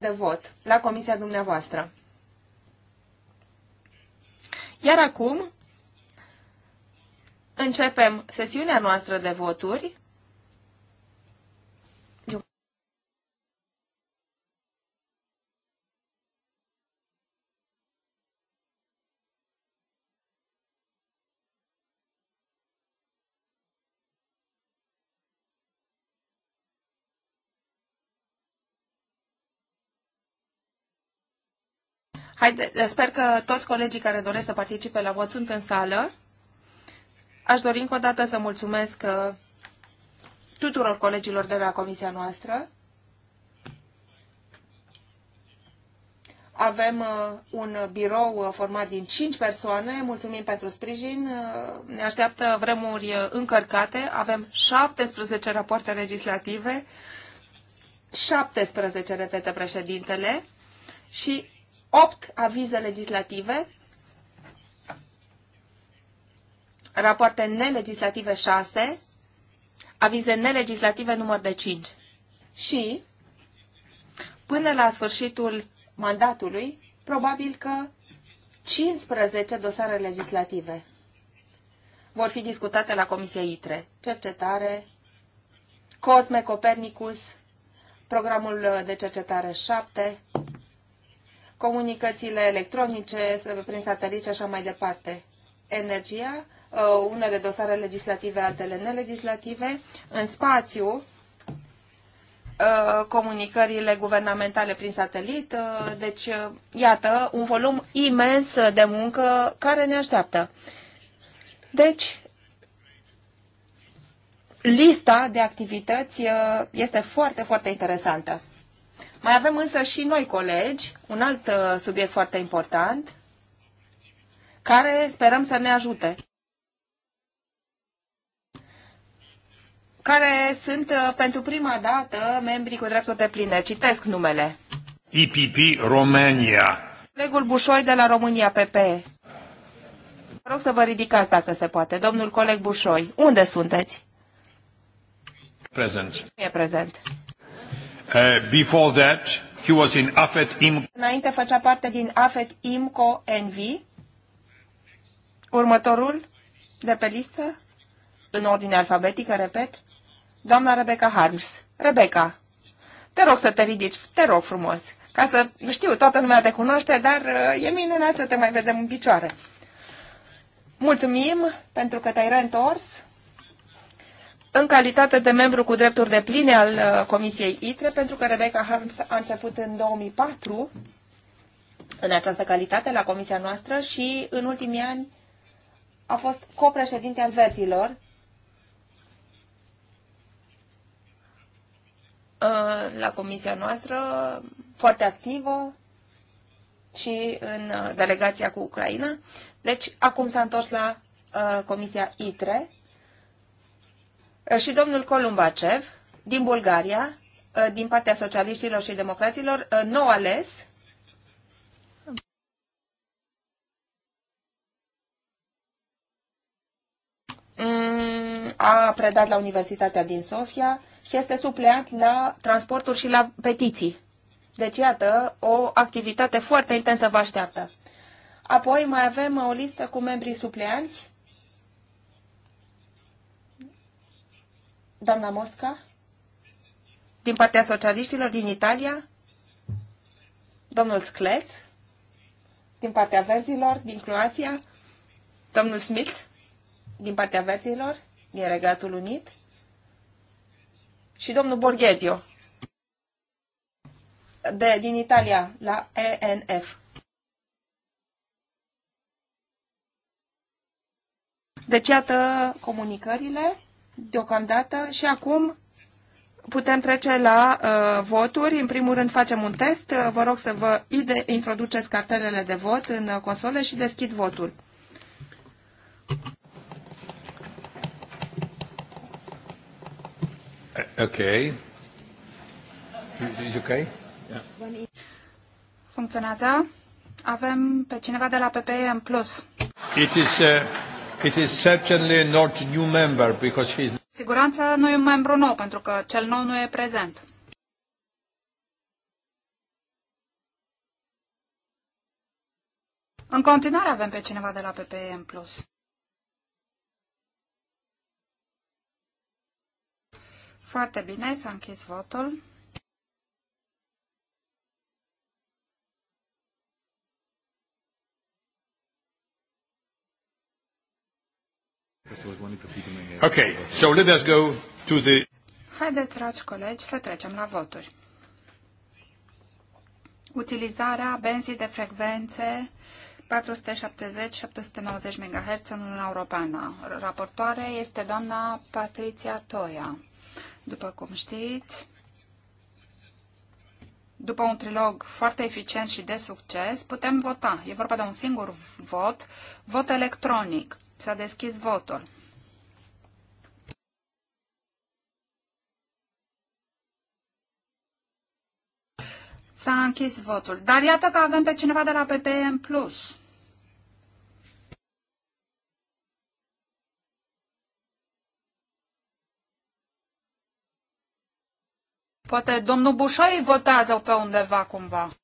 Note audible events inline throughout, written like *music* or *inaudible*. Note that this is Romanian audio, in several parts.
de vot la comisia dumneavoastră. Iar acum începem sesiunea noastră de voturi Haide, sper că toți colegii care doresc să participe la vot sunt în sală. Aș dori încă o dată să mulțumesc uh, tuturor colegilor de la comisia noastră. Avem uh, un birou uh, format din 5 persoane. Mulțumim pentru sprijin. Ne așteaptă vremuri încărcate. Avem 17 rapoarte legislative, 17 repetă președintele și 8 avize legislative, rapoarte nelegislative 6, avize nelegislative număr de 5. Și, până la sfârșitul mandatului, probabil că 15 dosare legislative vor fi discutate la Comisia ITRE. Cercetare, COSME, Copernicus, programul de cercetare 7, comunicațiile electronice, prin satelit și așa mai departe. Energia, uh, unele dosare legislative, altele nelegislative, în spațiu, uh, comunicările guvernamentale prin satelit. Uh, deci, iată, un volum imens de muncă care ne așteaptă. Deci, lista de activități este foarte, foarte interesantă. Mai avem însă și noi colegi, un alt uh, subiect foarte important, care sperăm să ne ajute. Care sunt uh, pentru prima dată membrii cu drepturi de pline. Citesc numele. IPP România. Colegul Bușoi de la România PP. Vă rog să vă ridicați dacă se poate. Domnul coleg Bușoi, unde sunteți? Prezent. Nu e prezent. Uh, before that, he was in AFET IMCO. Înainte făcea parte din AFET IMCO NV. Următorul de pe listă, în ordine alfabetică, repet, doamna Rebecca Harms. Rebecca, te rog să te ridici, te rog frumos, ca să știu, toată lumea te cunoaște, dar uh, e minunat să te mai vedem în picioare. Mulțumim pentru că te-ai reîntors în calitate de membru cu drepturi de pline al uh, Comisiei ITRE, pentru că Rebecca Harms a început în 2004 în această calitate la comisia noastră și în ultimii ani a fost copreședinte al versiilor uh, la comisia noastră, foarte activă și în uh, delegația cu Ucraina. Deci, acum s-a întors la uh, comisia ITRE și domnul Columbacev din Bulgaria, uh, din partea socialiștilor și democraților, uh, nou ales. Mm, a predat la Universitatea din Sofia și este supleant la transporturi și la petiții. Deci, iată, o activitate foarte intensă vă așteaptă. Apoi mai avem o listă cu membrii supleanți Doamna Mosca, din partea socialiștilor din Italia, domnul Scleț, din partea verzilor din Croația, domnul Smith, din partea verzilor din Regatul Unit și domnul Borghezio, de, din Italia, la ENF. Deci, iată comunicările deocamdată și acum putem trece la uh, voturi. În primul rând facem un test. Uh, vă rog să vă introduceți cartelele de vot în uh, console și deschid votul. Uh, okay. Is okay? Yeah. Funcționează. Avem pe cineva de la PPE în plus. It is, uh... It is certainly not new member because he's... Siguranța nu e un membru nou pentru că cel nou nu e prezent. În continuare avem pe cineva de la PPE în plus. Foarte bine, s-a închis votul. Ok, so let us go to the... Haideți, dragi colegi, să trecem la voturi. Utilizarea benzii de frecvențe 470-790 MHz în Uniunea Europeană. Raportoare este doamna Patricia Toia. După cum știți, după un trilog foarte eficient și de succes, putem vota. E vorba de un singur vot, vot electronic. S-a deschis votul. S-a închis votul. Dar iată că avem pe cineva de la PPM+. Plus. Poate domnul Bușoi votează pe undeva cumva.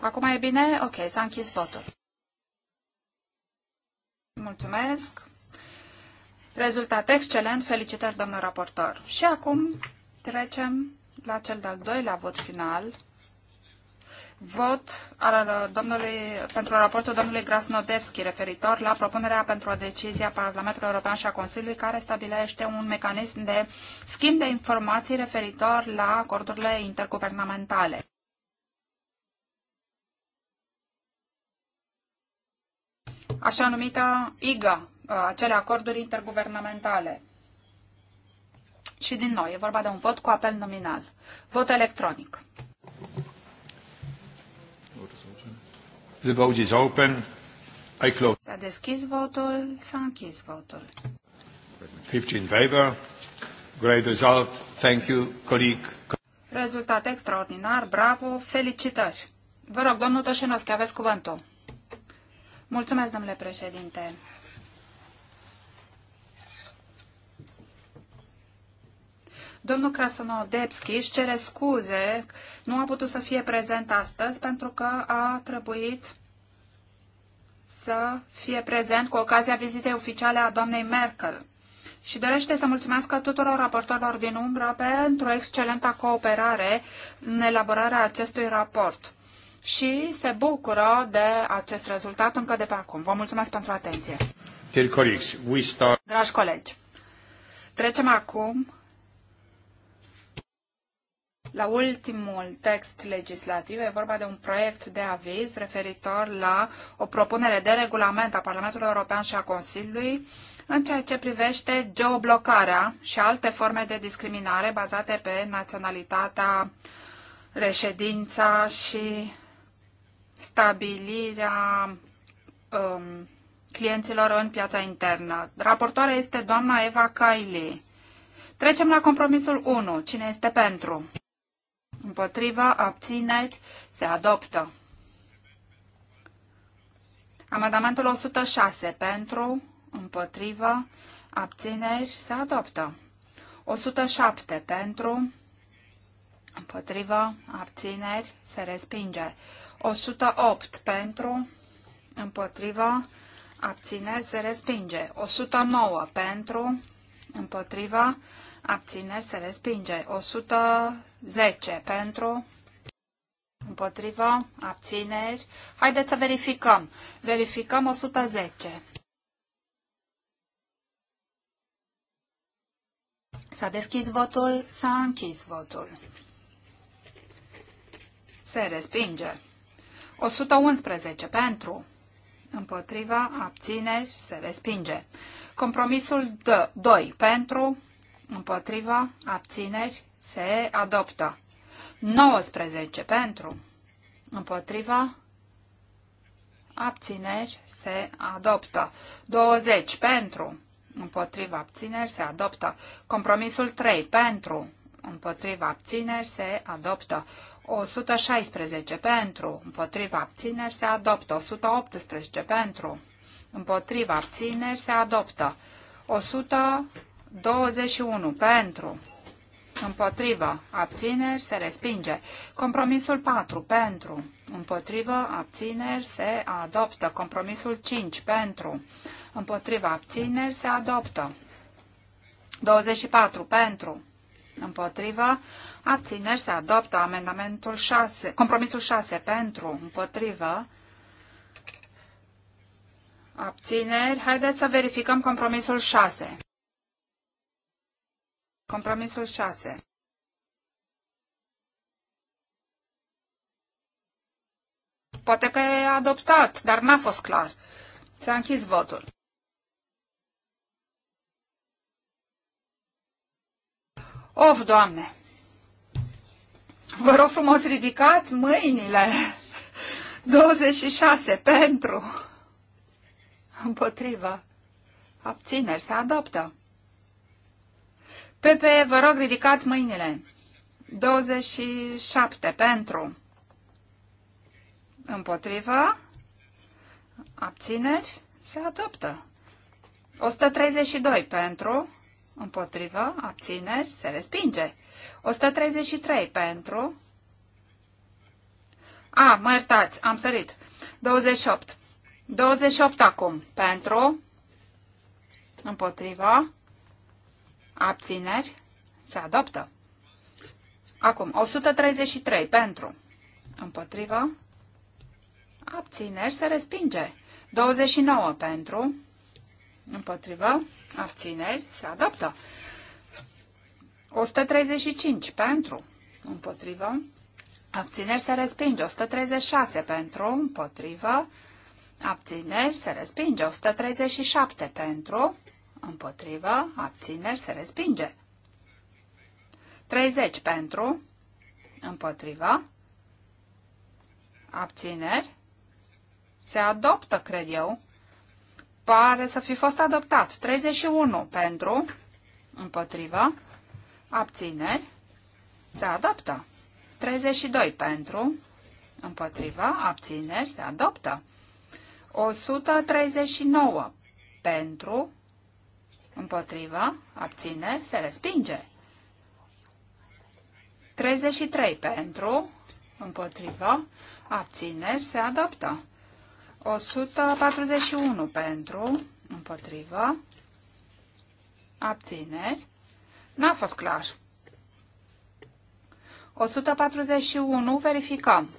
Acum e bine? Ok, s-a închis votul mulțumesc. Rezultat excelent, felicitări, domnul raportor. Și acum trecem la cel de-al doilea vot final. Vot al uh, domnului, pentru raportul domnului Grasnodevski referitor la propunerea pentru o decizie a Parlamentului European și a Consiliului care stabilește un mecanism de schimb de informații referitor la acordurile interguvernamentale. așa numita IGA, uh, acele acorduri interguvernamentale. Și din nou, e vorba de un vot cu apel nominal. Vot electronic. The vote is open. I close. S-a deschis votul, s-a închis votul. 15 in favor. Great result. Thank you, colleague. Rezultat extraordinar, bravo, felicitări. Vă rog, domnul Toșenoschi, aveți cuvântul. Mulțumesc, domnule președinte. Domnul Krasnodebski își cere scuze, nu a putut să fie prezent astăzi pentru că a trebuit să fie prezent cu ocazia vizitei oficiale a doamnei Merkel și dorește să mulțumească tuturor raportorilor din umbră pentru excelenta cooperare în elaborarea acestui raport și se bucură de acest rezultat încă de pe acum. Vă mulțumesc pentru atenție. Dragi colegi, trecem acum la ultimul text legislativ. E vorba de un proiect de aviz referitor la o propunere de regulament a Parlamentului European și a Consiliului în ceea ce privește geoblocarea și alte forme de discriminare bazate pe naționalitatea, reședința și stabilirea um, clienților în piața internă. Raportoarea este doamna Eva Caili. Trecem la compromisul 1. Cine este pentru? Împotriva, abțineri, se adoptă. Amendamentul 106 pentru, împotrivă, abțineri, se adoptă. 107 pentru, împotrivă, abțineri, se respinge. 108 pentru, împotriva, abțineri se respinge. 109 pentru, împotriva, abțineri se respinge. 110 pentru, împotriva, abțineri. Haideți să verificăm. Verificăm 110. S-a deschis votul, s-a închis votul. Se respinge. 111 pentru, împotriva, abține, se respinge. Compromisul 2 pentru, împotriva, abține, se adoptă. 19 pentru, împotriva, abține, se adoptă. 20 pentru, împotriva, abține, se adoptă. Compromisul 3 pentru, împotriva abțineri se adoptă. 116 pentru, împotriva abțineri se adoptă. 118 pentru, împotriva abțineri se adoptă. 121 pentru, împotriva abțineri se respinge. Compromisul 4 pentru, împotriva abțineri se adoptă. Compromisul 5 pentru, împotriva abțineri se adoptă. 24 pentru, împotriva, abțineri, se adoptă amendamentul 6, compromisul 6 pentru, împotriva, abțineri. Haideți să verificăm compromisul 6. Compromisul 6. Poate că e adoptat, dar n-a fost clar. S-a închis votul. Of, Doamne! Vă rog frumos, ridicați mâinile! 26 *laughs* pentru! Împotrivă. Abțineri se adoptă. Pepe, vă rog, ridicați mâinile. 27 pentru. Împotrivă. Abțineri se adoptă. 132 pentru împotrivă, abțineri, se respinge. 133 pentru. A, mă iertați, am sărit. 28. 28 acum. Pentru, Împotrivă. abțineri, se adoptă. Acum, 133 pentru, Împotrivă. abțineri, se respinge. 29 pentru, Împotriva, Abțineri. Se adoptă. 135 pentru. împotriva, Abțineri se respinge. 136 pentru. împotriva, Abțineri se respinge. 137 pentru. împotriva, Abțineri se respinge. 30 pentru. împotriva, Abțineri. Se adoptă, cred eu pare să fi fost adoptat. 31 pentru, împotrivă, abțineri, se adoptă. 32 pentru, împotrivă, abțineri, se adoptă. 139 pentru, împotrivă, abțineri, se respinge. 33 pentru, împotrivă, abțineri, se adoptă. 141 pentru, împotrivă, abțineri. N-a fost clar. 141, verificăm.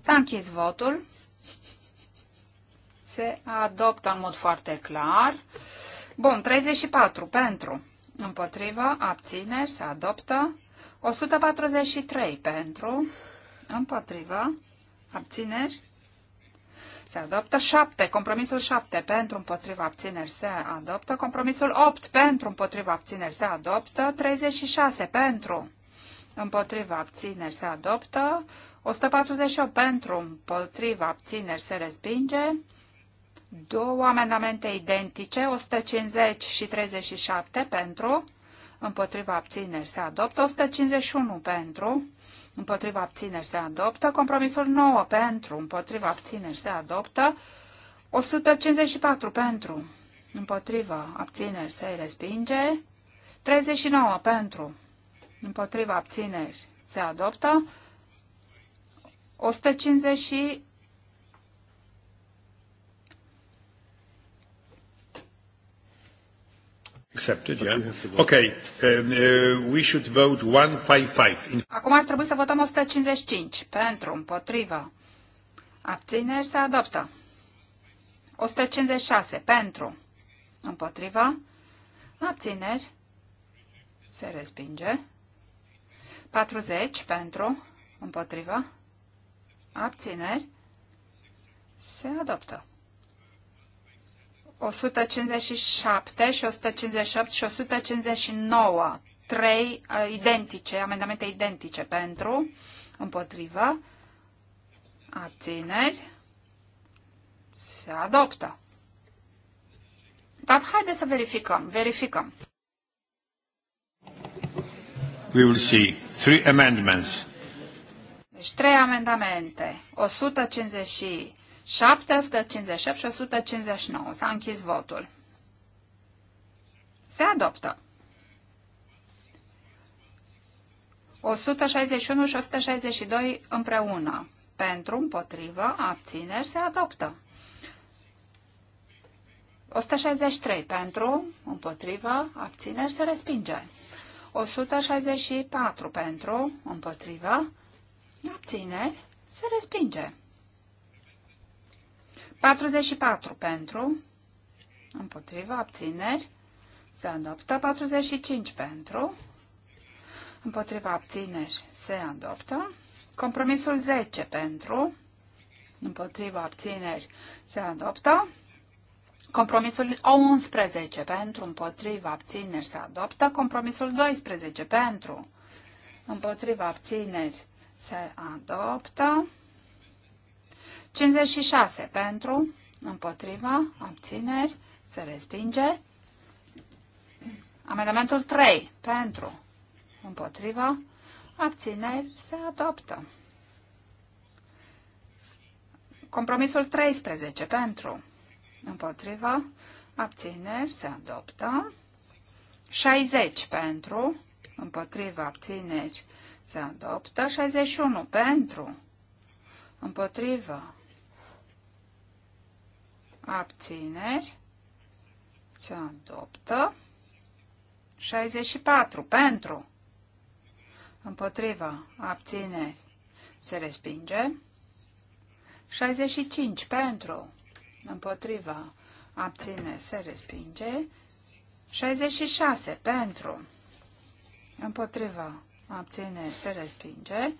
S-a închis votul. Se adoptă în mod foarte clar. Bun, 34 pentru, împotrivă, abțineri, se adoptă. 143 pentru, împotrivă, abțineri, se adoptă 7, compromisul 7 pentru împotriva abțineri se adoptă, compromisul 8 pentru împotriva abțineri se adoptă, 36 pentru împotriva abțineri se adoptă, 148 pentru împotriva abțineri se respinge, două amendamente identice, 150 și 37 pentru împotriva abțineri se adoptă, 151 pentru, împotriva abțineri se adoptă, compromisul 9 pentru, împotriva abțineri se adoptă, 154 pentru, împotriva abțineri se respinge, 39 pentru, împotriva abțineri se adoptă, 150 Accepted, yeah. Okay, um, uh, we should vote 155. Acum ar trebui să votăm 155. Pentru, împotrivă. Abțineri se adoptă. 156. Pentru. Împotrivă. Abțineri. Se respinge. 40. Pentru. Împotrivă. Abțineri. Se adoptă. 157 și 158 și 159. Trei uh, identice, amendamente identice pentru, împotrivă, abțineri, se adoptă. Dar haideți să verificăm, verificăm. We will see three amendments. Deci trei amendamente, 157, 7, 157, și 159. S-a închis votul. Se adoptă. 161 și 162 împreună. Pentru, împotrivă, abțineri, se adoptă. 163 pentru, împotrivă, abțineri, se respinge. 164 pentru, împotrivă, abțineri, se respinge. 44 pentru, împotriva, abțineri, se adoptă. 45 pentru, împotriva, abțineri, se adoptă. Compromisul 10 pentru, împotriva, abțineri, se adoptă. Compromisul 11 pentru, împotriva, abțineri, se adoptă. Compromisul 12 pentru, împotriva, abțineri, se adoptă. 56 pentru, împotriva, abțineri, se respinge. Amendamentul 3 pentru, împotriva, abțineri, se adoptă. Compromisul 13 pentru, împotriva, abțineri, se adoptă. 60 pentru, împotriva, abțineri, se adoptă. 61 pentru, împotriva, abțineri, se adoptă. 64 pentru, împotriva, abțineri, se respinge. 65 pentru, împotriva, abține, se respinge. 66 pentru, împotriva, abține, se respinge.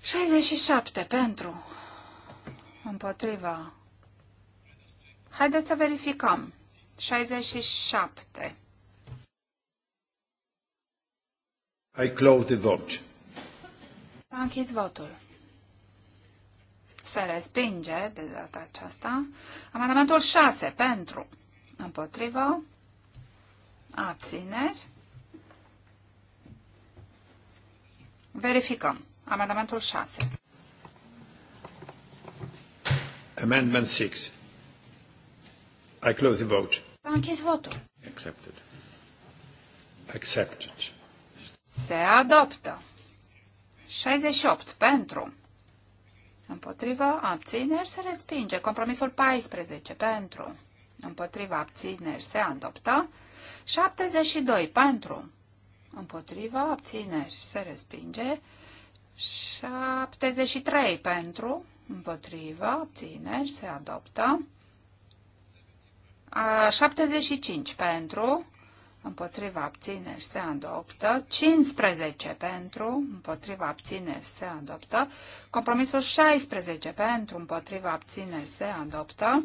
67 pentru, împotriva, Haideți să verificăm. 67. I close the vote. A închis votul. Se respinge de data aceasta. Amendamentul 6 pentru. Împotrivă. Abțineri. Verificăm. Amendamentul 6. Amendment 6. I close the vote. s închis votul. Accepted. Accepted. Se adoptă. 68 pentru. Împotrivă, abțineri, se respinge. Compromisul 14 pentru. Împotrivă, abțineri, se adoptă. 72 pentru. Împotrivă, abțineri, se respinge. 73 pentru. Împotrivă, abțineri, se adoptă. A, 75 pentru, împotriva abțineri se adoptă, 15 pentru, împotriva abțineri se adoptă, compromisul 16 pentru, împotriva abțineri se adoptă,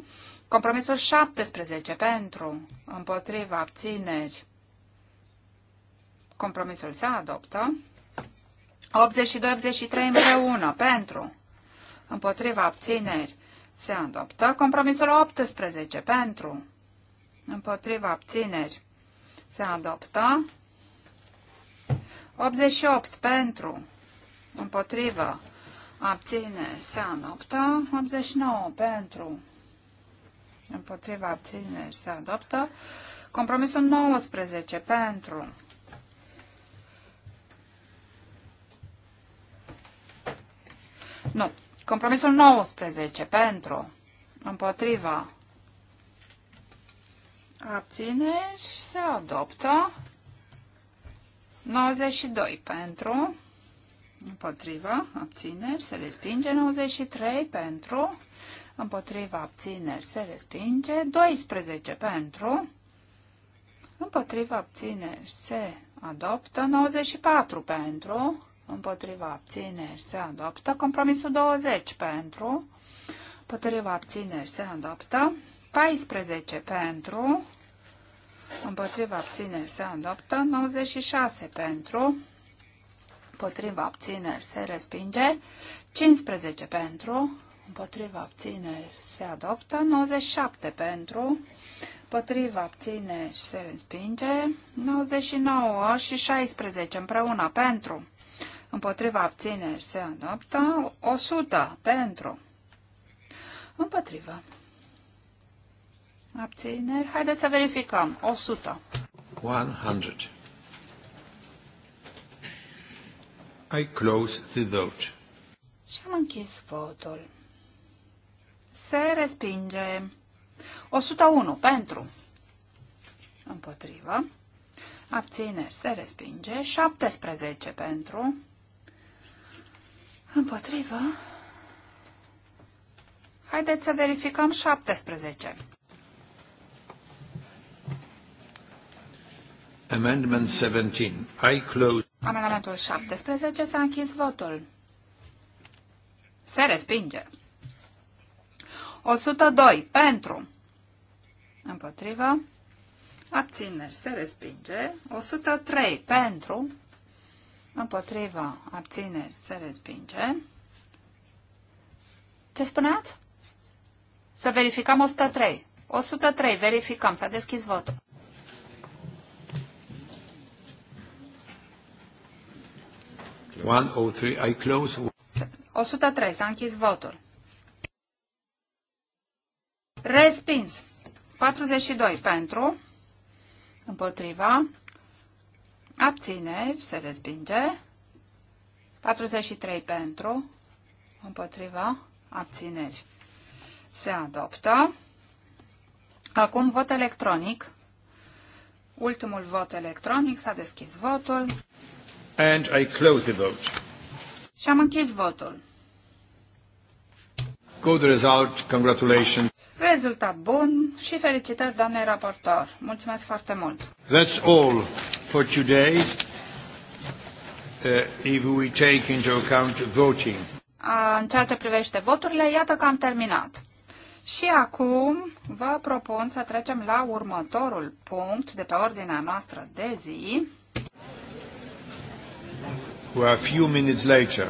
compromisul 17 pentru, împotriva abțineri, compromisul se adoptă, 82-83 împreună, pentru, împotriva abțineri se adoptă, compromisul 18 pentru, împotriva abțineri se adoptă. 88 pentru, Împotriva abțineri se adoptă. 89 pentru, împotriva abțineri se adoptă. Compromisul 19 pentru, nu, compromisul 19 pentru, împotriva și se adoptă. 92 pentru, împotriva, abține se respinge. 93 pentru, împotriva, abține se respinge. 12 pentru, împotriva, abține se adoptă. 94 pentru, împotriva, abține se adoptă. Compromisul 20 pentru, împotriva, abține se adoptă. 14 pentru, împotriva abțineri se adoptă, 96 pentru, împotriva abțineri se respinge, 15 pentru, împotriva abțineri se adoptă, 97 pentru, împotriva abțineri se respinge, 99 și 16 împreună pentru, împotriva abțineri se adoptă, 100 pentru, împotriva Abțineri. Haideți să verificăm. 100. 100. I close the vote. Și am închis votul. Se respinge. 101 pentru. Împotrivă. Abțineri se respinge. 17 pentru. Împotrivă. Haideți să verificăm 17. Amendment 17. I close. Amendamentul 17 s-a închis votul. Se respinge. 102 pentru. Împotrivă. Abțineri se respinge. 103 pentru. Împotrivă. abțineri se respinge. Ce spuneați? Să verificăm 103. 103, verificăm, s-a deschis votul. 103, I close. 103, s-a închis votul. Respins. 42 pentru, împotriva, abțineri, se respinge. 43 pentru, împotriva, abțineri, se adoptă. Acum vot electronic. Ultimul vot electronic, s-a deschis votul. And I close the vote. Și am închis votul. Good result. Congratulations. Rezultat bun și felicitări, doamne raportor. Mulțumesc foarte mult. That's all for today. Uh, if we take into account voting. în ceea ce privește voturile, iată că am terminat. Și acum vă propun să trecem la următorul punct de pe ordinea noastră de zi who are a few minutes later.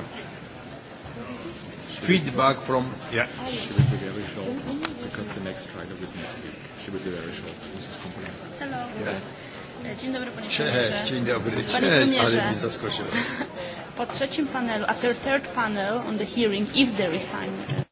Feedback from yeah. She will be very short because the next trilogue is next week. She will be very short. Mrs. Kumpula. Hello. Yeah. Dzień dobry panie Cześć, premierze. Dzień dobry, cześć, ale mnie zaskoczyło. *laughs* Po trzecim panelu, after third panel on the hearing, if there is time,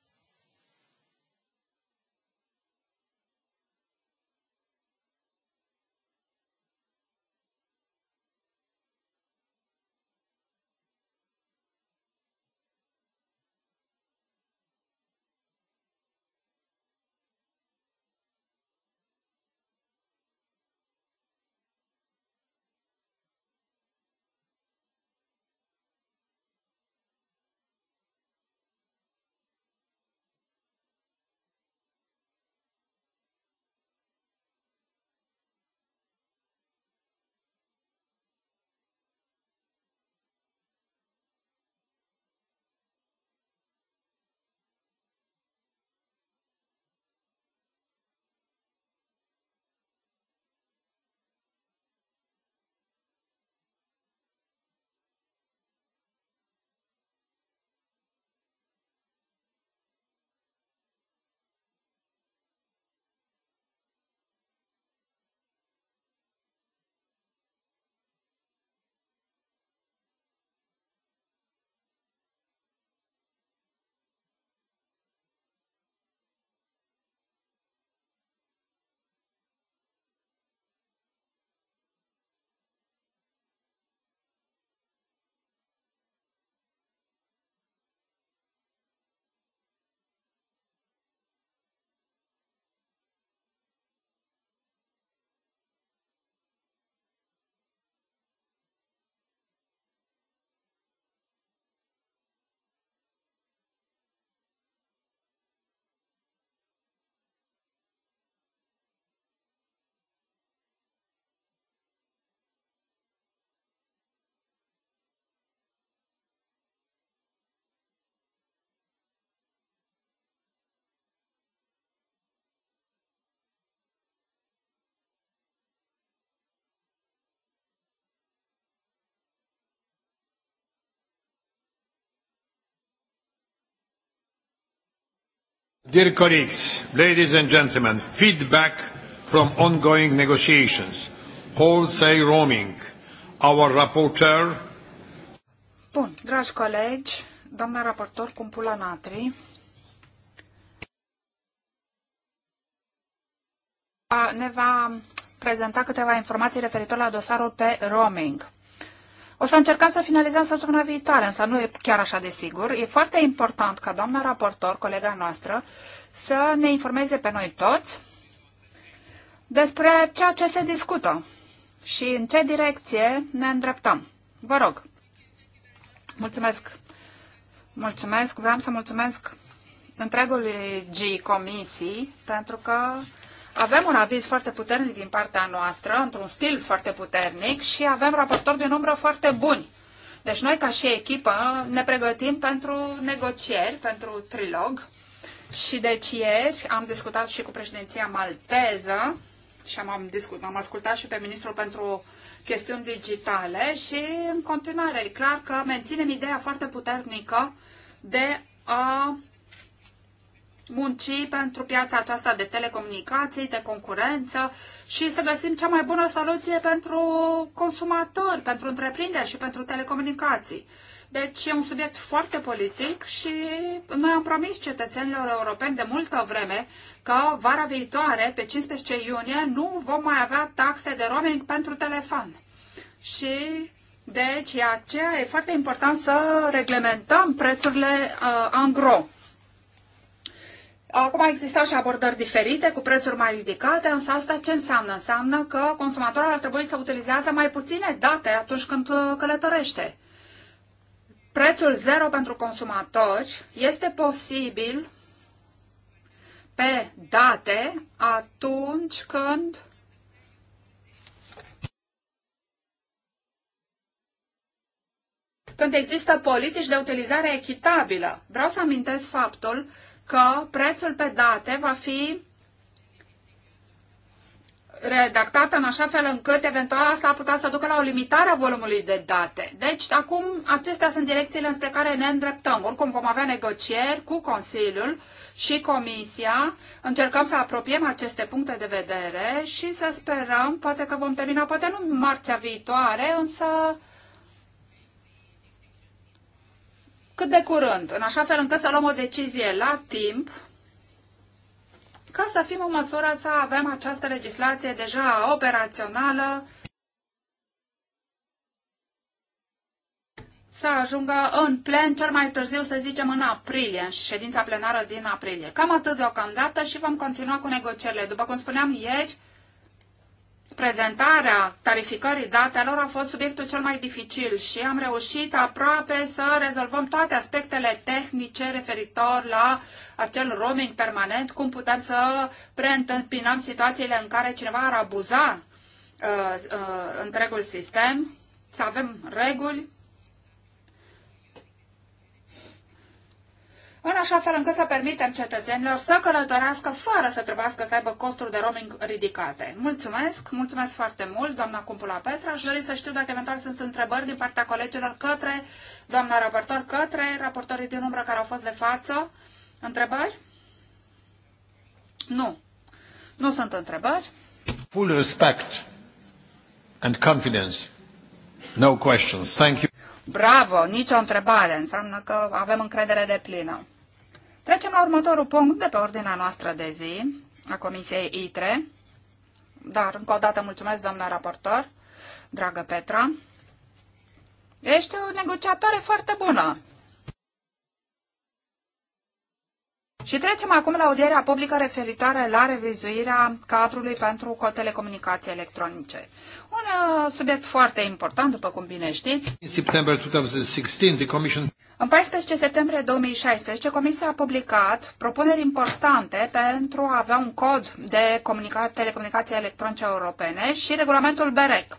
Dear colleagues, ladies and gentlemen, feedback from ongoing negotiations, wholesale roaming, our rapporteur. Bun, dragi colegi, doamna raportor Cumpula Natri ne va prezenta câteva informații referitor la dosarul pe roaming. O să încercăm să finalizăm săptămâna viitoare, însă nu e chiar așa de sigur. E foarte important ca doamna raportor, colega noastră, să ne informeze pe noi toți despre ceea ce se discută și în ce direcție ne îndreptăm. Vă rog. Mulțumesc. Mulțumesc. Vreau să mulțumesc întregului G Comisii pentru că avem un aviz foarte puternic din partea noastră, într-un stil foarte puternic și avem raportori de umbră foarte buni. Deci noi, ca și echipă, ne pregătim pentru negocieri, pentru trilog. Și deci ieri am discutat și cu președinția malteză și am, discut, am ascultat și pe ministrul pentru chestiuni digitale și în continuare e clar că menținem ideea foarte puternică de a muncii pentru piața aceasta de telecomunicații, de concurență și să găsim cea mai bună soluție pentru consumatori, pentru întreprinderi și pentru telecomunicații. Deci e un subiect foarte politic și noi am promis cetățenilor europeni de multă vreme că vara viitoare, pe 15 iunie, nu vom mai avea taxe de roaming pentru telefon. Și deci e aceea e foarte important să reglementăm prețurile uh, angro. Acum existau și abordări diferite, cu prețuri mai ridicate, însă asta ce înseamnă? Înseamnă că consumatorul ar trebui să utilizează mai puține date atunci când uh, călătorește. Prețul zero pentru consumatori este posibil pe date atunci când când există politici de utilizare echitabilă. Vreau să amintesc faptul că prețul pe date va fi redactată în așa fel încât eventual asta a putea să ducă la o limitare a volumului de date. Deci, acum, acestea sunt direcțiile înspre care ne îndreptăm. Oricum, vom avea negocieri cu Consiliul și Comisia. Încercăm să apropiem aceste puncte de vedere și să sperăm, poate că vom termina, poate nu marțea viitoare, însă cât de curând, în așa fel încât să luăm o decizie la timp, ca să fim în măsură să avem această legislație deja operațională, să ajungă în plen cel mai târziu, să zicem, în aprilie, în ședința plenară din aprilie. Cam atât deocamdată și vom continua cu negocierile. După cum spuneam ieri, prezentarea tarificării datelor a fost subiectul cel mai dificil și am reușit aproape să rezolvăm toate aspectele tehnice referitor la acel roaming permanent, cum putem să preîntâmpinăm situațiile în care cineva ar abuza uh, uh, întregul sistem, să avem reguli în așa fel încât să permitem cetățenilor să călătorească fără să trebuiască să aibă costuri de roaming ridicate. Mulțumesc, mulțumesc foarte mult, doamna Cumpula Petra. Aș dori să știu dacă eventual sunt întrebări din partea colegilor către doamna raportor, către raportorii din umbră care au fost de față. Întrebări? Nu. Nu sunt întrebări. Full respect and confidence. No questions. Thank you. Bravo, nicio întrebare. Înseamnă că avem încredere de plină. Trecem la următorul punct de pe ordinea noastră de zi, a Comisiei ITRE. Dar, încă o dată, mulțumesc, doamna raportor, dragă Petra. Ești o negociatoare foarte bună. Și trecem acum la audierea publică referitoare la revizuirea cadrului pentru telecomunicații electronice. Un uh, subiect foarte important, după cum bine știți. In September 2016, the Commission în 14 septembrie 2016, Comisia a publicat propuneri importante pentru a avea un cod de telecomunicații electronice europene și regulamentul BEREC.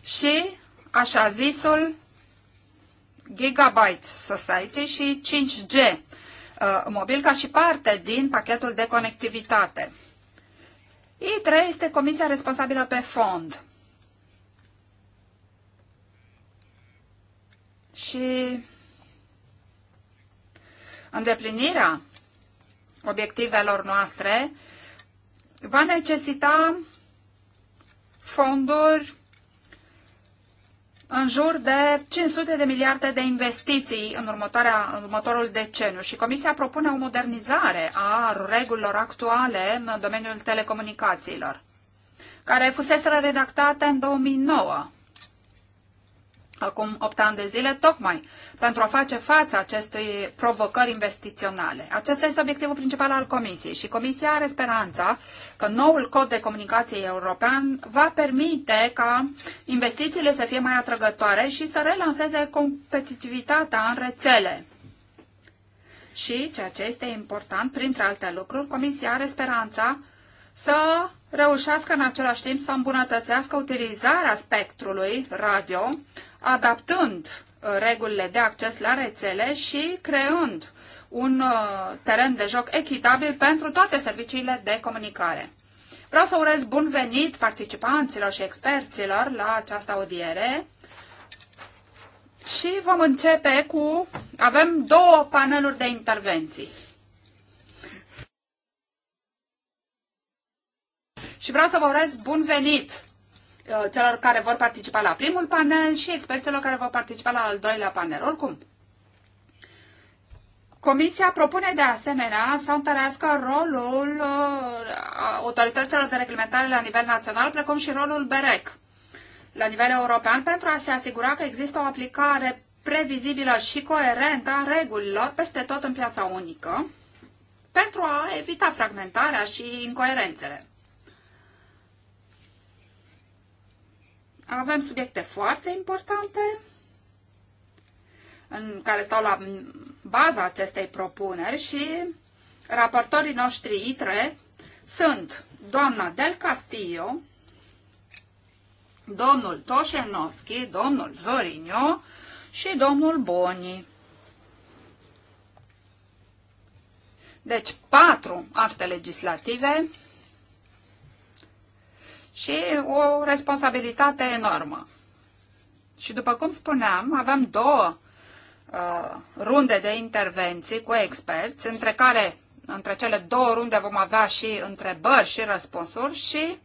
Și așa zisul Gigabyte Society și 5G uh, mobil ca și parte din pachetul de conectivitate. I3 este comisia responsabilă pe fond și îndeplinirea obiectivelor noastre va necesita fonduri în jur de 500 de miliarde de investiții în, următoarea, în următorul deceniu și Comisia propune o modernizare a regulilor actuale în domeniul telecomunicațiilor, care fusese redactate în 2009 acum 8 ani de zile, tocmai pentru a face față acestei provocări investiționale. Acesta este obiectivul principal al Comisiei și Comisia are speranța că noul cod de comunicație european va permite ca investițiile să fie mai atrăgătoare și să relanseze competitivitatea în rețele. Și, ceea ce este important, printre alte lucruri, Comisia are speranța să reușească în același timp să îmbunătățească utilizarea spectrului radio adaptând uh, regulile de acces la rețele și creând un uh, teren de joc echitabil pentru toate serviciile de comunicare. Vreau să urez bun venit participanților și experților la această audiere și vom începe cu... avem două paneluri de intervenții. Și vreau să vă urez bun venit Uh, celor care vor participa la primul panel și experților care vor participa la al doilea panel. Oricum, Comisia propune de asemenea să întărească rolul uh, autorităților de reglementare la nivel național, precum și rolul BEREC la nivel european, pentru a se asigura că există o aplicare previzibilă și coerentă a regulilor peste tot în piața unică, pentru a evita fragmentarea și incoerențele. Avem subiecte foarte importante în care stau la baza acestei propuneri și raportorii noștri ITRE sunt doamna Del Castillo, domnul Toșenovski, domnul Zorinio și domnul Boni. Deci patru acte legislative și o responsabilitate enormă. Și după cum spuneam, avem două uh, runde de intervenții cu experți, între care, între cele două runde vom avea și întrebări și răspunsuri și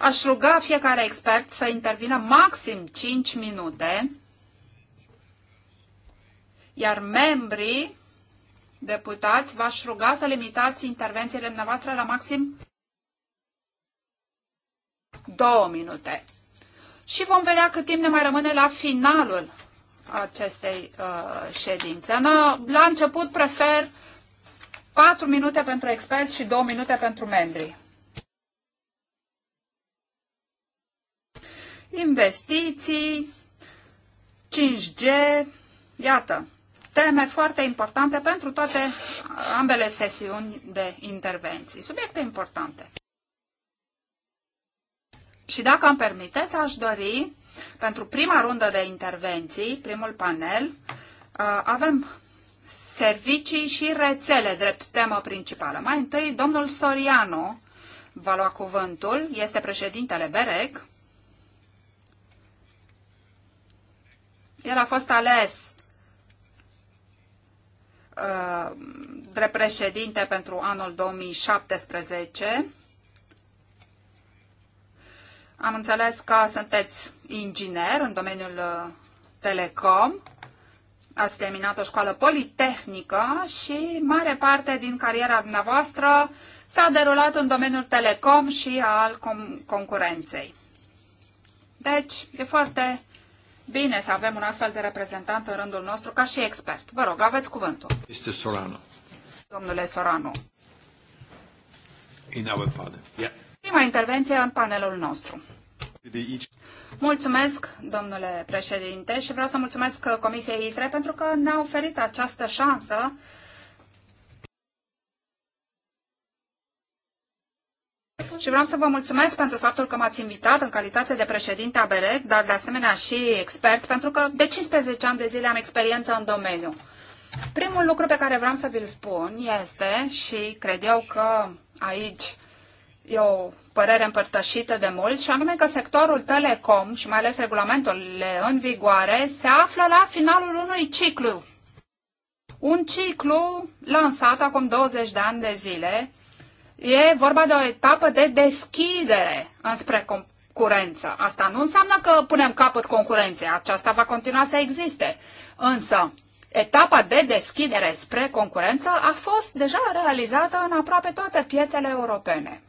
aș ruga fiecare expert să intervină maxim 5 minute, iar membrii deputați v-aș ruga să limitați intervențiile noastre la maxim două minute. Și vom vedea cât timp ne mai rămâne la finalul acestei uh, ședințe. În, uh, la început prefer 4 minute pentru experți și 2 minute pentru membri. Investiții, 5G, iată, teme foarte importante pentru toate ambele sesiuni de intervenții, subiecte importante. Și dacă îmi permiteți, aș dori, pentru prima rundă de intervenții, primul panel, uh, avem servicii și rețele drept temă principală. Mai întâi, domnul Soriano va lua cuvântul, este președintele BEREC. El a fost ales uh, drept președinte pentru anul 2017 am înțeles că sunteți inginer în domeniul uh, telecom, ați terminat o școală politehnică și mare parte din cariera dumneavoastră s-a derulat în domeniul telecom și al concurenței. Deci, e foarte bine să avem un astfel de reprezentant în rândul nostru ca și expert. Vă rog, aveți cuvântul. Este Sorano. Domnule Sorano. In our panel. Yeah. Prima intervenție în panelul nostru. Mulțumesc, domnule președinte, și vreau să mulțumesc Comisiei ITRE pentru că ne-a oferit această șansă Și vreau să vă mulțumesc pentru faptul că m-ați invitat în calitate de președinte a BEREC, dar de asemenea și expert, pentru că de 15 ani de zile am experiență în domeniu. Primul lucru pe care vreau să vi-l spun este, și cred eu că aici uh, e o părere împărtășită de mulți, și anume că sectorul telecom și mai ales regulamentul în vigoare se află la finalul unui ciclu. Un ciclu lansat acum 20 de ani de zile. E vorba de o etapă de deschidere înspre concurență. Asta nu înseamnă că punem capăt concurenței, aceasta va continua să existe. Însă, etapa de deschidere spre concurență a fost deja realizată în aproape toate piețele europene.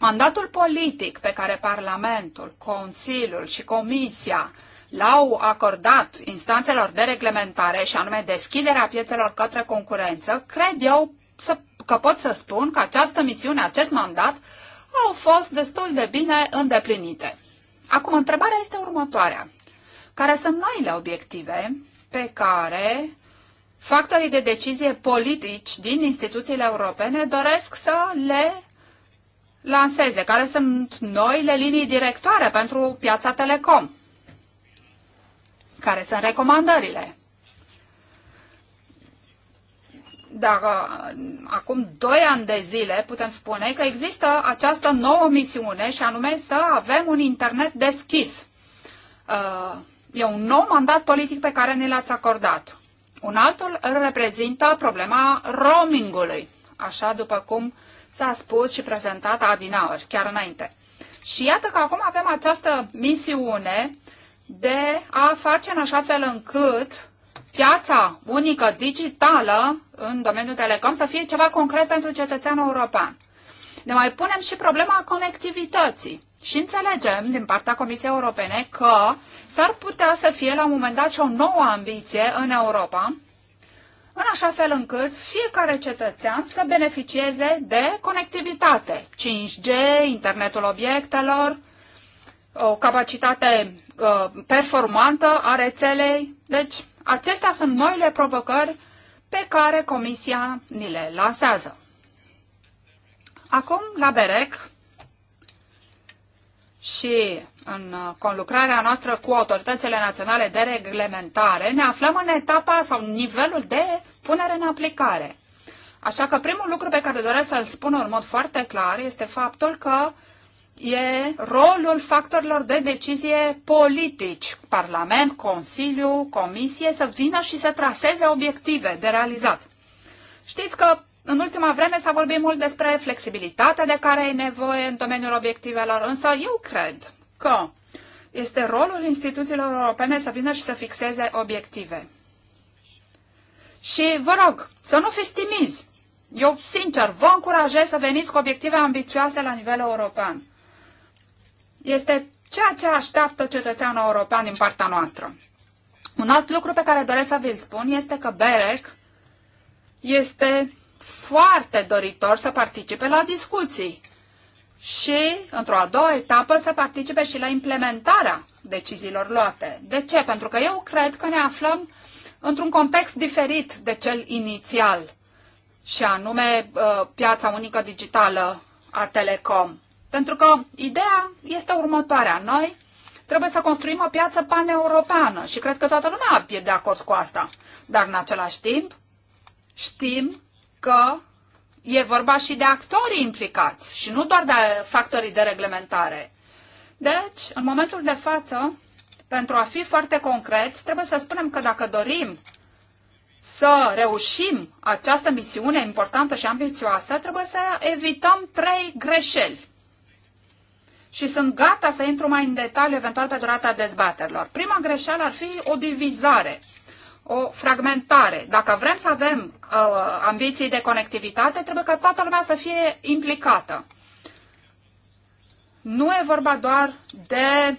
Mandatul politic pe care Parlamentul, Consiliul și Comisia l-au acordat instanțelor de reglementare și anume deschiderea piețelor către concurență, cred eu să, că pot să spun că această misiune, acest mandat au fost destul de bine îndeplinite. Acum, întrebarea este următoarea. Care sunt noile obiective pe care factorii de decizie politici din instituțiile europene doresc să le lanseze, care sunt noile linii directoare pentru piața telecom, care sunt recomandările. Dacă acum doi ani de zile putem spune că există această nouă misiune și anume să avem un internet deschis. Uh, e un nou mandat politic pe care ne l-ați acordat. Un altul reprezintă problema roamingului, așa după cum uh, s-a spus și prezentat Adinaur, chiar înainte. Și iată că acum avem această misiune de a face în așa fel încât piața unică digitală în domeniul telecom să fie ceva concret pentru cetățeanul european. Ne mai punem și problema conectivității. Și înțelegem din partea Comisiei Europene că s-ar putea să fie la un moment dat și o nouă ambiție în Europa în așa fel încât fiecare cetățean să beneficieze de conectivitate, 5G, internetul obiectelor, o capacitate uh, performantă a rețelei. Deci, acestea sunt noile provocări pe care Comisia ni le lansează. Acum, la BEREC și în uh, conlucrarea noastră cu autoritățile naționale de reglementare, ne aflăm în etapa sau nivelul de punere în aplicare. Așa că primul lucru pe care doresc să-l spun în mod foarte clar este faptul că e rolul factorilor de decizie politici, Parlament, Consiliu, Comisie, să vină și să traseze obiective de realizat. Știți că în ultima vreme s-a vorbit mult despre flexibilitatea de care e nevoie în domeniul obiectivelor, însă eu cred că este rolul instituțiilor europene să vină și să fixeze obiective. Și vă rog, să nu fiți timizi. Eu, sincer, vă încurajez să veniți cu obiective ambițioase la nivel european. Este ceea ce așteaptă cetățeanul european din partea noastră. Un alt lucru pe care doresc să vi-l spun este că BEREC este foarte doritor să participe la discuții și, într-o a doua etapă, să participe și la implementarea deciziilor luate. De ce? Pentru că eu cred că ne aflăm într-un context diferit de cel inițial, și anume uh, piața unică digitală a Telecom. Pentru că ideea este următoarea. Noi trebuie să construim o piață paneuropeană și cred că toată lumea e de acord cu asta. Dar în același timp știm că e vorba și de actorii implicați și nu doar de factorii de reglementare. Deci, în momentul de față, pentru a fi foarte concreți, trebuie să spunem că dacă dorim să reușim această misiune importantă și ambițioasă, trebuie să evităm trei greșeli. Și sunt gata să intru mai în detaliu, eventual pe durata dezbaterilor. Prima greșeală ar fi o divizare o fragmentare. Dacă vrem să avem uh, ambiții de conectivitate, trebuie ca toată lumea să fie implicată. Nu e vorba doar de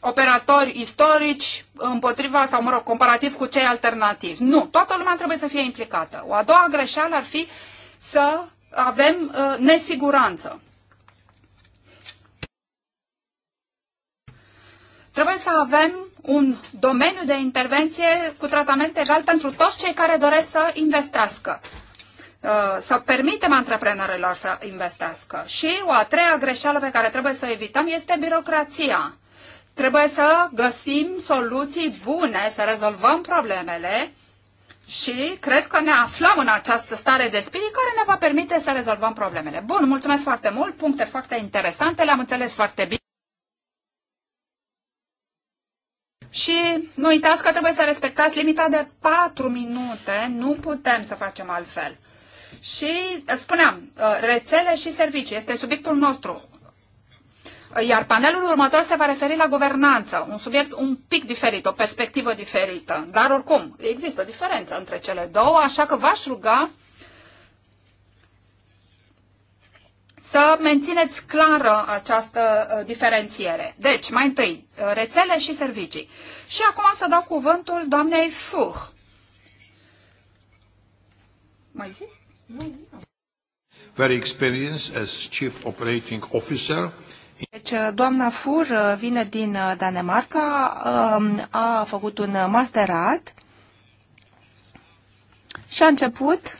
operatori istorici împotriva sau, mă rog, comparativ cu cei alternativi. Nu, toată lumea trebuie să fie implicată. O a doua greșeală ar fi să avem uh, nesiguranță. Trebuie să avem un domeniu de intervenție cu tratament egal pentru toți cei care doresc să investească uh, să permitem antreprenorilor să investească. Și o a treia greșeală pe care trebuie să o evităm este birocrația. Trebuie să găsim soluții bune, să rezolvăm problemele și cred că ne aflăm în această stare de spirit care ne va permite să rezolvăm problemele. Bun, mulțumesc foarte mult, puncte foarte interesante, le-am înțeles foarte bine. Și nu uitați că trebuie să respectați limita de 4 minute, nu putem să facem altfel. Și uh, spuneam, uh, rețele și servicii este subiectul nostru. Uh, iar panelul următor se va referi la guvernanță, un subiect un pic diferit, o perspectivă diferită. Dar oricum, există diferență între cele două, așa că v-aș ruga să mențineți clară această uh, diferențiere. Deci, mai întâi, uh, rețele și servicii. Și acum să dau cuvântul doamnei Fuch. Mai zi? Mai zi da. very experienced as chief operating officer. Deci, uh, doamna Fur vine din Danemarca, um, a făcut un masterat și a început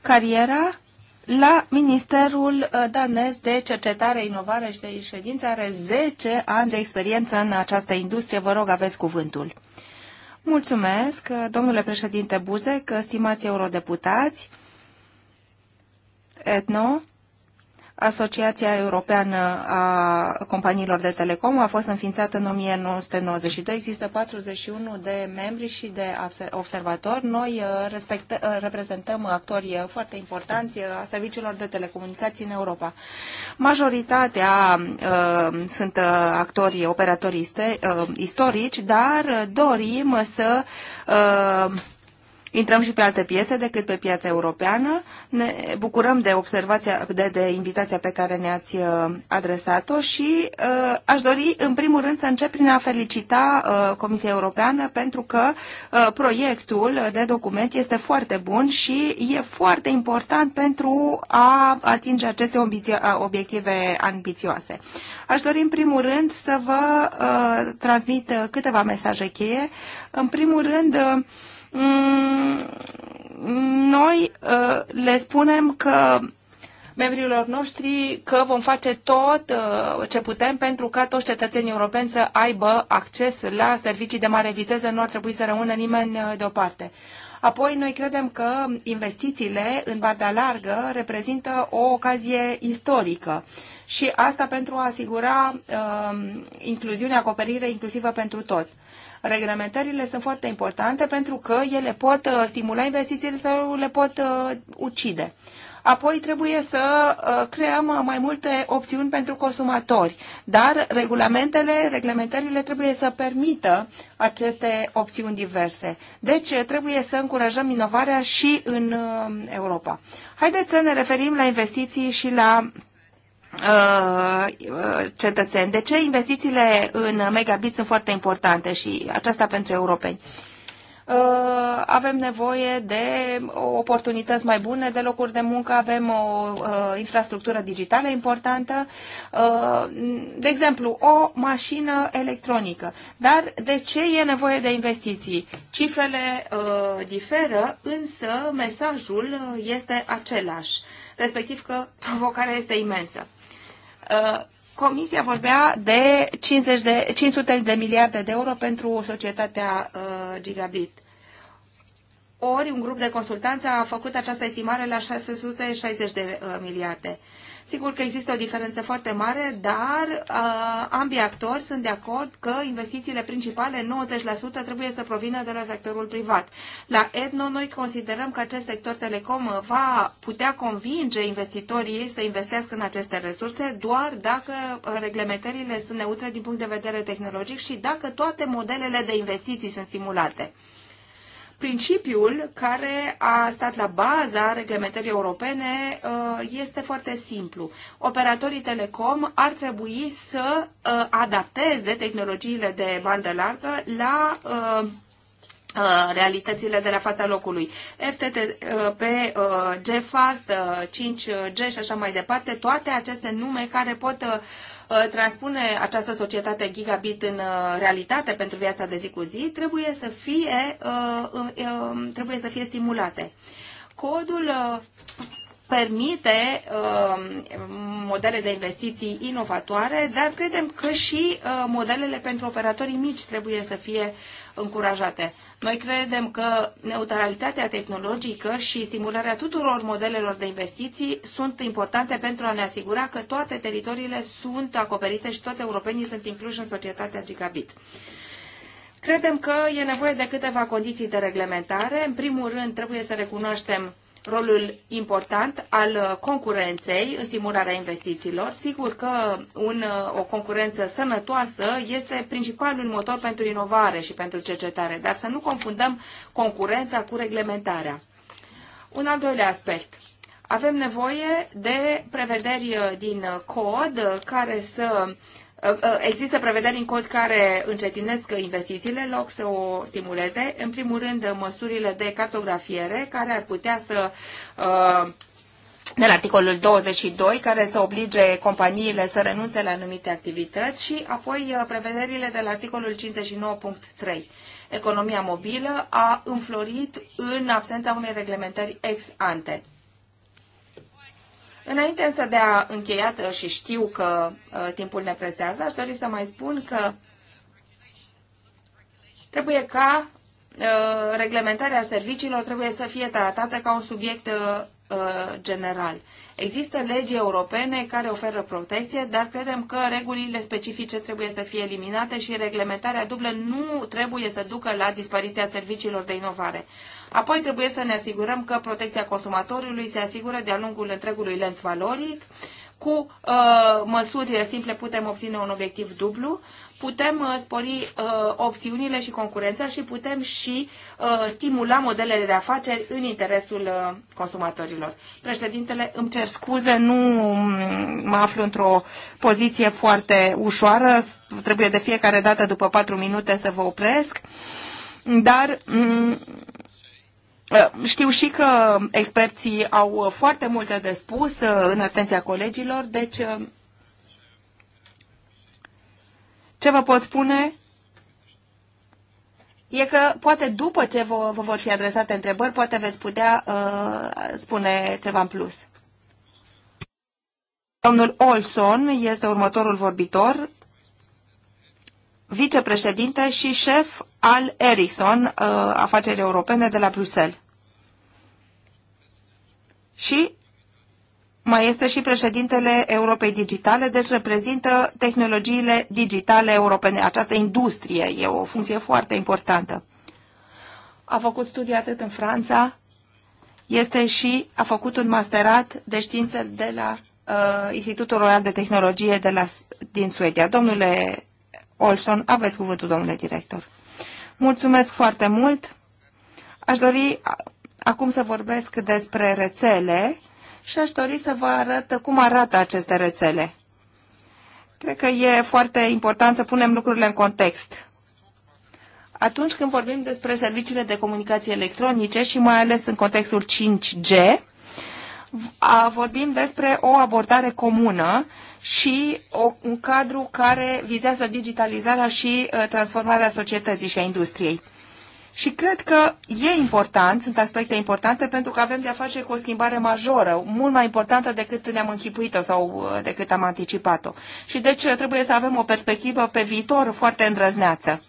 cariera la Ministerul uh, danez de Cercetare, Inovare și de Ședință are 10 ani de experiență în această industrie. Vă rog, aveți cuvântul. Mulțumesc, uh, domnule președinte Buzec, uh, stimați eurodeputați, etno, Asociația Europeană a Companiilor de Telecom a fost înființată în 1992. Există 41 de membri și de observatori. Noi uh, uh, reprezentăm actori uh, foarte importanți a serviciilor de telecomunicații în Europa. Majoritatea uh, sunt actori, operatori istorici, dar dorim să uh, intrăm și pe alte piețe decât pe piața europeană. Ne bucurăm de observația, de, de invitația pe care ne-ați uh, adresat-o și uh, aș dori în primul rând să încep prin a felicita uh, Comisia Europeană pentru că uh, proiectul de document este foarte bun și e foarte important pentru a atinge aceste obiective ambițioase. Aș dori în primul rând să vă uh, transmit câteva mesaje cheie. În primul rând, uh, Mm, noi uh, le spunem că membrilor noștri că vom face tot uh, ce putem pentru ca toți cetățenii europeni să aibă acces la servicii de mare viteză, nu ar trebui să rămână nimeni uh, deoparte. Apoi, noi credem că investițiile în banda largă reprezintă o ocazie istorică și asta pentru a asigura uh, incluziunea, acoperire inclusivă pentru tot. Reglementările sunt foarte importante pentru că ele pot uh, stimula investițiile sau le pot uh, ucide. Apoi trebuie să uh, creăm mai multe opțiuni pentru consumatori, dar regulamentele, reglementările trebuie să permită aceste opțiuni diverse. Deci trebuie să încurajăm inovarea și în Europa. Haideți să ne referim la investiții și la Uh, cetățeni. De ce investițiile în megabit sunt foarte importante și aceasta pentru europeni? Uh, avem nevoie de oportunități mai bune de locuri de muncă, avem o uh, infrastructură digitală importantă, de exemplu, o mașină electronică. Dar de ce e nevoie de investiții? Cifrele diferă, însă mesajul este același, respectiv că provocarea este imensă. Uh, Comisia vorbea de, 50 de 500 de miliarde de euro pentru societatea uh, Gigabit. Ori un grup de consultanță a făcut această estimare la 660 de uh, miliarde. Sigur că există o diferență foarte mare, dar uh, ambii actori sunt de acord că investițiile principale, 90%, trebuie să provină de la sectorul privat. La Edno, noi considerăm că acest sector telecom uh, va putea convinge investitorii să investească în aceste resurse doar dacă uh, reglementările sunt neutre din punct de vedere tehnologic și dacă toate modelele de investiții sunt stimulate. Principiul care a stat la baza reglementării europene uh, este foarte simplu. Operatorii telecom ar trebui să uh, adapteze tehnologiile de bandă largă la uh, realitățile de la fața locului. FTTP, GFAST, 5G și așa mai departe, toate aceste nume care pot Uh, transpune această societate gigabit în uh, realitate pentru viața de zi cu zi, trebuie să fie, uh, trebuie să fie stimulate. Codul permite modele de investiții inovatoare, dar credem că și modelele pentru operatorii mici trebuie să fie încurajate. Noi credem că neutralitatea tehnologică și stimularea tuturor modelelor de investiții sunt importante pentru a ne asigura că toate teritoriile sunt acoperite și toți europenii sunt incluși în societatea gigabit. Credem că e nevoie de câteva condiții de reglementare. În primul rând, trebuie să recunoaștem rolul important al uh, concurenței în stimularea investițiilor. Sigur că un, uh, o concurență sănătoasă este principalul motor pentru inovare și pentru cercetare, dar să nu confundăm concurența cu reglementarea. Un al doilea aspect. Avem nevoie de prevederi uh, din cod care să Ă, ă, există prevederi în cod care încetinesc investițiile în loc să o stimuleze. În primul rând, măsurile de cartografiere care ar putea să ă, de la articolul 22, care să oblige companiile să renunțe la anumite activități și apoi prevederile de la articolul 59.3. Economia mobilă a înflorit în absența unei reglementări ex ante. Înainte însă de a încheia și știu că uh, timpul ne presează, aș dori să mai spun că trebuie ca ă, reglementarea serviciilor trebuie să fie tratată ca un subiect ă, Uh, general. Există legi europene care oferă protecție, dar credem că regulile specifice trebuie să fie eliminate și reglementarea dublă nu trebuie să ducă la dispariția serviciilor de inovare. Apoi trebuie să ne asigurăm că protecția consumatorului se asigură de-a lungul întregului lenț valoric. Cu uh, măsuri simple putem obține un obiectiv dublu putem uh, spori uh, opțiunile și concurența și putem și uh, stimula modelele de afaceri în interesul consumatorilor. Președintele, îmi cer scuze, nu mm, mă aflu într-o poziție foarte ușoară, trebuie de fiecare dată după patru minute să vă opresc, dar mm, știu și că experții au foarte multe de spus în atenția colegilor, deci Ce vă pot spune e că poate după ce vă, vă vor fi adresate întrebări, poate veți putea uh, spune ceva în plus. Domnul Olson este următorul vorbitor, vicepreședinte și șef al Ericsson, uh, afaceri europene de la Bruxelles. Și mai este și președintele Europei Digitale, deci reprezintă tehnologiile digitale europene. Această industrie e o funcție foarte importantă. A făcut studii atât în Franța, este și, a făcut un masterat de științe de la uh, Institutul Royal de Tehnologie de la, din Suedia. Domnule Olson, aveți cuvântul, domnule director. Mulțumesc foarte mult. Aș dori acum să vorbesc despre rețele și aș dori să vă arăt cum arată aceste rețele. Cred că e foarte important să punem lucrurile în context. Atunci când vorbim despre serviciile de comunicații electronice și mai ales în contextul 5G, vorbim despre o abordare comună și un cadru care vizează digitalizarea și uh, transformarea societății și a industriei. Și cred că e important, sunt aspecte importante pentru că avem de-a face cu o schimbare majoră, mult mai importantă decât ne-am închipuit-o sau uh, decât am anticipat-o. Și deci uh, trebuie să avem o perspectivă pe viitor foarte îndrăzneață.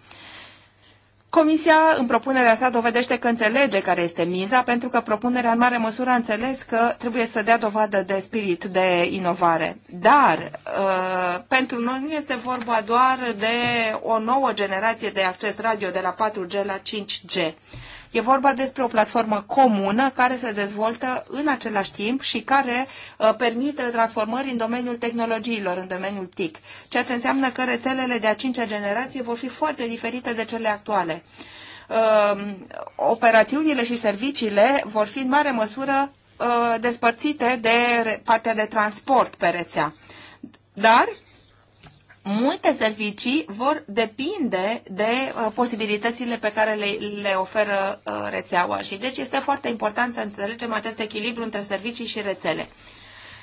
Comisia, în propunerea sa, dovedește că înțelege care este miza, pentru că propunerea, în mare măsură, a înțeles că trebuie să dea dovadă de spirit de inovare. Dar, uh, pentru noi nu este vorba doar de o nouă generație de acces radio de la 4G la 5G. E vorba despre o platformă comună care se dezvoltă în același timp și care uh, permite transformări în domeniul tehnologiilor, în domeniul TIC, ceea ce înseamnă că rețelele de a cincea generație vor fi foarte diferite de cele actuale uh, operațiunile și serviciile vor fi în mare măsură uh, despărțite de partea de transport pe rețea. Dar multe servicii vor depinde de uh, posibilitățile pe care le, le oferă uh, rețeaua și deci este foarte important să înțelegem acest echilibru între servicii și rețele.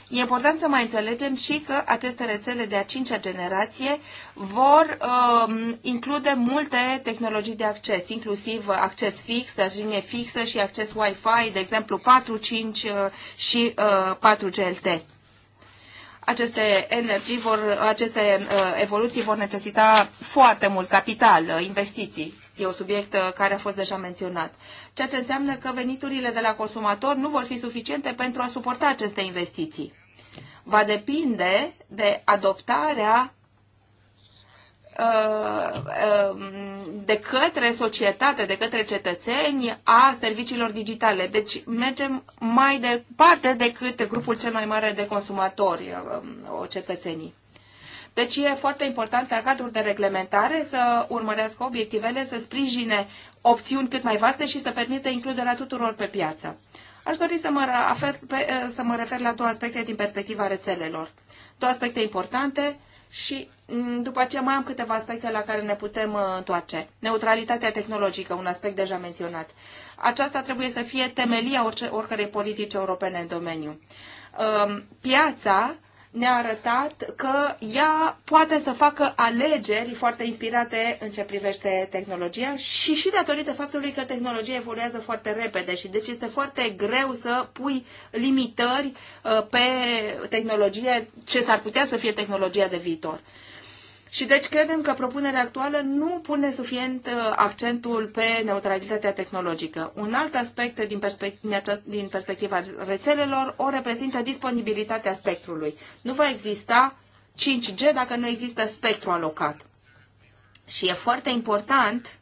E important să mai înțelegem și că aceste rețele de a cincea generație vor uh, include multe tehnologii de acces, inclusiv acces fix, linie fixă și acces Wi-Fi, de exemplu 4, 5 uh, și uh, 4 GLT aceste energii vor, aceste uh, evoluții vor necesita foarte mult capital, uh, investiții. E un subiect uh, care a fost deja menționat. Ceea ce înseamnă că veniturile de la consumator nu vor fi suficiente pentru a suporta aceste investiții. Va depinde de adoptarea Uh, uh, de către societate, de către cetățeni a serviciilor digitale. Deci mergem mai departe decât grupul cel mai mare de consumatori, uh, um, o cetățenii. Deci e foarte important ca cadrul de reglementare să urmărească obiectivele, să sprijine opțiuni cât mai vaste și să permită includerea tuturor pe piață. Aș dori să mă, refer, să mă refer la două aspecte din perspectiva rețelelor. Două aspecte importante și mm, după aceea mai am câteva aspecte la care ne putem uh, întoarce. Neutralitatea tehnologică, un aspect deja menționat. Aceasta trebuie să fie temelia oricărei politici europene în domeniu. Um, piața ne-a arătat că ea poate să facă alegeri foarte inspirate în ce privește tehnologia și și datorită faptului că tehnologia evoluează foarte repede și deci este foarte greu să pui limitări uh, pe tehnologie, ce s-ar putea să fie tehnologia de viitor. Și deci credem că propunerea actuală nu pune suficient uh, accentul pe neutralitatea tehnologică. Un alt aspect din, perspect- din perspectiva rețelelor o reprezintă disponibilitatea spectrului. Nu va exista 5G dacă nu există spectru alocat. Și e foarte important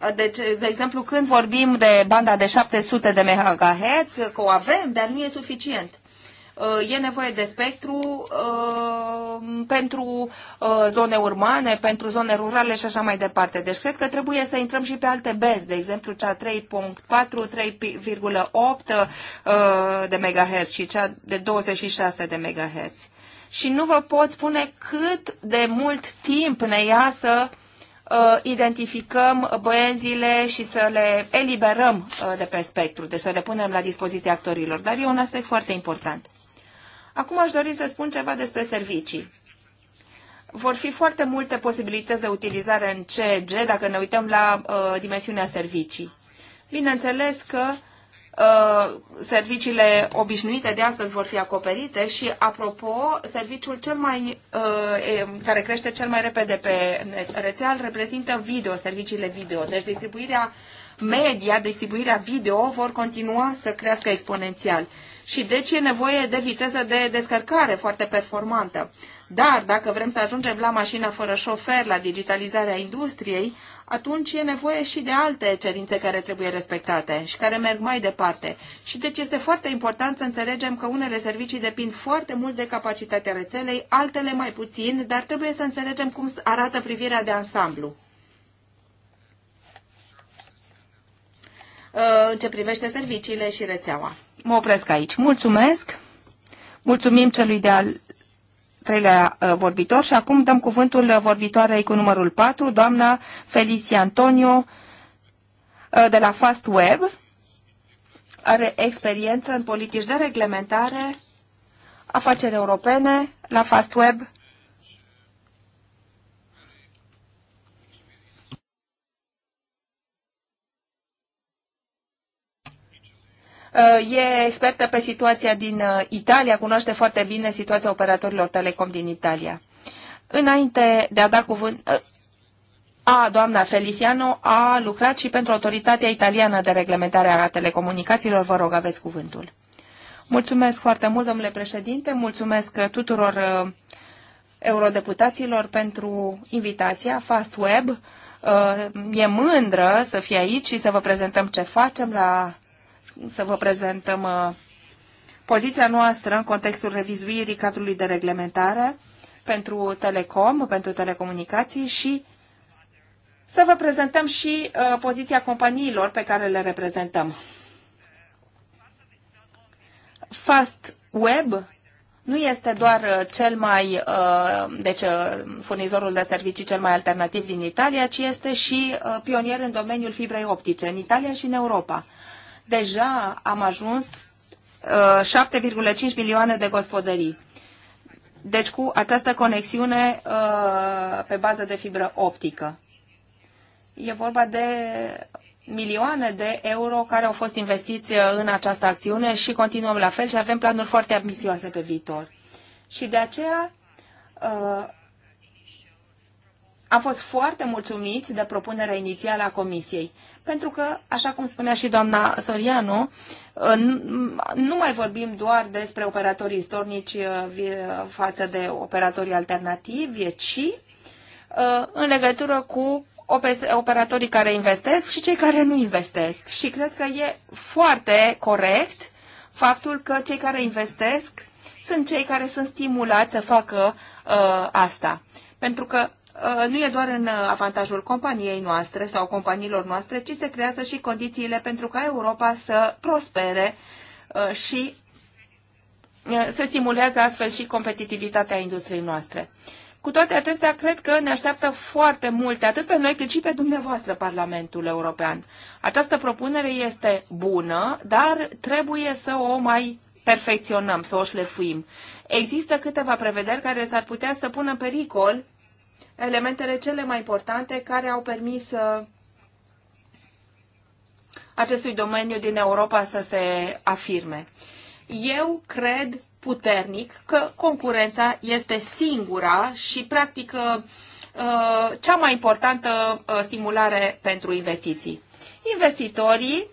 uh, deci, de exemplu, când vorbim de banda de 700 de MHz, uh, că o avem, dar nu e suficient. Uh, e nevoie de spectru uh, pentru uh, zone urbane, pentru zone rurale și așa mai departe. Deci cred că trebuie să intrăm și pe alte benzi, de exemplu cea 3.4, 3,8 de MHz și cea de 26 de MHz. Și nu vă pot spune cât de mult timp ne ia să identificăm băienzile și să le eliberăm de pe spectru, deci să le punem la dispoziția actorilor. Dar e un aspect foarte important. Acum aș dori să spun ceva despre servicii. Vor fi foarte multe posibilități de utilizare în CG dacă ne uităm la uh, dimensiunea servicii. Bineînțeles că uh, serviciile obișnuite de astăzi vor fi acoperite și, apropo, serviciul cel mai, uh, care crește cel mai repede pe rețea reprezintă video, serviciile video. Deci distribuirea media, distribuirea video vor continua să crească exponențial. Uh, și deci e nevoie de viteză de descărcare foarte performantă. Dar dacă vrem să ajungem la mașina fără șofer, la digitalizarea industriei, atunci e nevoie și de alte cerințe care trebuie respectate și care merg mai departe. Și deci este foarte important să înțelegem că unele servicii depind foarte mult de capacitatea rețelei, altele mai puțin, dar trebuie să înțelegem cum arată privirea de ansamblu. În ce privește serviciile și rețeaua. Mă opresc aici. Mulțumesc. Mulțumim celui de-al treilea uh, vorbitor și acum dăm cuvântul vorbitoarei cu numărul 4, doamna Felicia Antonio uh, de la Fast Web. Are experiență în politici de reglementare, afaceri europene la Fast Web Uh, e expertă pe situația din uh, Italia, cunoaște foarte bine situația operatorilor telecom din Italia. Înainte de a da cuvânt, uh, a, doamna Feliciano a lucrat și pentru Autoritatea Italiană de Reglementare a Telecomunicațiilor. Vă rog, aveți cuvântul. Mulțumesc foarte mult, domnule președinte. Mulțumesc tuturor uh, eurodeputaților pentru invitația Fast Web. Uh, e mândră să fie aici și să vă prezentăm ce facem la să vă prezentăm uh, poziția noastră în contextul revizuirii cadrului de reglementare pentru telecom, pentru telecomunicații și să vă prezentăm și uh, poziția companiilor pe care le reprezentăm. Fast Web nu este doar uh, cel mai, deci furnizorul de servicii cel mai alternativ din Italia, ci este și pionier în domeniul fibrei optice, în Italia și în Europa deja am ajuns 7,5 uh, milioane de gospodării. Deci cu această conexiune uh, pe bază de fibră optică. E vorba de milioane de euro care au fost investiți uh, în această acțiune și continuăm la fel și avem planuri foarte ambițioase pe viitor. Și de aceea am fost foarte mulțumiți de propunerea inițială a Comisiei pentru că, așa cum spunea și doamna Soriano, uh, nu mai vorbim doar despre operatorii istornici uh, uh, față de operatorii alternativi, ci în legătură cu operatorii care investesc și cei care nu investesc. Și cred că e foarte corect faptul că cei care investesc sunt cei care sunt stimulați să facă uh, asta. Pentru că Uh, nu e doar în uh, avantajul companiei noastre sau companiilor noastre, ci se creează și condițiile pentru ca Europa să prospere uh, și se stimulează astfel și competitivitatea industriei noastre. Cu toate acestea, cred că ne așteaptă foarte multe, atât pe noi cât și pe dumneavoastră, Parlamentul European. Această propunere este bună, dar trebuie să o mai perfecționăm, să o șlefuim. Există câteva prevederi care s-ar putea să pună în pericol elementele cele mai importante care au permis uh, acestui domeniu din Europa să se afirme. Eu cred puternic că concurența este singura și practic uh, uh, cea mai importantă stimulare pentru investiții. Investitorii,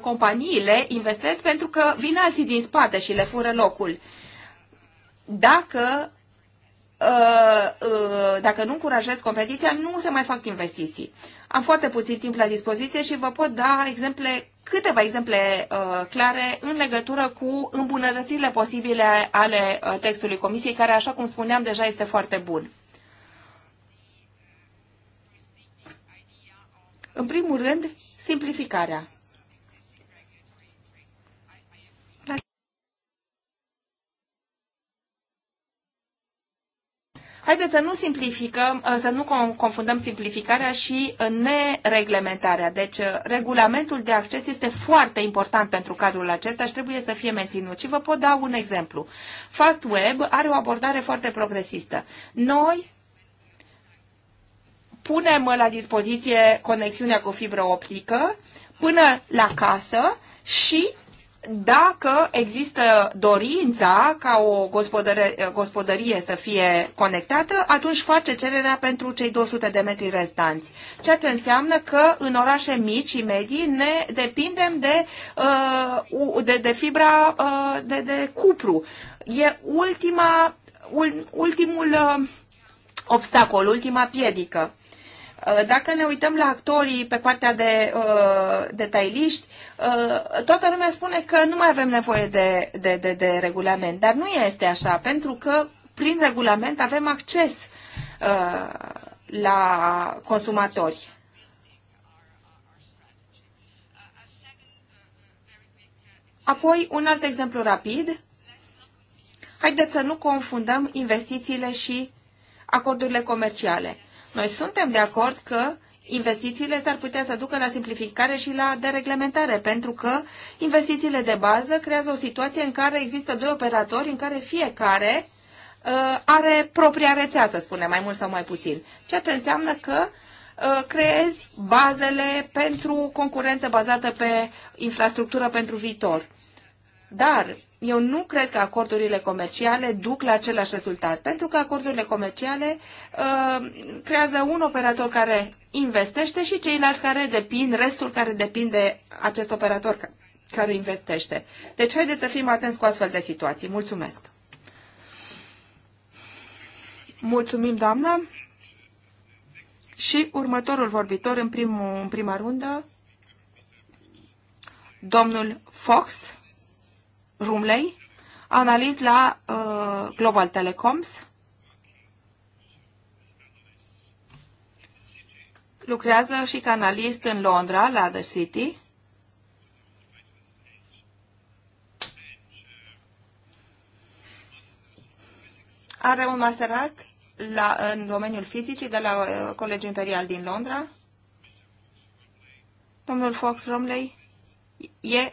companiile investesc pentru că vin alții din spate și le fură locul. Dacă Uh, uh, dacă nu încurajez competiția, nu se mai fac investiții. Am foarte puțin timp la dispoziție și vă pot da exemple, câteva exemple uh, clare în legătură cu îmbunătățirile posibile ale textului Comisiei, care, așa cum spuneam, deja este foarte bun. În primul rând, simplificarea. Haideți să nu simplificăm, uh, să nu confundăm simplificarea și uh, nereglementarea. Deci, uh, regulamentul de acces este foarte important pentru cadrul acesta și trebuie să fie menținut. Și vă pot da un exemplu. Fast Web are o abordare foarte progresistă. Noi punem la dispoziție conexiunea cu fibră optică până la casă și dacă există dorința ca o gospodărie, gospodărie să fie conectată, atunci face cererea pentru cei 200 de metri restanți. Ceea ce înseamnă că în orașe mici și medii ne depindem de, uh, de, de fibra uh, de, de cupru. E ultima, ultimul uh, obstacol, ultima piedică. Uh, dacă ne uităm la actorii pe partea de uh, detailiști, uh, toată lumea spune că nu mai avem nevoie de, de, de, de regulament, dar nu este așa, pentru că prin regulament avem acces uh, la consumatori. Apoi, un alt exemplu rapid. Haideți să nu confundăm investițiile și acordurile comerciale. Noi suntem de acord că investițiile s-ar putea să ducă la simplificare și la dereglementare, pentru că investițiile de bază creează o situație în care există doi operatori în care fiecare uh, are propria rețea, să spunem, mai mult sau mai puțin. Ceea ce înseamnă că uh, creezi bazele pentru concurență bazată pe infrastructură pentru viitor. Dar eu nu cred că acordurile comerciale duc la același rezultat, pentru că acordurile comerciale uh, creează un operator care investește și ceilalți care depind, restul care depinde de acest operator care investește. Deci haideți să fim atenți cu astfel de situații. Mulțumesc! Mulțumim, doamnă! Și următorul vorbitor în, primul, în prima rundă, domnul Fox Rumley, analist la uh, Global Telecoms. Lucrează și ca analist în Londra, la The City. Are un masterat la, în domeniul fizicii de la uh, Colegiul Imperial din Londra. Domnul Fox Romley e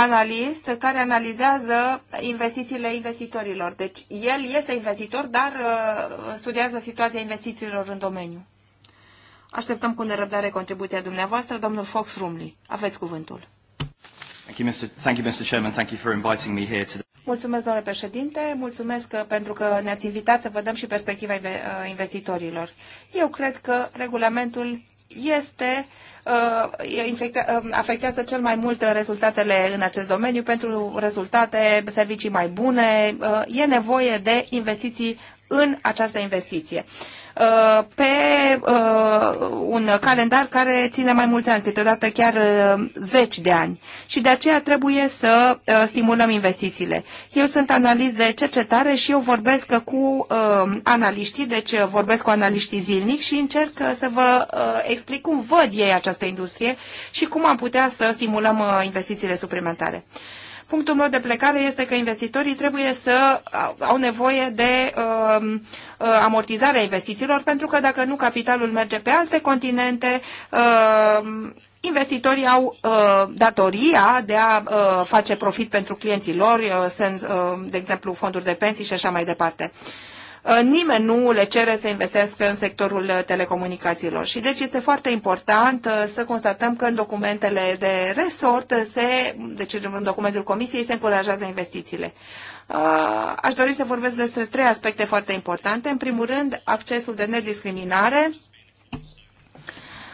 analist care analizează investițiile investitorilor. Deci el este investitor, dar uh, studiază situația investițiilor în domeniu. Așteptăm cu nerăbdare contribuția dumneavoastră, domnul Fox Rumley. Aveți cuvântul. Mulțumesc, domnule președinte, mulțumesc uh, pentru că ne-ați invitat să vă dăm și perspectiva uh, investitorilor. Eu cred că regulamentul este uh, um, afectează cel mai mult rezultatele în acest domeniu. Pentru rezultate, servicii mai bune, uh, e nevoie de investiții în această investiție. Uh, Uh, pe uh, un calendar care ține mai mulți ani, câteodată chiar uh, zeci de ani. Și de aceea trebuie să stimulăm investițiile. Eu sunt analist de cercetare și eu vorbesc cu analiștii, deci vorbesc cu analiștii zilnic și încerc să vă explic cum văd ei această industrie și cum am putea să stimulăm investițiile suplimentare. Punctul meu de plecare este că investitorii trebuie să au nevoie de um, uh, amortizarea investițiilor, pentru că dacă nu, capitalul merge pe alte continente. Uh, investitorii au uh, datoria de a uh, face profit pentru clienții lor, uh, sunt, uh, de exemplu, fonduri de pensii și așa mai departe. Uh, Uh, nimeni nu le cere să investească în sectorul uh, telecomunicațiilor. Și deci este foarte important uh, să constatăm că în documentele de resort, se, deci în documentul Comisiei, se încurajează investițiile. Aș dori să vorbesc despre trei aspecte foarte importante. În primul rând, accesul de nediscriminare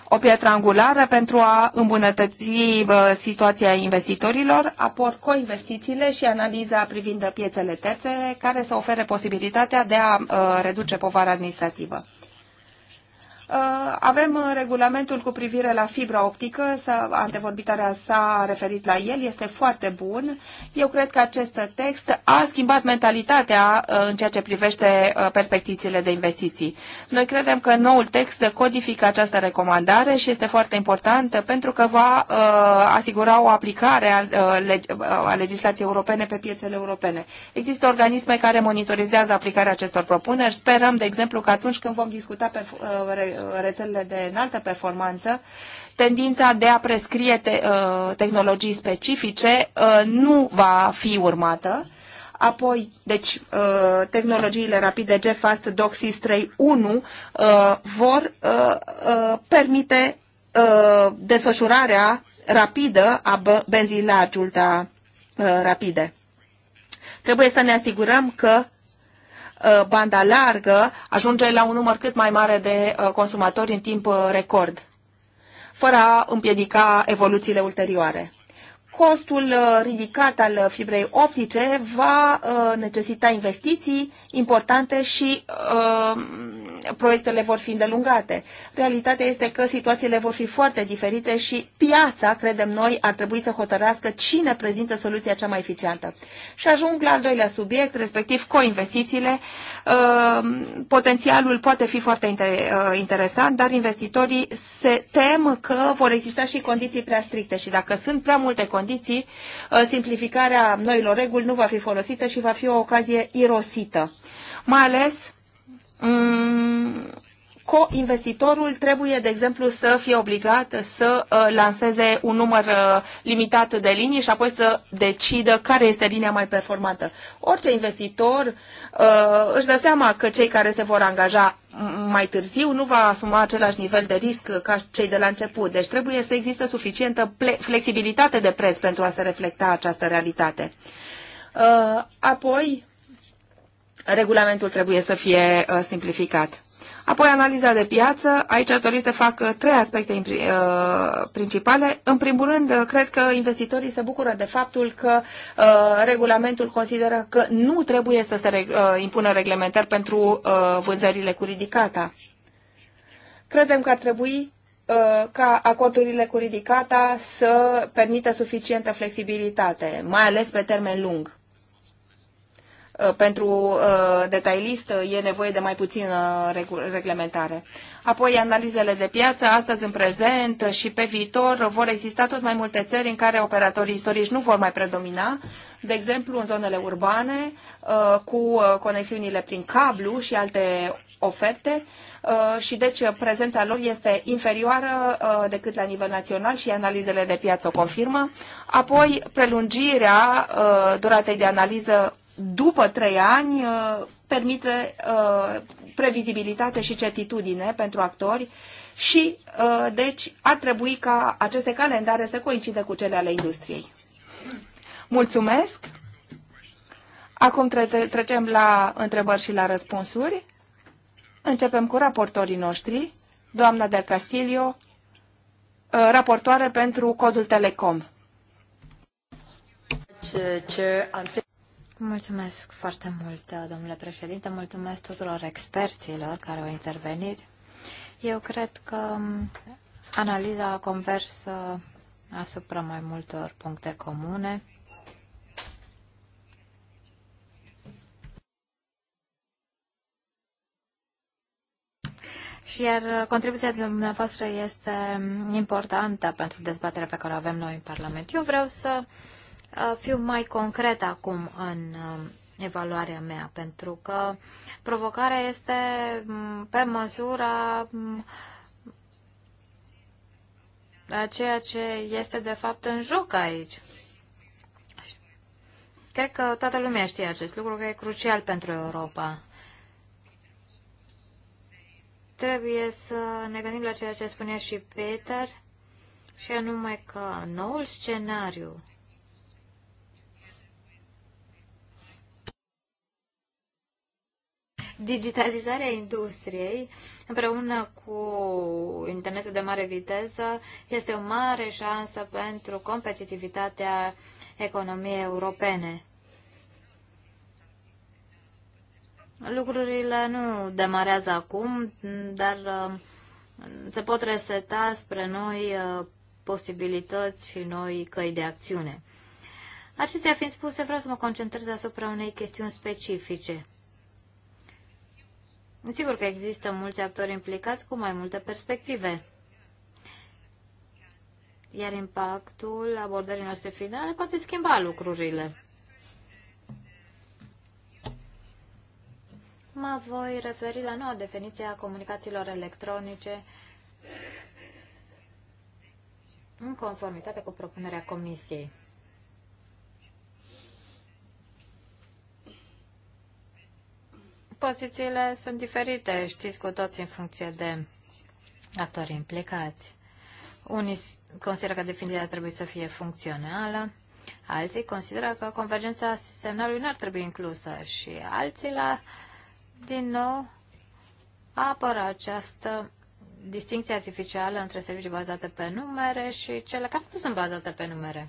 o piatră angulară pentru a îmbunătăți uh, situația investitorilor, apoi coinvestițiile și analiza privind piețele terțe care să ofere posibilitatea de a uh, reduce povara administrativă. Uh, avem uh, regulamentul cu privire la fibra optică, antevorbitarea s-a referit la el, este foarte bun. Eu cred că acest text a schimbat mentalitatea uh, în ceea ce privește perspectivele de investiții. Noi credem că noul text codifică această recomandare și este foarte important pentru că va asigura o aplicare a legislației europene pe piețele europene. Există organisme care monitorizează aplicarea acestor propuneri. Sperăm, de exemplu, că atunci când vom discuta pe Uh, rețelele de înaltă performanță, tendința de a prescrie te, uh, tehnologii specifice uh, nu va fi urmată. Apoi, deci, tehnologiile rapide GFAST DOCSIS 3.1 vor permite desfășurarea rapidă a benzii la uh, rapide. Trebuie să ne asigurăm că Uh, banda largă ajunge la un număr cât mai mare de uh, consumatori în timp uh, record, fără a împiedica evoluțiile ulterioare. Costul uh, ridicat al uh, fibrei optice va uh, necesita investiții importante și proiectele vor fi îndelungate. Realitatea este că situațiile vor fi foarte diferite și piața, credem noi, ar trebui să hotărească cine prezintă soluția cea mai eficientă. Și ajung la al doilea subiect, respectiv coinvestițiile. Potențialul poate fi foarte interesant, dar investitorii se tem că vor exista și condiții prea stricte și dacă sunt prea multe condiții, condiții, uh, simplificarea noilor reguli nu va fi folosită și va fi o ocazie irosită. Mai ales mm, co-investitorul trebuie, de exemplu, să fie obligat să uh, lanseze un număr uh, limitat de linii și apoi să decidă care este linia mai performantă. Orice investitor își dă seama că cei care se vor angaja mai târziu nu va asuma același nivel de risc ca cei de la început. Deci trebuie să existe suficientă flexibilitate de preț pentru a se reflecta această realitate. Uh, apoi, regulamentul trebuie să fie uh, simplificat. Apoi analiza de piață. Aici aș dori să fac uh, trei aspecte uh, principale. În primul rând, uh, cred că investitorii se bucură de faptul că regulamentul consideră că nu trebuie să se impună reglementări pentru vânzările cu ridicata. Credem că ar trebui ca acordurile cu ridicata să permită suficientă flexibilitate, mai ales pe termen lung. Uh, pentru uh, detailist uh, e nevoie de mai puțină reglementare. Apoi analizele de piață, astăzi în prezent și pe viitor vor exista tot mai multe țări în care operatorii istorici nu vor mai predomina, de exemplu în zonele urbane, cu conexiunile prin cablu și alte oferte și deci prezența lor este inferioară decât la nivel național și analizele de piață o confirmă. Apoi prelungirea duratei de analiză după trei ani uh, permite uh, previzibilitate și certitudine pentru actori și, uh, deci, ar trebui ca aceste calendare să coincide cu cele ale industriei. Mulțumesc! Acum tre trecem la întrebări și la răspunsuri. Începem cu raportorii noștri, doamna Del Castillo, raportoare pentru codul Telecom. Ce, ce, Mulțumesc foarte mult, domnule președinte. Mulțumesc tuturor experților care au intervenit. Eu cred că analiza a convers uh, asupra mai multor puncte comune. Și iar uh, contribuția dumneavoastră este importantă pentru dezbaterea pe care o avem noi în Parlament. Eu vreau să uh, Uh, fiu mai concret acum în um, evaluarea mea, pentru că provocarea este mm, pe măsura mm, a ceea ce este de fapt în joc aici. Cred că toată lumea știe acest lucru, că e crucial pentru Europa. Trebuie să ne gândim la ceea ce spunea și Peter, și anume că noul scenariu Digitalizarea industriei împreună cu internetul de mare viteză este o mare șansă pentru competitivitatea economiei europene. Lucrurile nu demarează acum, dar uh, se pot reseta spre noi uh, posibilități și noi căi de acțiune. Acestea fiind spuse, vreau să mă concentrez asupra unei chestiuni specifice. Sigur că există mulți actori implicați cu mai multe perspective. Iar impactul abordării noastre finale poate schimba lucrurile. Mă voi referi la noua definiție a comunicațiilor electronice în conformitate cu propunerea Comisiei. pozițiile sunt diferite, știți cu toți în funcție de actorii implicați. Unii consideră că definiția trebuie să fie funcțională, alții consideră că convergența semnalului nu ar trebui inclusă și alții la, din nou, apără această distinție artificială între servicii bazate pe numere și cele care nu sunt bazate pe numere.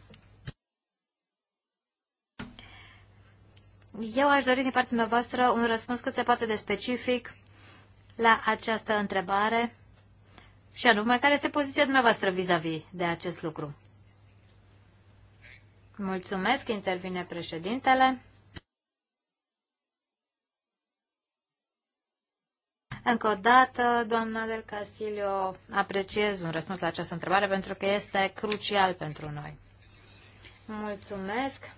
Eu aș dori din partea dumneavoastră un răspuns cât se poate de specific la această întrebare și anume, care este poziția dumneavoastră vis-a-vis -vis de acest lucru? Mulțumesc, intervine președintele. Încă o dată, doamna del Castillo, apreciez un răspuns la această întrebare pentru că este crucial pentru noi. Mulțumesc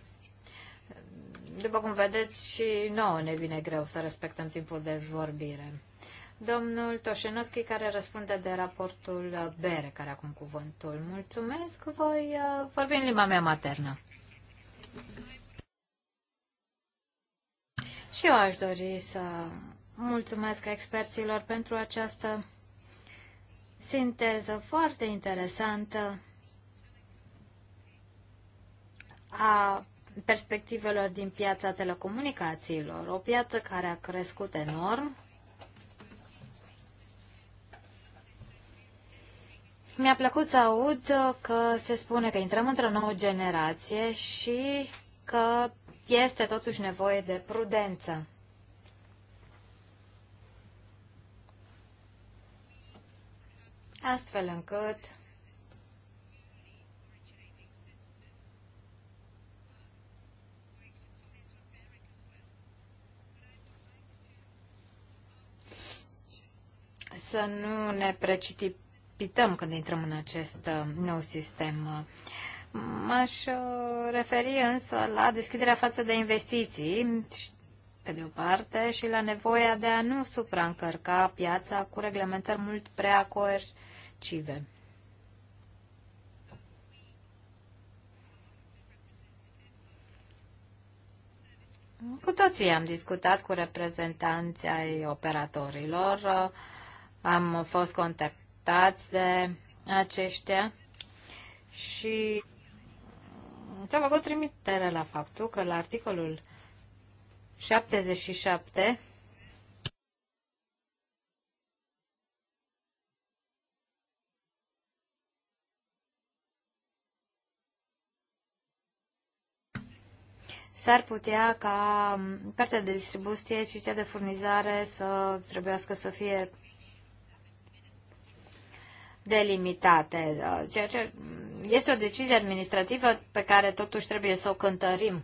după cum vedeți, și nouă ne vine greu să respectăm timpul de vorbire. Domnul Toșenoschi, care răspunde de raportul Bere, care acum cuvântul. Mulțumesc, voi uh, vorbi în limba mea maternă. Și eu aș dori să mulțumesc experților pentru această sinteză foarte interesantă a perspectivelor din piața telecomunicațiilor, o piață care a crescut enorm. Mi-a plăcut să aud că se spune că intrăm într-o nouă generație și că este totuși nevoie de prudență. Astfel încât să nu ne precipităm când intrăm în acest uh, nou sistem. M-aș uh, referi însă la deschiderea față de investiții, pe de o parte, și la nevoia de a nu supraîncărca piața cu reglementări mult prea coercive. Cu toții am discutat cu reprezentanții ai operatorilor uh, am fost contactați de aceștia și s-a făcut trimitere la faptul că la articolul 77 s-ar putea ca partea de distribuție și cea de furnizare să trebuiască să fie delimitate, uh, ceea ce este o decizie administrativă pe care totuși trebuie să o cântărim.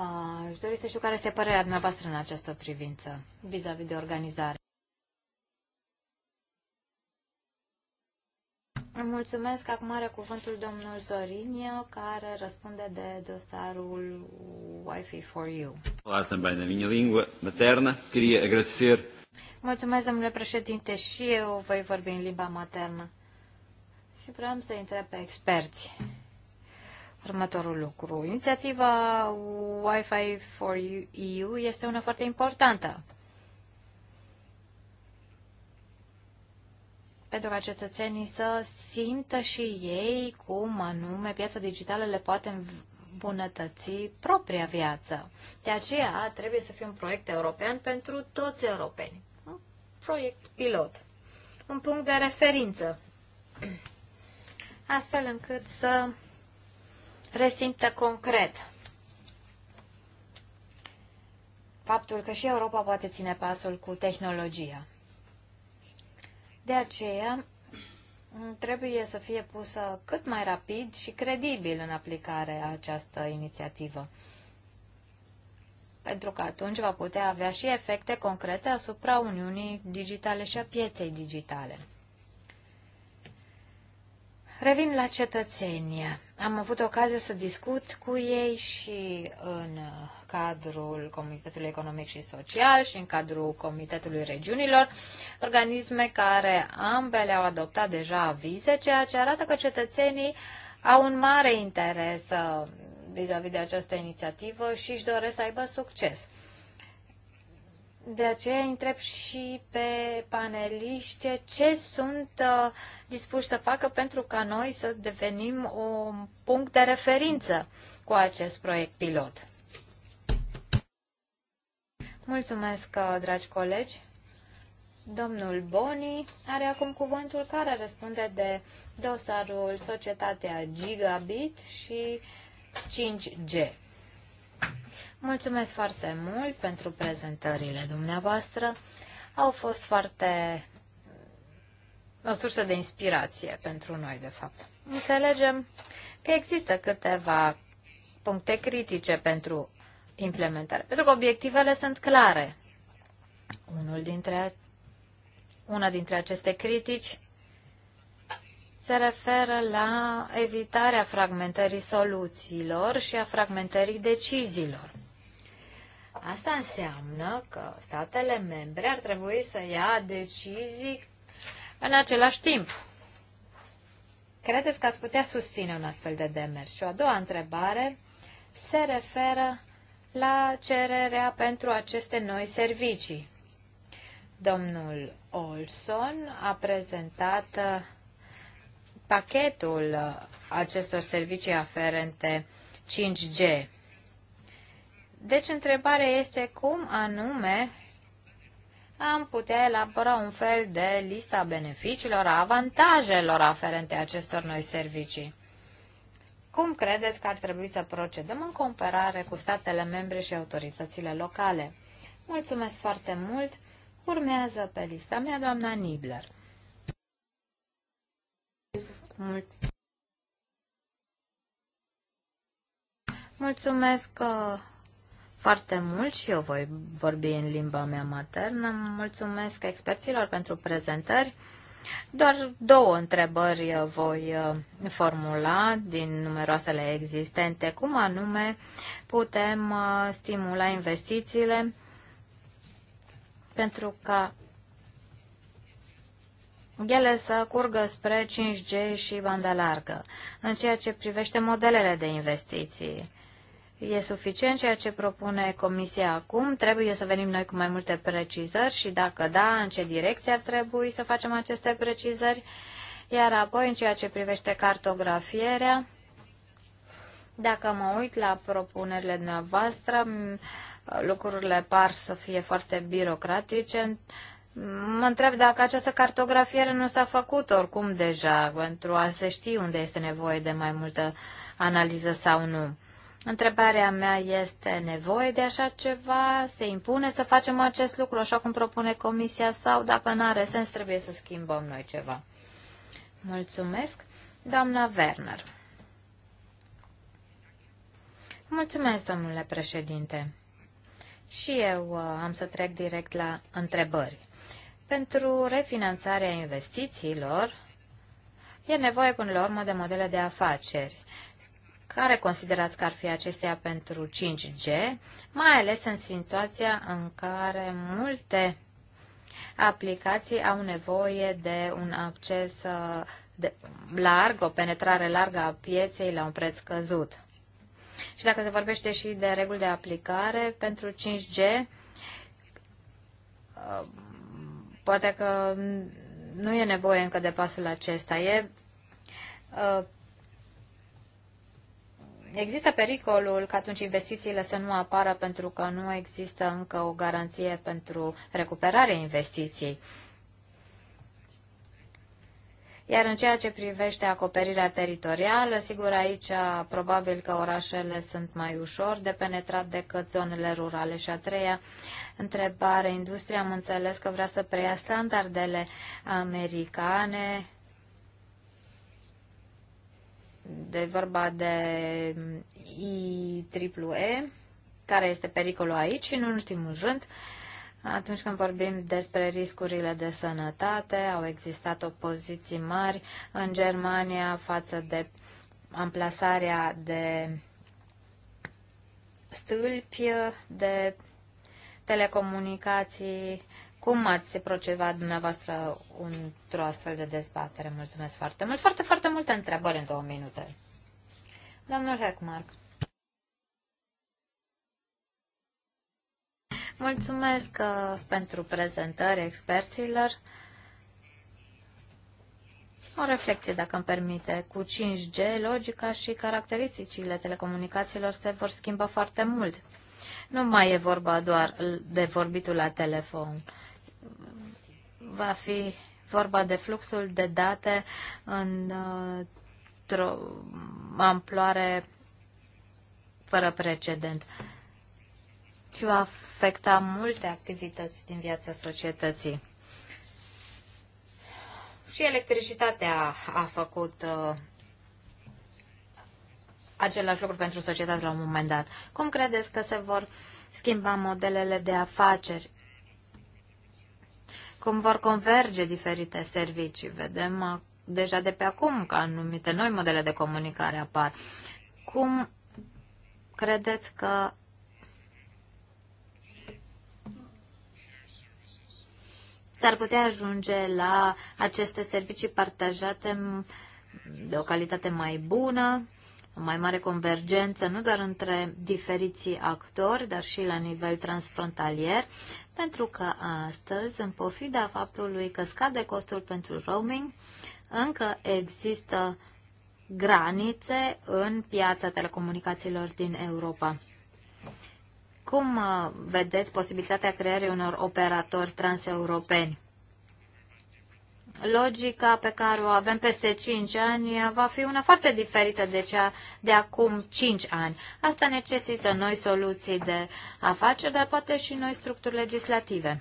Uh, aș dori să știu care este părerea dumneavoastră în această privință, vis-a-vis -vis de organizare. Mulțumesc. Acum are cuvântul domnul Zorinio, care răspunde de dosarul WiFi for You. Falar também na minha língua materna. Queria agradecer Mulțumesc, domnule președinte, și eu voi vorbi în limba maternă. Și vreau să întreb pe experți următorul lucru. Inițiativa Wi-Fi for EU este una foarte importantă. pentru ca cetățenii să simtă și ei cum anume piața digitală le poate îmbunătăți propria viață. De aceea trebuie să fie un proiect european pentru toți europeni proiect pilot, un punct de referință, *clears throat* astfel încât să resimtă concret faptul că și Europa poate ține pasul cu tehnologia. De aceea, trebuie să fie pusă cât mai rapid și credibil în aplicare această inițiativă pentru că atunci va putea avea și efecte concrete asupra Uniunii Digitale și a pieței digitale. Revin la cetățenie. Am avut ocazia să discut cu ei și în cadrul Comitetului Economic și Social și în cadrul Comitetului Regiunilor, organisme care ambele au adoptat deja avize, ceea ce arată că cetățenii au un mare interes vis-a-vis de această inițiativă și își doresc să aibă succes. De aceea întreb și pe paneliști ce sunt uh, dispuși să facă pentru ca noi să devenim un punct de referință cu acest proiect pilot. Mulțumesc, uh, dragi colegi. Domnul Boni are acum cuvântul care răspunde de dosarul Societatea Gigabit și 5G. Mulțumesc foarte mult pentru prezentările dumneavoastră. Au fost foarte o sursă de inspirație pentru noi, de fapt. Înțelegem că există câteva puncte critice pentru implementare, pentru că obiectivele sunt clare. Unul dintre, una dintre aceste critici se referă la evitarea fragmentării soluțiilor și a fragmentării deciziilor. Asta înseamnă că statele membre ar trebui să ia decizii în același timp. Credeți că ați putea susține un astfel de demers? Și o a doua întrebare se referă la cererea pentru aceste noi servicii. Domnul Olson a prezentat pachetul uh, acestor servicii aferente 5G. Deci întrebarea este cum anume am putea elabora un fel de lista beneficiilor, a avantajelor aferente acestor noi servicii. Cum credeți că ar trebui să procedăm în comparare cu statele membre și autoritățile locale? Mulțumesc foarte mult! Urmează pe lista mea doamna Nibler. Mulțumesc uh, foarte mult și eu voi vorbi în limba mea maternă. Mulțumesc experților pentru prezentări. Doar două întrebări uh, voi uh, formula din numeroasele existente. Cum anume putem stimula investițiile pentru ca ele să curgă spre 5G și banda largă. În ceea ce privește modelele de investiții, e suficient ceea ce propune Comisia acum? Trebuie să venim noi cu mai multe precizări și dacă da, în ce direcție ar trebui să facem aceste precizări? Iar apoi, în ceea ce privește cartografierea, dacă mă uit la propunerile dumneavoastră, lucrurile par să fie foarte birocratice Mă întreb dacă această cartografiere nu s-a făcut oricum deja pentru a se ști unde este nevoie de mai multă analiză sau nu. Întrebarea mea este nevoie de așa ceva? Se impune să facem acest lucru așa cum propune comisia sau dacă nu are sens trebuie să schimbăm noi ceva? Mulțumesc. Doamna Werner. Mulțumesc, domnule președinte. Și eu uh, am să trec direct la întrebări. Pentru refinanțarea investițiilor e nevoie până la urmă de modele de afaceri. Care considerați că ar fi acestea pentru 5G, mai ales în situația în care multe aplicații au nevoie de un acces uh, de, larg, o penetrare largă a pieței la un preț scăzut. Și dacă se vorbește și de reguli de aplicare pentru 5G, Poate că nu e nevoie încă de pasul acesta. E, uh, există pericolul că atunci investițiile să nu apară pentru că nu există încă o garanție pentru recuperarea investiției. Uh, iar în ceea ce privește acoperirea teritorială, sigur aici probabil că orașele sunt mai ușor de penetrat decât zonele rurale. Și a treia întrebare, industria am înțeles că vrea să preia standardele americane, de vorba de IEEE, care este pericolul aici și în ultimul rând, uh, atunci când vorbim despre riscurile de sănătate, au existat opoziții mari în Germania față de amplasarea de stâlpi de telecomunicații. Cum ați procedat dumneavoastră într-o astfel de dezbatere? Mulțumesc foarte mult. Foarte, foarte multe întrebări în două minute. Domnul Heckmark. Mulțumesc uh, pentru prezentări experților. O reflexie, dacă îmi permite. Cu 5G, logica și caracteristicile telecomunicațiilor se vor schimba foarte mult. Nu mai e vorba doar de vorbitul la telefon. Va fi vorba de fluxul de date în uh, amploare fără precedent. Risc afecta multe activități din viața societății. Și electricitatea a făcut uh, același lucru pentru societate la un moment dat. Cum credeți că se vor schimba modelele de afaceri? Cum vor converge diferite servicii? Vedem uh, deja de pe acum că anumite noi modele de comunicare apar. Cum credeți că s-ar putea ajunge la aceste servicii partajate de o calitate mai bună, o mai mare convergență, nu doar între diferiții actori, dar și la nivel transfrontalier, pentru că astăzi, în pofida faptului că scade costul pentru roaming, încă există granițe în piața telecomunicațiilor din Europa. Cum uh, vedeți posibilitatea creării unor operatori transeuropeni? Logica pe care o avem peste 5 ani uh, va fi una foarte diferită de cea de acum 5 ani. Asta necesită noi soluții de afaceri, dar poate și noi structuri legislative.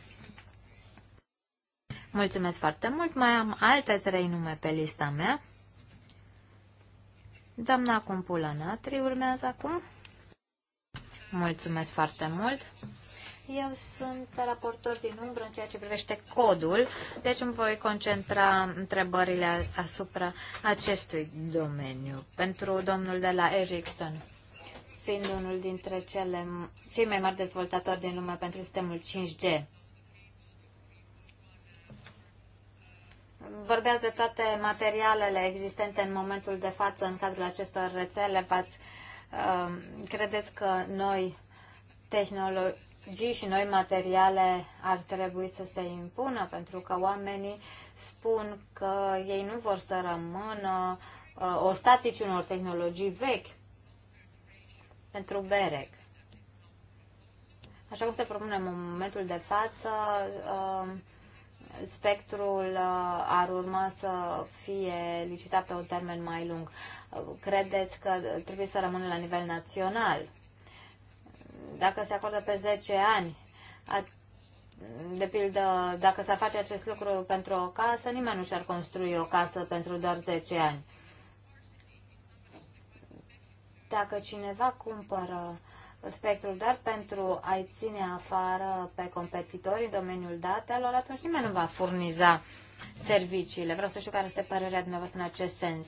Mulțumesc foarte mult. Mai am alte trei nume pe lista mea. Doamna Cumpulă Natri urmează acum. Mulțumesc foarte mult. Eu sunt raportor din umbră în ceea ce privește codul, deci îmi voi concentra întrebările asupra acestui domeniu. Pentru domnul de la Ericsson, fiind unul dintre cele, cei mai mari dezvoltatori din lume pentru sistemul 5G, vorbeați de toate materialele existente în momentul de față în cadrul acestor rețele, v-ați uh, Um, credeți că noi tehnologii și noi materiale ar trebui să se impună? Pentru că oamenii spun că ei nu vor să rămână uh, ostatici unor tehnologii vechi pentru BEREC. Așa cum se propune în momentul de față, um, spectrul uh, ar urma să fie licitat pe un termen mai lung. Credeți că trebuie să rămână la nivel național? Dacă se acordă pe 10 ani, de pildă, dacă s-ar face acest lucru pentru o casă, nimeni nu și-ar construi o casă pentru doar 10 ani. Dacă cineva cumpără spectrul dar pentru a-i ține afară pe competitori în domeniul datelor, atunci nimeni nu va furniza serviciile. Vreau să știu care este părerea dumneavoastră în acest sens.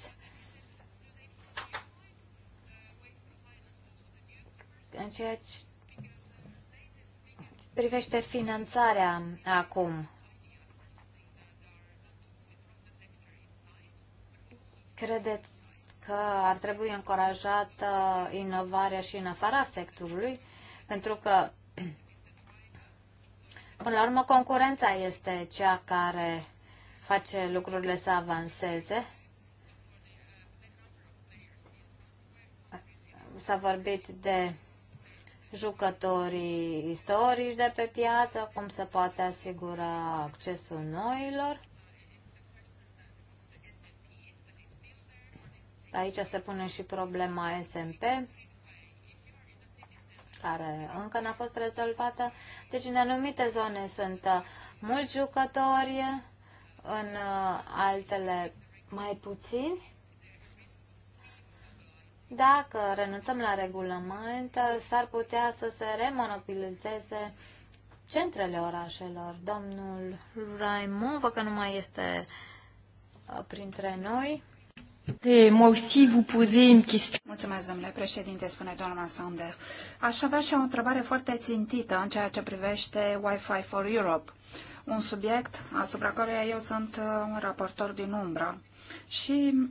În ceea ce privește finanțarea acum, credeți că ar trebui încurajată inovarea și în afara sectorului, pentru că, până la urmă, concurența este cea care face lucrurile să avanseze. S-a vorbit de jucătorii istorici de pe piață, cum se poate asigura accesul noilor. Aici se pune și problema SMP, care încă n-a fost rezolvată. Deci, în anumite zone sunt uh, mulți jucători, în uh, altele mai puțini. Dacă renunțăm la regulament, uh, s-ar putea să se remonopolizeze centrele orașelor. Domnul Raimond, că nu mai este printre noi. Mulțumesc, domnule președinte, spune doamna Sander. Aș avea și o întrebare foarte țintită în ceea ce privește Wi-Fi for Europe, un subiect asupra căruia eu sunt uh, un raportor din umbră. Și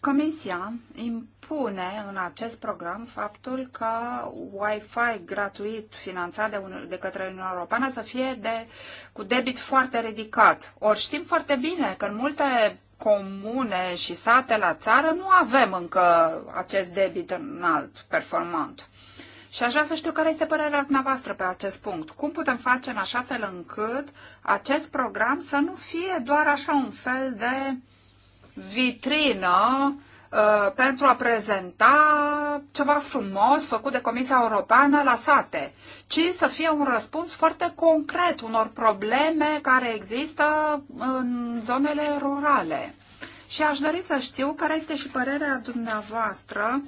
Comisia impune în acest program faptul că Wi-Fi gratuit finanțat de, un, de către Uniunea Europeană să fie de, cu debit foarte ridicat. Ori știm foarte bine că în multe comune și sate la țară, nu avem încă acest debit înalt performant. Și aș vrea să știu care este părerea dumneavoastră pe acest punct. Cum putem face în așa fel încât acest program să nu fie doar așa un fel de vitrină Uh, pentru a prezenta ceva frumos făcut de Comisia Europeană la sate, ci să fie un răspuns foarte concret unor probleme care există în zonele rurale. Și aș dori să știu care este și părerea dumneavoastră,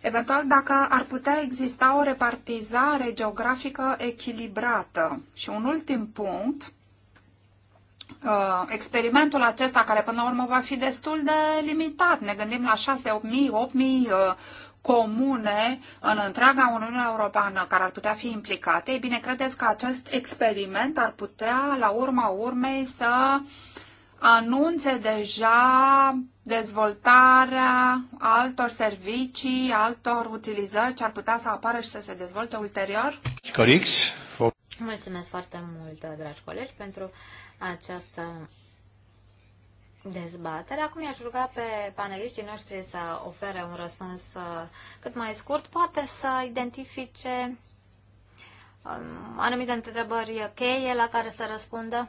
eventual dacă ar putea exista o repartizare geografică echilibrată. Și un ultim punct, Uh, experimentul acesta, care până la urmă va fi destul de limitat, ne gândim la 6, 8 mii, 8 mii uh, comune în întreaga Uniune Europeană care ar putea fi implicate, ei bine, credeți că acest experiment ar putea, la urma urmei, să anunțe deja dezvoltarea altor servicii, altor utilizări ce ar putea să apară și să se dezvolte ulterior? Mulțumesc foarte mult, dragi colegi, pentru această dezbatere. Acum i-aș ruga pe paneliștii noștri să ofere un răspuns uh, cât mai scurt, poate să identifice um, anumite întrebări cheie la care să răspundă.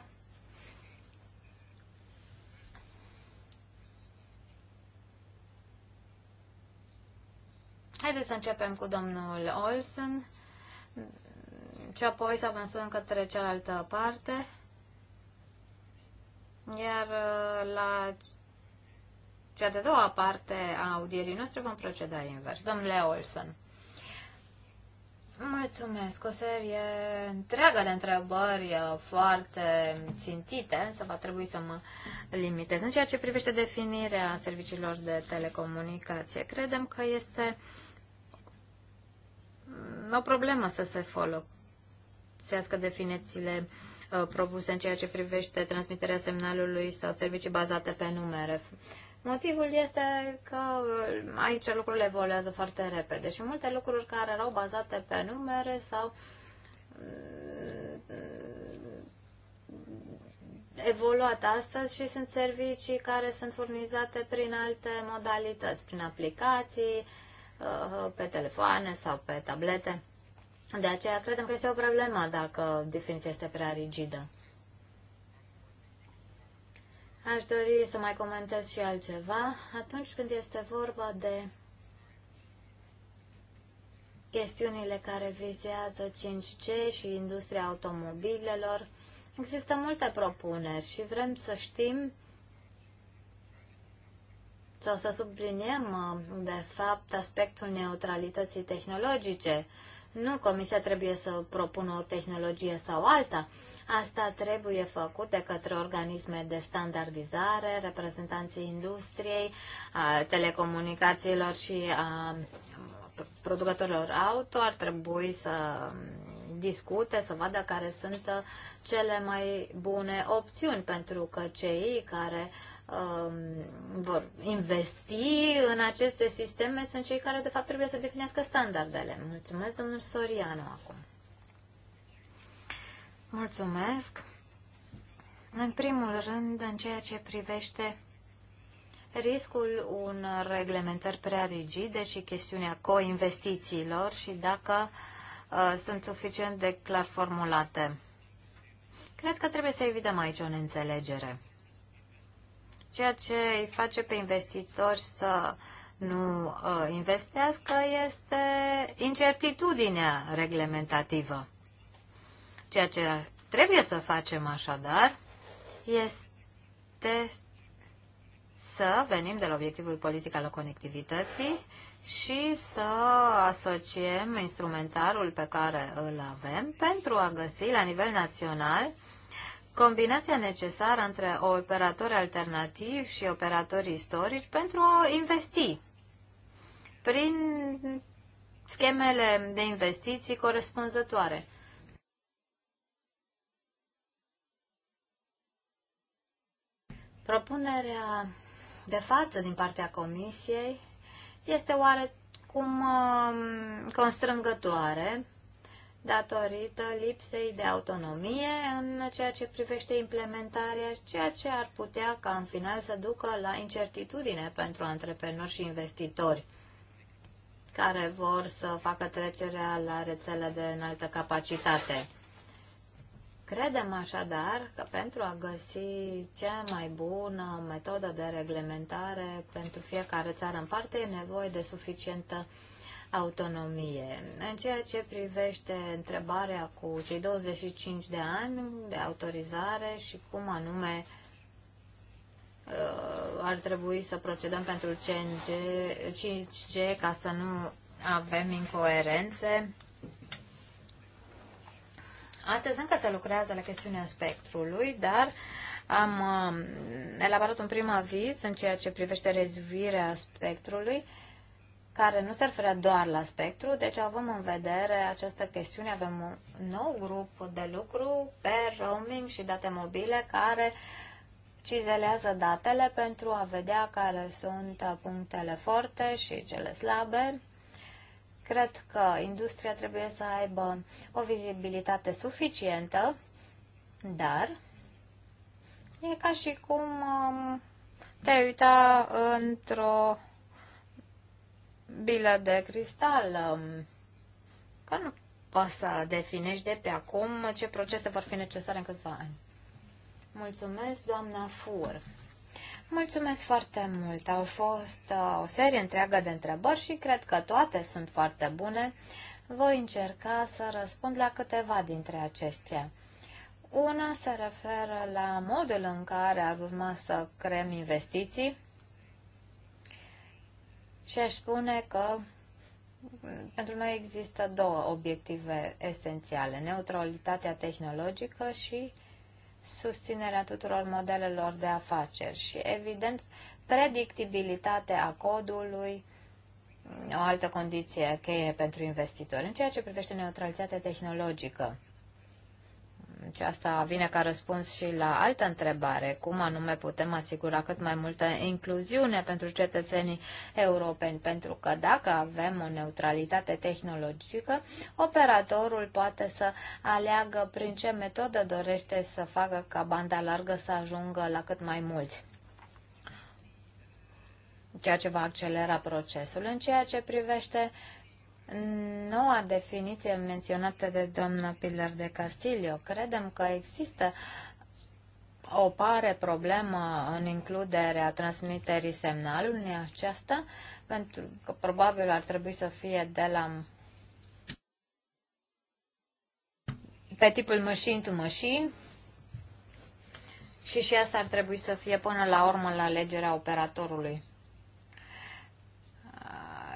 Haideți să începem cu domnul Olsen și apoi să avansăm către cealaltă parte. Iar uh, la cea de-a doua parte a audierii noastre vom proceda invers. Domnule Olson. Mulțumesc. O serie întreagă de întrebări uh, foarte țintite, să va trebui să mă limitez. În ceea ce privește definirea serviciilor de telecomunicație, credem că este o problemă să se folosească definițiile uh, Uh, propuse în ceea ce privește transmiterea semnalului sau servicii bazate pe numere. Motivul este că aici lucrurile evoluează foarte repede și multe lucruri care erau bazate pe numere sau mm, evoluat astăzi și sunt servicii care sunt furnizate prin alte modalități, prin aplicații, uh, pe telefoane sau pe tablete. De aceea credem că este o problemă dacă definiția este prea rigidă. Aș dori să mai comentez și altceva. Atunci când este vorba de chestiunile care vizează 5G și industria automobilelor, există multe propuneri și vrem să știm sau să subliniem, de fapt, aspectul neutralității tehnologice nu Comisia trebuie să propună o tehnologie sau alta. Asta trebuie făcut de către organisme de standardizare, reprezentanții industriei, a telecomunicațiilor și a producătorilor auto. Ar trebui să discute, să vadă care sunt cele mai bune opțiuni, pentru că cei care uh, Um, vor investi în aceste sisteme sunt cei care, de fapt, trebuie să definească standardele. Mulțumesc, domnul Soriano, acum. Mulțumesc. În primul rând, în ceea ce privește riscul unor reglementări prea rigide și chestiunea coinvestițiilor și dacă uh, sunt suficient de clar formulate. Cred că trebuie să evităm aici o neînțelegere ceea ce îi face pe investitori să nu uh, investească este incertitudinea reglementativă. Ceea ce trebuie să facem așadar este să venim de la obiectivul politic al conectivității și să asociem instrumentarul pe care îl avem pentru a găsi la nivel național combinația necesară între operatori alternativi și operatori istorici pentru a investi prin schemele de investiții corespunzătoare. Propunerea de față din partea Comisiei este oarecum um, constrângătoare datorită lipsei de autonomie în ceea ce privește implementarea, ceea ce ar putea ca în final să ducă la incertitudine pentru antreprenori și investitori care vor să facă trecerea la rețele de înaltă capacitate. Credem așadar că pentru a găsi cea mai bună metodă de reglementare pentru fiecare țară în parte e nevoie de suficientă autonomie. În ceea ce privește întrebarea cu cei 25 de ani de autorizare și cum anume uh, ar trebui să procedăm pentru 5G, 5G ca să nu avem incoerențe. Astăzi încă se lucrează la chestiunea spectrului, dar am uh, elaborat un prim aviz în ceea ce privește rezuirea spectrului care nu se referă doar la spectru, deci avem în vedere această chestiune, avem un nou grup de lucru pe roaming și date mobile care cizelează datele pentru a vedea care sunt punctele forte și cele slabe. Cred că industria trebuie să aibă o vizibilitate suficientă, dar e ca și cum um, te uita într-o bilă de cristal, um, că nu poți să definești de pe acum ce procese vor fi necesare în câțiva ani. Mulțumesc, doamna Fur. Mulțumesc foarte mult. Au fost uh, o serie întreagă de întrebări și cred că toate sunt foarte bune. Voi încerca să răspund la câteva dintre acestea. Una se referă la modul în care ar urma să creăm investiții și aș spune că pentru noi există două obiective esențiale, neutralitatea tehnologică și susținerea tuturor modelelor de afaceri și, evident, predictibilitatea codului, o altă condiție cheie pentru investitori. În ceea ce privește neutralitatea tehnologică, și deci asta vine ca răspuns și la altă întrebare, cum anume putem asigura cât mai multă incluziune pentru cetățenii europeni, pentru că dacă avem o neutralitate tehnologică, operatorul poate să aleagă prin ce metodă dorește să facă ca banda largă să ajungă la cât mai mulți ceea ce va accelera procesul. În ceea ce privește noua definiție menționată de doamna Pilar de Castilio. Credem că există o pare problemă în includerea transmiterii semnalului aceasta, pentru că probabil ar trebui să fie de la pe tipul machine to machine și și asta ar trebui să fie până la urmă la alegerea operatorului.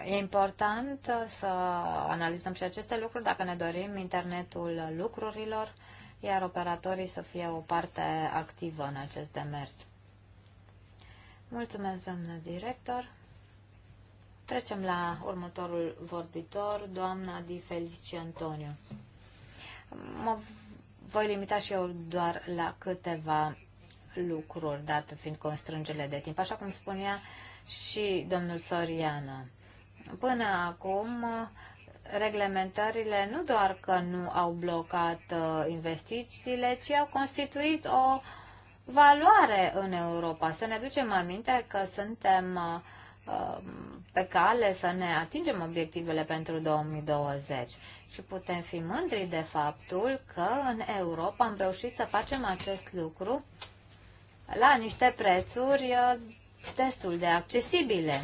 E important să analizăm și aceste lucruri dacă ne dorim internetul lucrurilor, iar operatorii să fie o parte activă în acest demers. Mulțumesc, doamnă director. Trecem la următorul vorbitor, doamna Di Felice Antonio. Mă voi limita și eu doar la câteva lucruri, dată fiind constrângele de timp. Așa cum spunea și domnul Soriana, până acum reglementările nu doar că nu au blocat uh, investițiile, ci au constituit o valoare în Europa. Să ne ducem aminte că suntem uh, um, pe cale să ne atingem obiectivele pentru 2020 și putem fi mândri de faptul că în Europa am reușit să facem acest lucru la niște prețuri uh, destul de accesibile.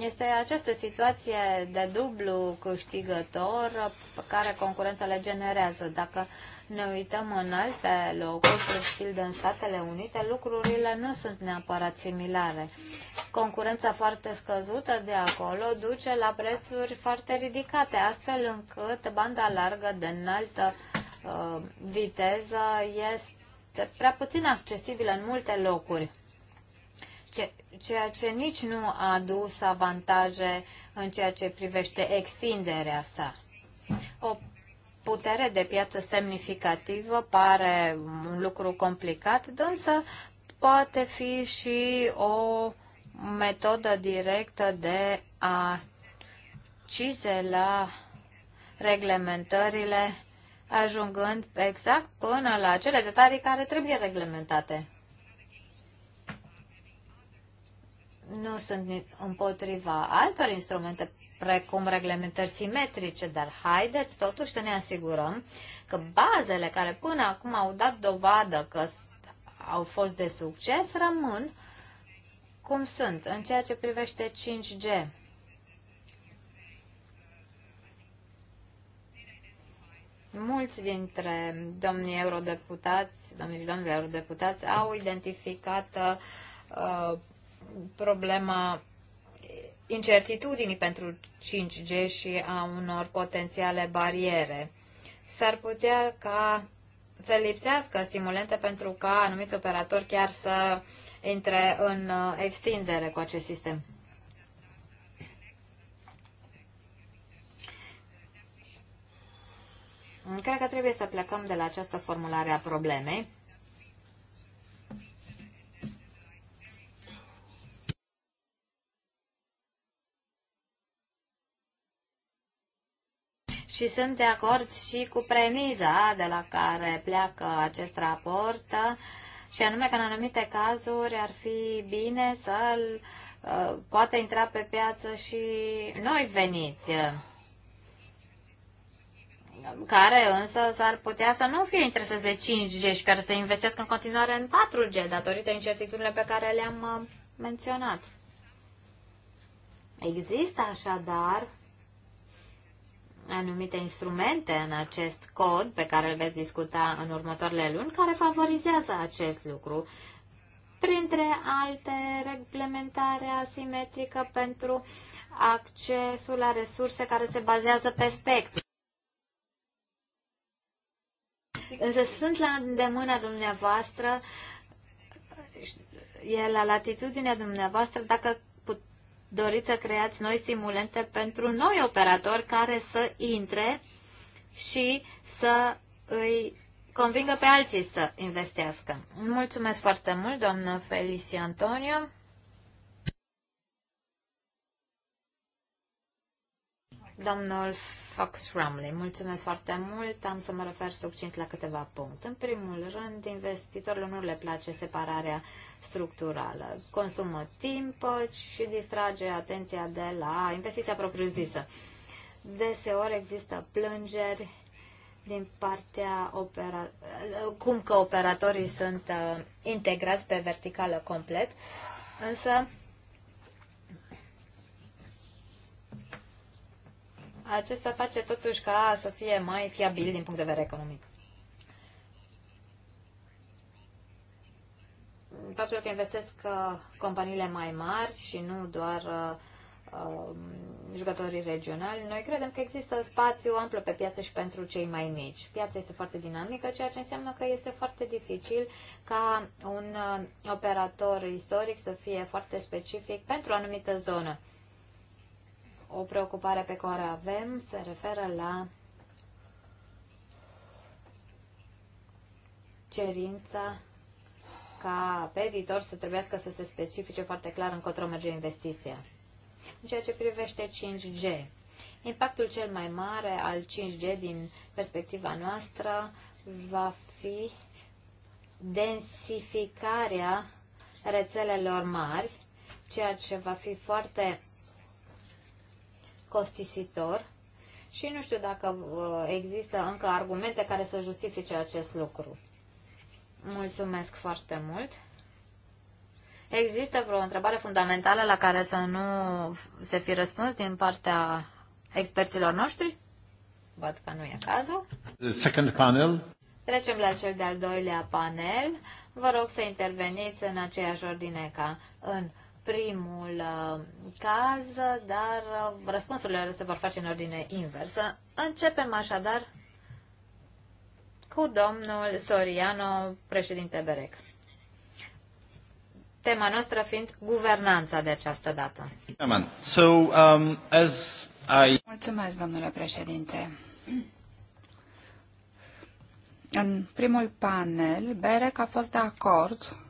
Este această situație de dublu câștigător pe care concurența le generează. Dacă ne uităm în alte locuri, de pildă în Statele Unite, lucrurile nu sunt neapărat similare. Concurența foarte scăzută de acolo duce la prețuri foarte ridicate, astfel încât banda largă de înaltă uh, viteză este prea puțin accesibilă în multe locuri ceea ce nici nu a adus avantaje în ceea ce privește extinderea sa. O putere de piață semnificativă pare un lucru complicat, însă poate fi și o metodă directă de a cizela reglementările, ajungând exact până la cele detalii care trebuie reglementate. nu sunt împotriva altor instrumente precum reglementări simetrice, dar haideți totuși să ne asigurăm că bazele care până acum au dat dovadă că au fost de succes rămân cum sunt în ceea ce privește 5G. Mulți dintre domnii eurodeputați, domnii și domnii eurodeputați au identificat uh, problema incertitudinii pentru 5G și a unor potențiale bariere. S-ar putea ca să lipsească stimulente pentru ca anumiți operatori chiar să intre în uh, extindere cu acest sistem. Cred că trebuie să plecăm de la această formulare a problemei și sunt de acord și cu premiza de la care pleacă acest raport, și anume că în anumite cazuri ar fi bine să uh, poate intra pe piață și noi veniți, care însă s-ar putea să nu fie interesați de 5G și care să investească în continuare în 4G datorită incertitudinilor pe care le-am uh, menționat. Există așadar anumite instrumente în acest cod pe care îl veți discuta în următoarele luni, care favorizează acest lucru, printre alte reglementare asimetrică pentru accesul la resurse care se bazează pe spectru. Însă sunt la îndemâna dumneavoastră, e la latitudinea dumneavoastră, dacă doriți să creați noi stimulente pentru noi operatori care să intre și să îi convingă pe alții să investească. Mulțumesc foarte mult, doamnă Felicia Antonio. domnul Fox Ramley. Mulțumesc foarte mult. Am să mă refer succint la câteva puncte. În primul rând, investitorilor nu le place separarea structurală. Consumă timp și distrage atenția de la investiția propriu-zisă. Deseori există plângeri din partea opera... cum că operatorii sunt uh, integrați pe verticală complet, însă acesta face totuși ca să fie mai fiabil din punct de vedere economic. Faptul că investesc uh, companiile mai mari și nu doar uh, um, jucătorii regionali, noi credem că există spațiu amplu pe piață și pentru cei mai mici. Piața este foarte dinamică, ceea ce înseamnă că este foarte dificil ca un uh, operator istoric să fie foarte specific pentru o anumită zonă o preocupare pe care o avem se referă la cerința ca pe viitor să trebuiască să se specifice foarte clar încotro merge investiția. În ceea ce privește 5G, impactul cel mai mare al 5G din perspectiva noastră va fi densificarea rețelelor mari, ceea ce va fi foarte costisitor și nu știu dacă uh, există încă argumente care să justifice acest lucru. Mulțumesc foarte mult. Există vreo întrebare fundamentală la care să nu se fi răspuns din partea experților noștri? Văd că nu e cazul. Second panel. Trecem la cel de-al doilea panel. Vă rog să interveniți în aceeași ordine ca în primul uh, caz, dar uh, răspunsurile se vor face în ordine inversă. Începem așadar cu domnul Soriano, președinte Berec. Tema noastră fiind guvernanța de această dată. So, um, as I... Mulțumesc, domnule președinte. În primul panel, Berec a fost de acord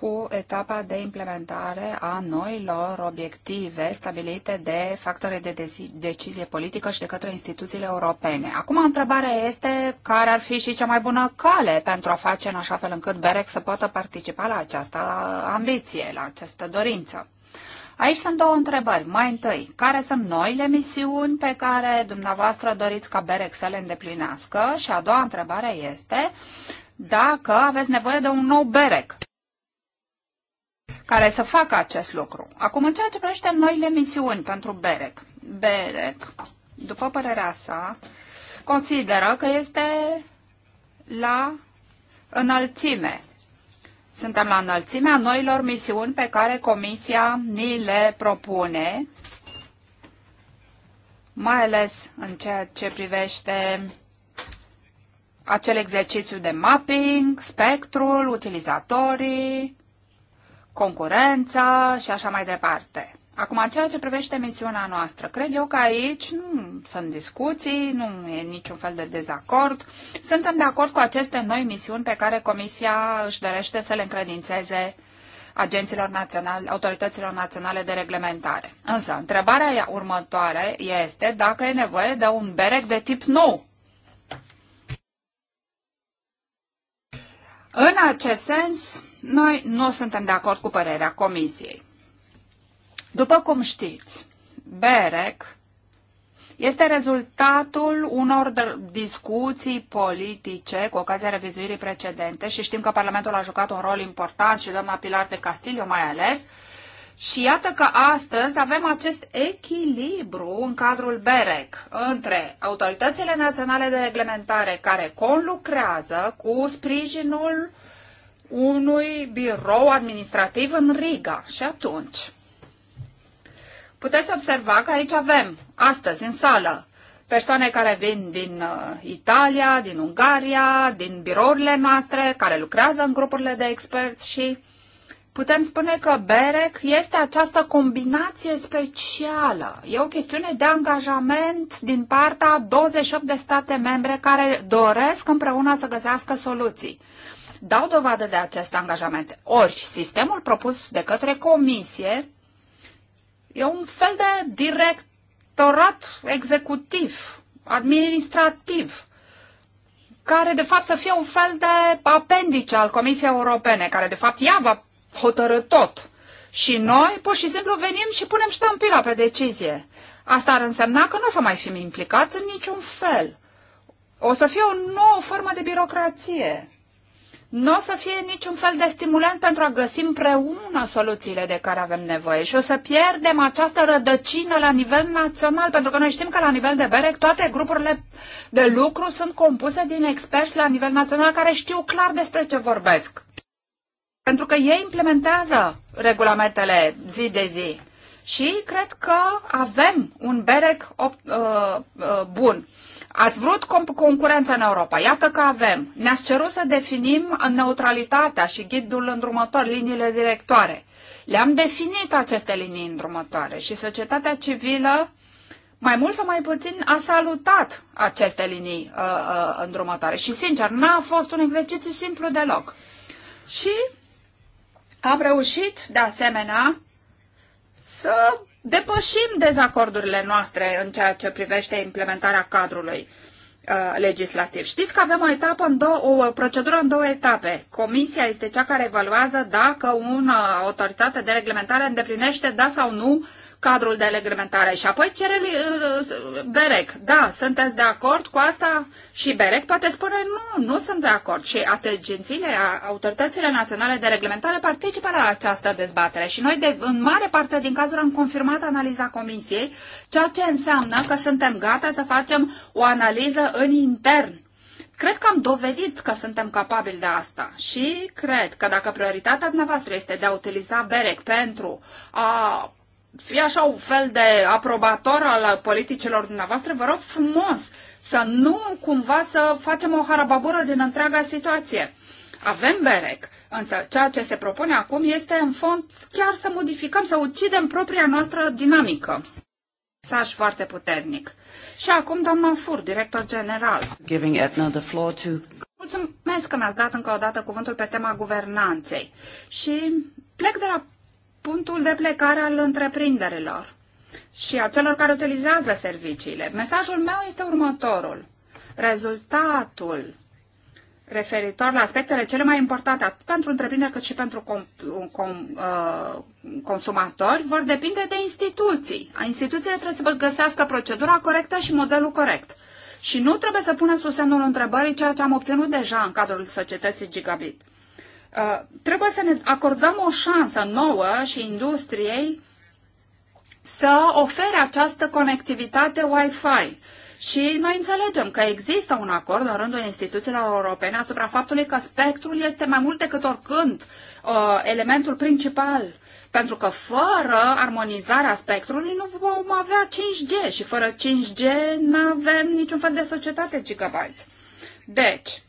cu etapa de implementare a noilor obiective stabilite de factori de deci- decizie politică și de către instituțiile europene. Acum, întrebarea este care ar fi și cea mai bună cale pentru a face în așa fel încât BEREC să poată participa la această ambiție, la această dorință. Aici sunt două întrebări. Mai întâi, care sunt noile misiuni pe care dumneavoastră doriți ca BEREC să le îndeplinească? Și a doua întrebare este dacă aveți nevoie de un nou BEREC care să facă acest lucru. Acum, în ceea ce privește noile misiuni pentru BEREC, BEREC, după părerea sa, consideră că este la înălțime. Suntem la înălțimea noilor misiuni pe care Comisia ni le propune, mai ales în ceea ce privește acel exercițiu de mapping, spectrul, utilizatorii, concurența și așa mai departe. Acum, ceea ce privește misiunea noastră, cred eu că aici nu sunt discuții, nu e niciun fel de dezacord. Suntem de acord cu aceste noi misiuni pe care Comisia își dorește să le încredințeze agenților naționale, autorităților naționale de reglementare. Însă, întrebarea următoare este dacă e nevoie de un berec de tip nou. În acest sens, noi nu suntem de acord cu părerea Comisiei. După cum știți, BEREC este rezultatul unor discuții politice cu ocazia revizuirii precedente și știm că Parlamentul a jucat un rol important și doamna Pilar de Castilio mai ales. Și iată că astăzi avem acest echilibru în cadrul BEREC între autoritățile naționale de reglementare care conlucrează cu sprijinul unui birou administrativ în Riga. Și atunci, puteți observa că aici avem, astăzi, în sală, persoane care vin din uh, Italia, din Ungaria, din birourile noastre, care lucrează în grupurile de experți și putem spune că BEREC este această combinație specială. E o chestiune de angajament din partea 28 de state membre care doresc împreună să găsească soluții dau dovadă de acest angajament. Ori, sistemul propus de către comisie e un fel de directorat executiv, administrativ, care de fapt să fie un fel de apendice al Comisiei Europene, care de fapt ea va hotărâ tot. Și noi pur și simplu venim și punem ștampila pe decizie. Asta ar însemna că nu o să mai fim implicați în niciun fel. O să fie o nouă formă de birocrație nu o să fie niciun fel de stimulant pentru a găsi împreună soluțiile de care avem nevoie și o să pierdem această rădăcină la nivel național, pentru că noi știm că la nivel de BEREC toate grupurile de lucru sunt compuse din experți la nivel național care știu clar despre ce vorbesc. Pentru că ei implementează regulamentele zi de zi. Și cred că avem un BEREC op, uh, uh, bun. Ați vrut concurență în Europa. Iată că avem. Ne-ați cerut să definim neutralitatea și ghidul îndrumător, liniile directoare. Le-am definit aceste linii îndrumătoare și societatea civilă mai mult sau mai puțin a salutat aceste linii uh, uh, îndrumătoare și, sincer, n-a fost un exercițiu simplu deloc. Și am reușit, de asemenea, să depășim dezacordurile noastre în ceea ce privește implementarea cadrului uh, legislativ. Știți că avem o etapă în două, o procedură în două etape. Comisia este cea care evaluează dacă o uh, autoritate de reglementare îndeplinește da sau nu uh, cadrul de reglementare și apoi cere uh, uh, Berec. Da, sunteți de acord cu asta? Și Berec poate spune nu, nu sunt de acord. Și agențiile, autoritățile naționale de reglementare participă la această dezbatere și noi de, în mare parte din cazuri am confirmat analiza comisiei, ceea ce înseamnă că suntem gata să facem o analiză în intern Cred că am dovedit că suntem capabili de asta și cred că dacă prioritatea dumneavoastră este de a utiliza BEREC pentru a fi așa un fel de aprobator al politicilor dumneavoastră, vă rog frumos să nu cumva să facem o harababură din întreaga situație. Avem BEREC, însă ceea ce se propune acum este în fond chiar să modificăm, să ucidem propria noastră dinamică. Mesaj foarte puternic. Și acum doamna Fur, director general. Giving Edna the floor to... Mulțumesc că mi-ați dat încă o dată cuvântul pe tema guvernanței. Și plec de la punctul de plecare al întreprinderilor și a celor care utilizează serviciile. Mesajul meu este următorul. Rezultatul referitor la aspectele cele mai importante atât pentru întreprinderi cât și pentru com, com, uh, consumatori vor depinde de instituții. Instituțiile trebuie să găsească procedura corectă și modelul corect. Și nu trebuie să punem sub semnul întrebării ceea ce am obținut deja în cadrul societății Gigabit. Uh, trebuie să ne acordăm o șansă nouă și industriei să ofere această conectivitate Wi-Fi. Și noi înțelegem că există un acord în rândul instituțiilor europene asupra faptului că spectrul este mai mult decât oricând uh, elementul principal. Pentru că fără armonizarea spectrului nu vom avea 5G și fără 5G nu avem niciun fel de societate gigabyte. Deci,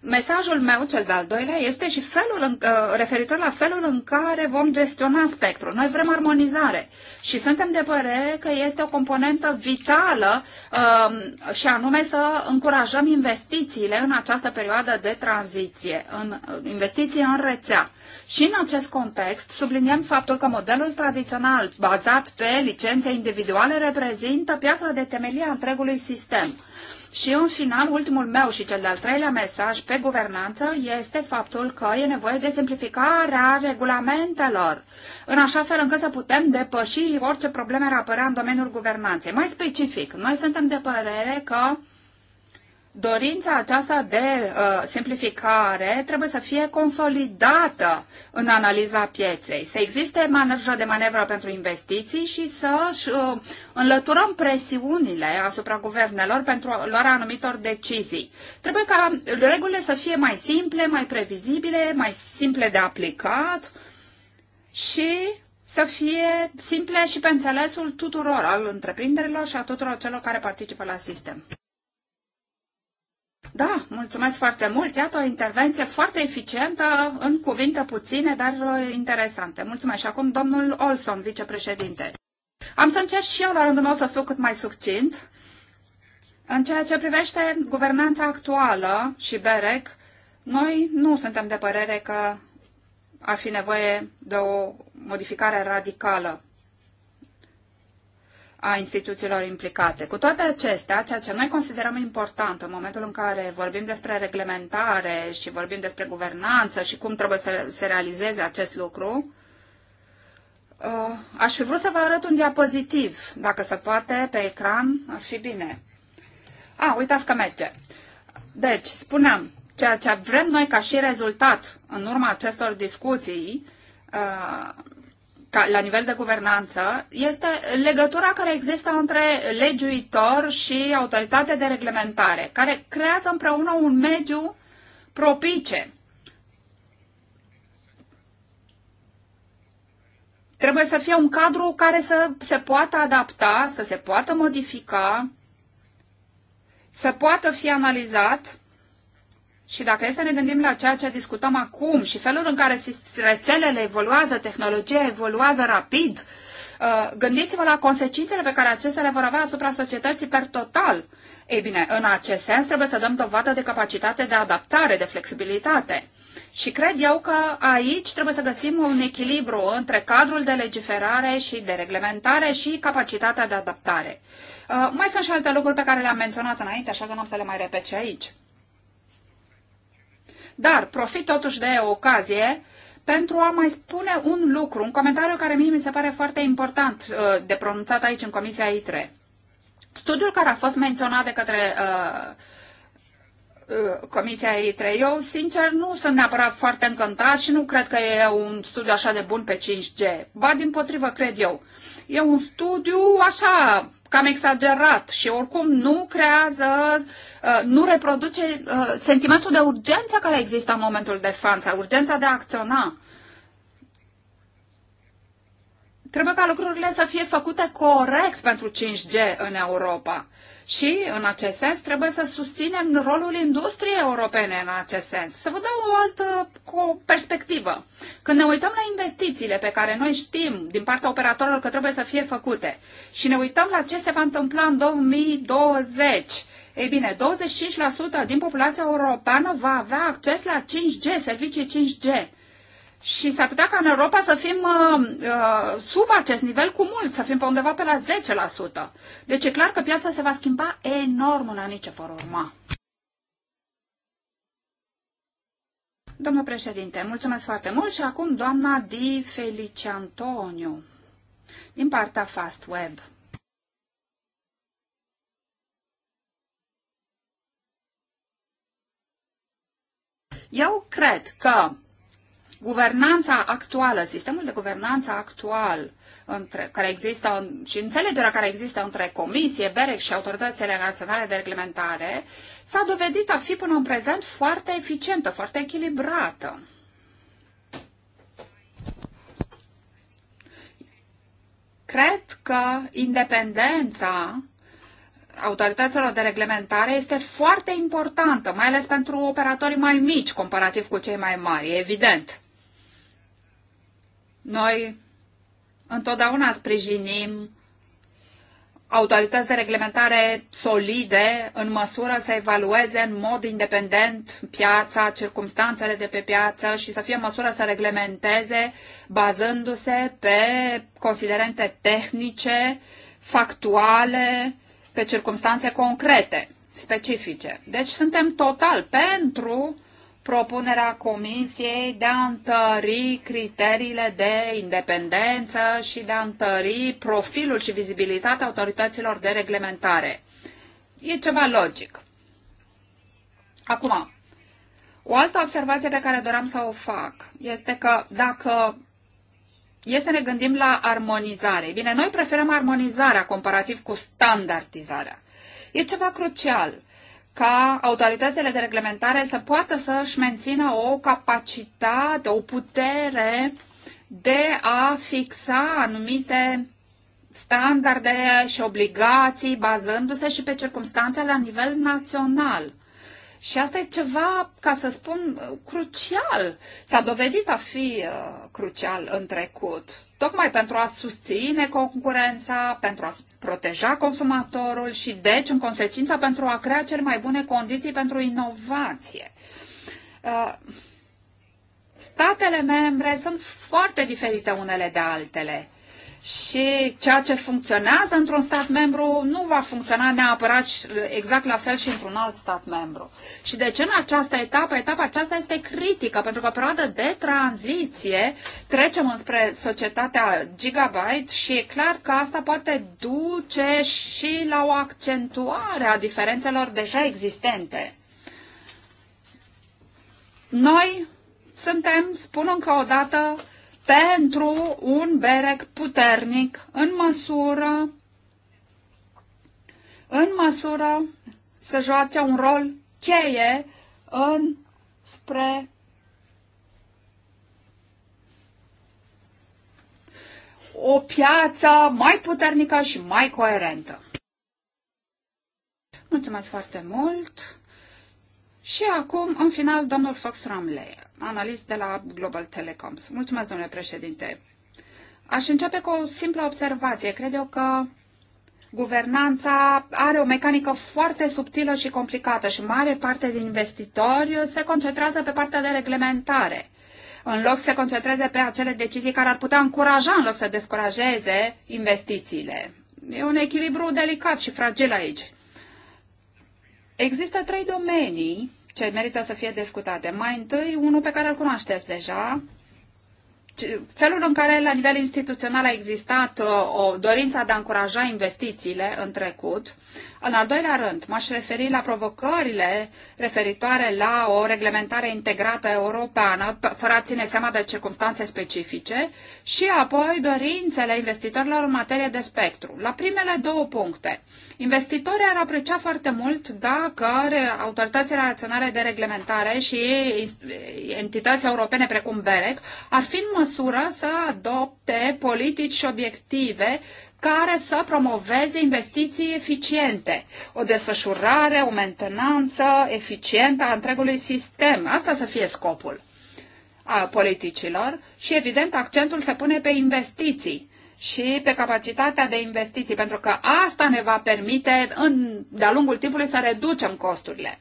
Mesajul meu, cel de-al doilea, este și felul în, uh, referitor la felul în care vom gestiona spectrul. Noi vrem armonizare și suntem de părere că este o componentă vitală um, și anume să încurajăm investițiile în această perioadă de tranziție, în uh, investiții în rețea. Și în acest context subliniem faptul că modelul tradițional bazat pe licențe individuale reprezintă piatra de temelie a întregului sistem. Și în final, ultimul meu și cel de-al treilea mesaj pe guvernanță este faptul că e nevoie de simplificarea regulamentelor, în așa fel încât să putem depăși orice probleme ar apărea în domeniul guvernanței. Mai specific, noi suntem de părere că dorința aceasta de uh, simplificare trebuie să fie consolidată în analiza pieței, să existe marjă de manevră pentru investiții și să uh, înlăturăm presiunile asupra guvernelor pentru luarea anumitor decizii. Trebuie ca regulile să fie mai simple, mai previzibile, mai simple de aplicat și să fie simple și pe înțelesul tuturor al întreprinderilor și a tuturor celor care participă la sistem. Da, mulțumesc foarte mult. Iată o intervenție foarte eficientă, în cuvinte puține, dar uh, interesante. Mulțumesc. Și acum domnul Olson, vicepreședinte. Am să încerc și eu la rândul meu să fiu cât mai succint. În ceea ce privește guvernanța actuală și BEREC, noi nu suntem de părere că ar fi nevoie de o modificare radicală a instituțiilor implicate. Cu toate acestea, ceea ce noi considerăm important în momentul în care vorbim despre reglementare și vorbim despre guvernanță și cum trebuie să se realizeze acest lucru, uh, aș fi vrut să vă arăt un diapozitiv. Dacă se poate, pe ecran, ar fi bine. A, uitați că merge. Deci, spuneam, ceea ce vrem noi ca și rezultat în urma acestor discuții, uh, ca, la nivel de guvernanță este legătura care există între legiuitor și autoritatea de reglementare, care creează împreună un mediu propice. Trebuie să fie un cadru care să se poată adapta, să se poată modifica, să poată fi analizat și dacă e să ne gândim la ceea ce discutăm acum și felul în care rețelele evoluează, tehnologia evoluează rapid, uh, gândiți-vă la consecințele pe care acestea le vor avea asupra societății per total. Ei bine, în acest sens trebuie să dăm dovadă de capacitate de adaptare, de flexibilitate. Și cred eu că aici trebuie să găsim un echilibru între cadrul de legiferare și de reglementare și capacitatea de adaptare. Uh, mai sunt și alte lucruri pe care le-am menționat înainte, așa că nu o să le mai repet și aici. Dar profit totuși de ocazie pentru a mai spune un lucru, un comentariu care mie mi se pare foarte important uh, de pronunțat aici în Comisia ITRE. Studiul care a fost menționat de către uh, Uh, Comisia e Eu, sincer, nu sunt neapărat foarte încântat și nu cred că e un studiu așa de bun pe 5G. Ba, din potrivă, cred eu. E un studiu așa, cam exagerat și oricum nu creează, uh, nu reproduce uh, sentimentul de urgență care există în momentul de față, urgența de a acționa. Trebuie ca lucrurile să fie făcute corect pentru 5G în Europa. Și, în acest sens, trebuie să susținem rolul industriei europene în acest sens. Să vă dau o altă o perspectivă. Când ne uităm la investițiile pe care noi știm din partea operatorilor că trebuie să fie făcute și ne uităm la ce se va întâmpla în 2020, ei bine, 25% din populația europeană va avea acces la 5G, servicii 5G. Și s-ar putea ca în Europa să fim uh, uh, sub acest nivel cu mult, să fim pe undeva pe la 10%. Deci e clar că piața se va schimba enorm în anii ce vor urma. Domnul președinte, mulțumesc foarte mult și acum doamna Di Felice Antonio din partea Fast Web. Eu cred că Guvernanța actuală, sistemul de guvernanță actual, între, care există și înțelegerea care există între Comisie, BEREC și autoritățile naționale de reglementare, s-a dovedit a fi până în prezent foarte eficientă, foarte echilibrată. Cred că independența autorităților de reglementare este foarte importantă, mai ales pentru operatorii mai mici comparativ cu cei mai mari, evident. Noi întotdeauna sprijinim autorități de reglementare solide în măsură să evalueze în mod independent piața, circumstanțele de pe piață și să fie în măsură să reglementeze bazându-se pe considerente tehnice, factuale, pe circumstanțe concrete, specifice. Deci suntem total pentru propunerea Comisiei de a întări criteriile de independență și de a întări profilul și vizibilitatea autorităților de reglementare. E ceva logic. Acum, o altă observație pe care doream să o fac este că dacă e să ne gândim la armonizare, bine, noi preferăm armonizarea comparativ cu standardizarea. E ceva crucial ca autoritățile de reglementare să poată să-și mențină o capacitate, o putere de a fixa anumite standarde și obligații, bazându-se și pe circunstanțe la nivel național. Și asta e ceva, ca să spun, crucial. S-a dovedit a fi uh, crucial în trecut, tocmai pentru a susține concurența, pentru a proteja consumatorul și, deci, în consecință, pentru a crea cele mai bune condiții pentru inovație. Uh, statele membre sunt foarte diferite unele de altele și ceea ce funcționează într-un stat membru nu va funcționa neapărat exact la fel și într-un alt stat membru. Și de ce în această etapă? Etapa aceasta este critică, pentru că perioada de tranziție trecem înspre societatea gigabyte și e clar că asta poate duce și la o accentuare a diferențelor deja existente. Noi suntem, spun încă o dată, pentru un berec puternic în măsură în măsură să joace un rol cheie în spre o piață mai puternică și mai coerentă. Mulțumesc foarte mult! Și acum, în final, domnul Fox Ramley analist de la Global Telecoms. Mulțumesc, domnule președinte. Aș începe cu o simplă observație. Cred eu că guvernanța are o mecanică foarte subtilă și complicată și mare parte din investitori se concentrează pe partea de reglementare în loc să se concentreze pe acele decizii care ar putea încuraja, în loc să descurajeze investițiile. E un echilibru delicat și fragil aici. Există trei domenii ce merită să fie discutate. Mai întâi, unul pe care îl cunoașteți deja, felul în care la nivel instituțional a existat uh, o dorință de a încuraja investițiile în trecut, în al doilea rând, m-aș referi la provocările referitoare la o reglementare integrată europeană, fără a ține seama de circunstanțe specifice, și apoi dorințele investitorilor în materie de spectru. La primele două puncte, investitorii ar aprecia foarte mult dacă autoritățile naționale de reglementare și entități europene precum BEREC ar fi în măsură să adopte politici și obiective care să promoveze investiții eficiente, o desfășurare, o mentenanță eficientă a întregului sistem. Asta să fie scopul a politicilor și, evident, accentul se pune pe investiții și pe capacitatea de investiții, pentru că asta ne va permite, de-a lungul timpului, să reducem costurile.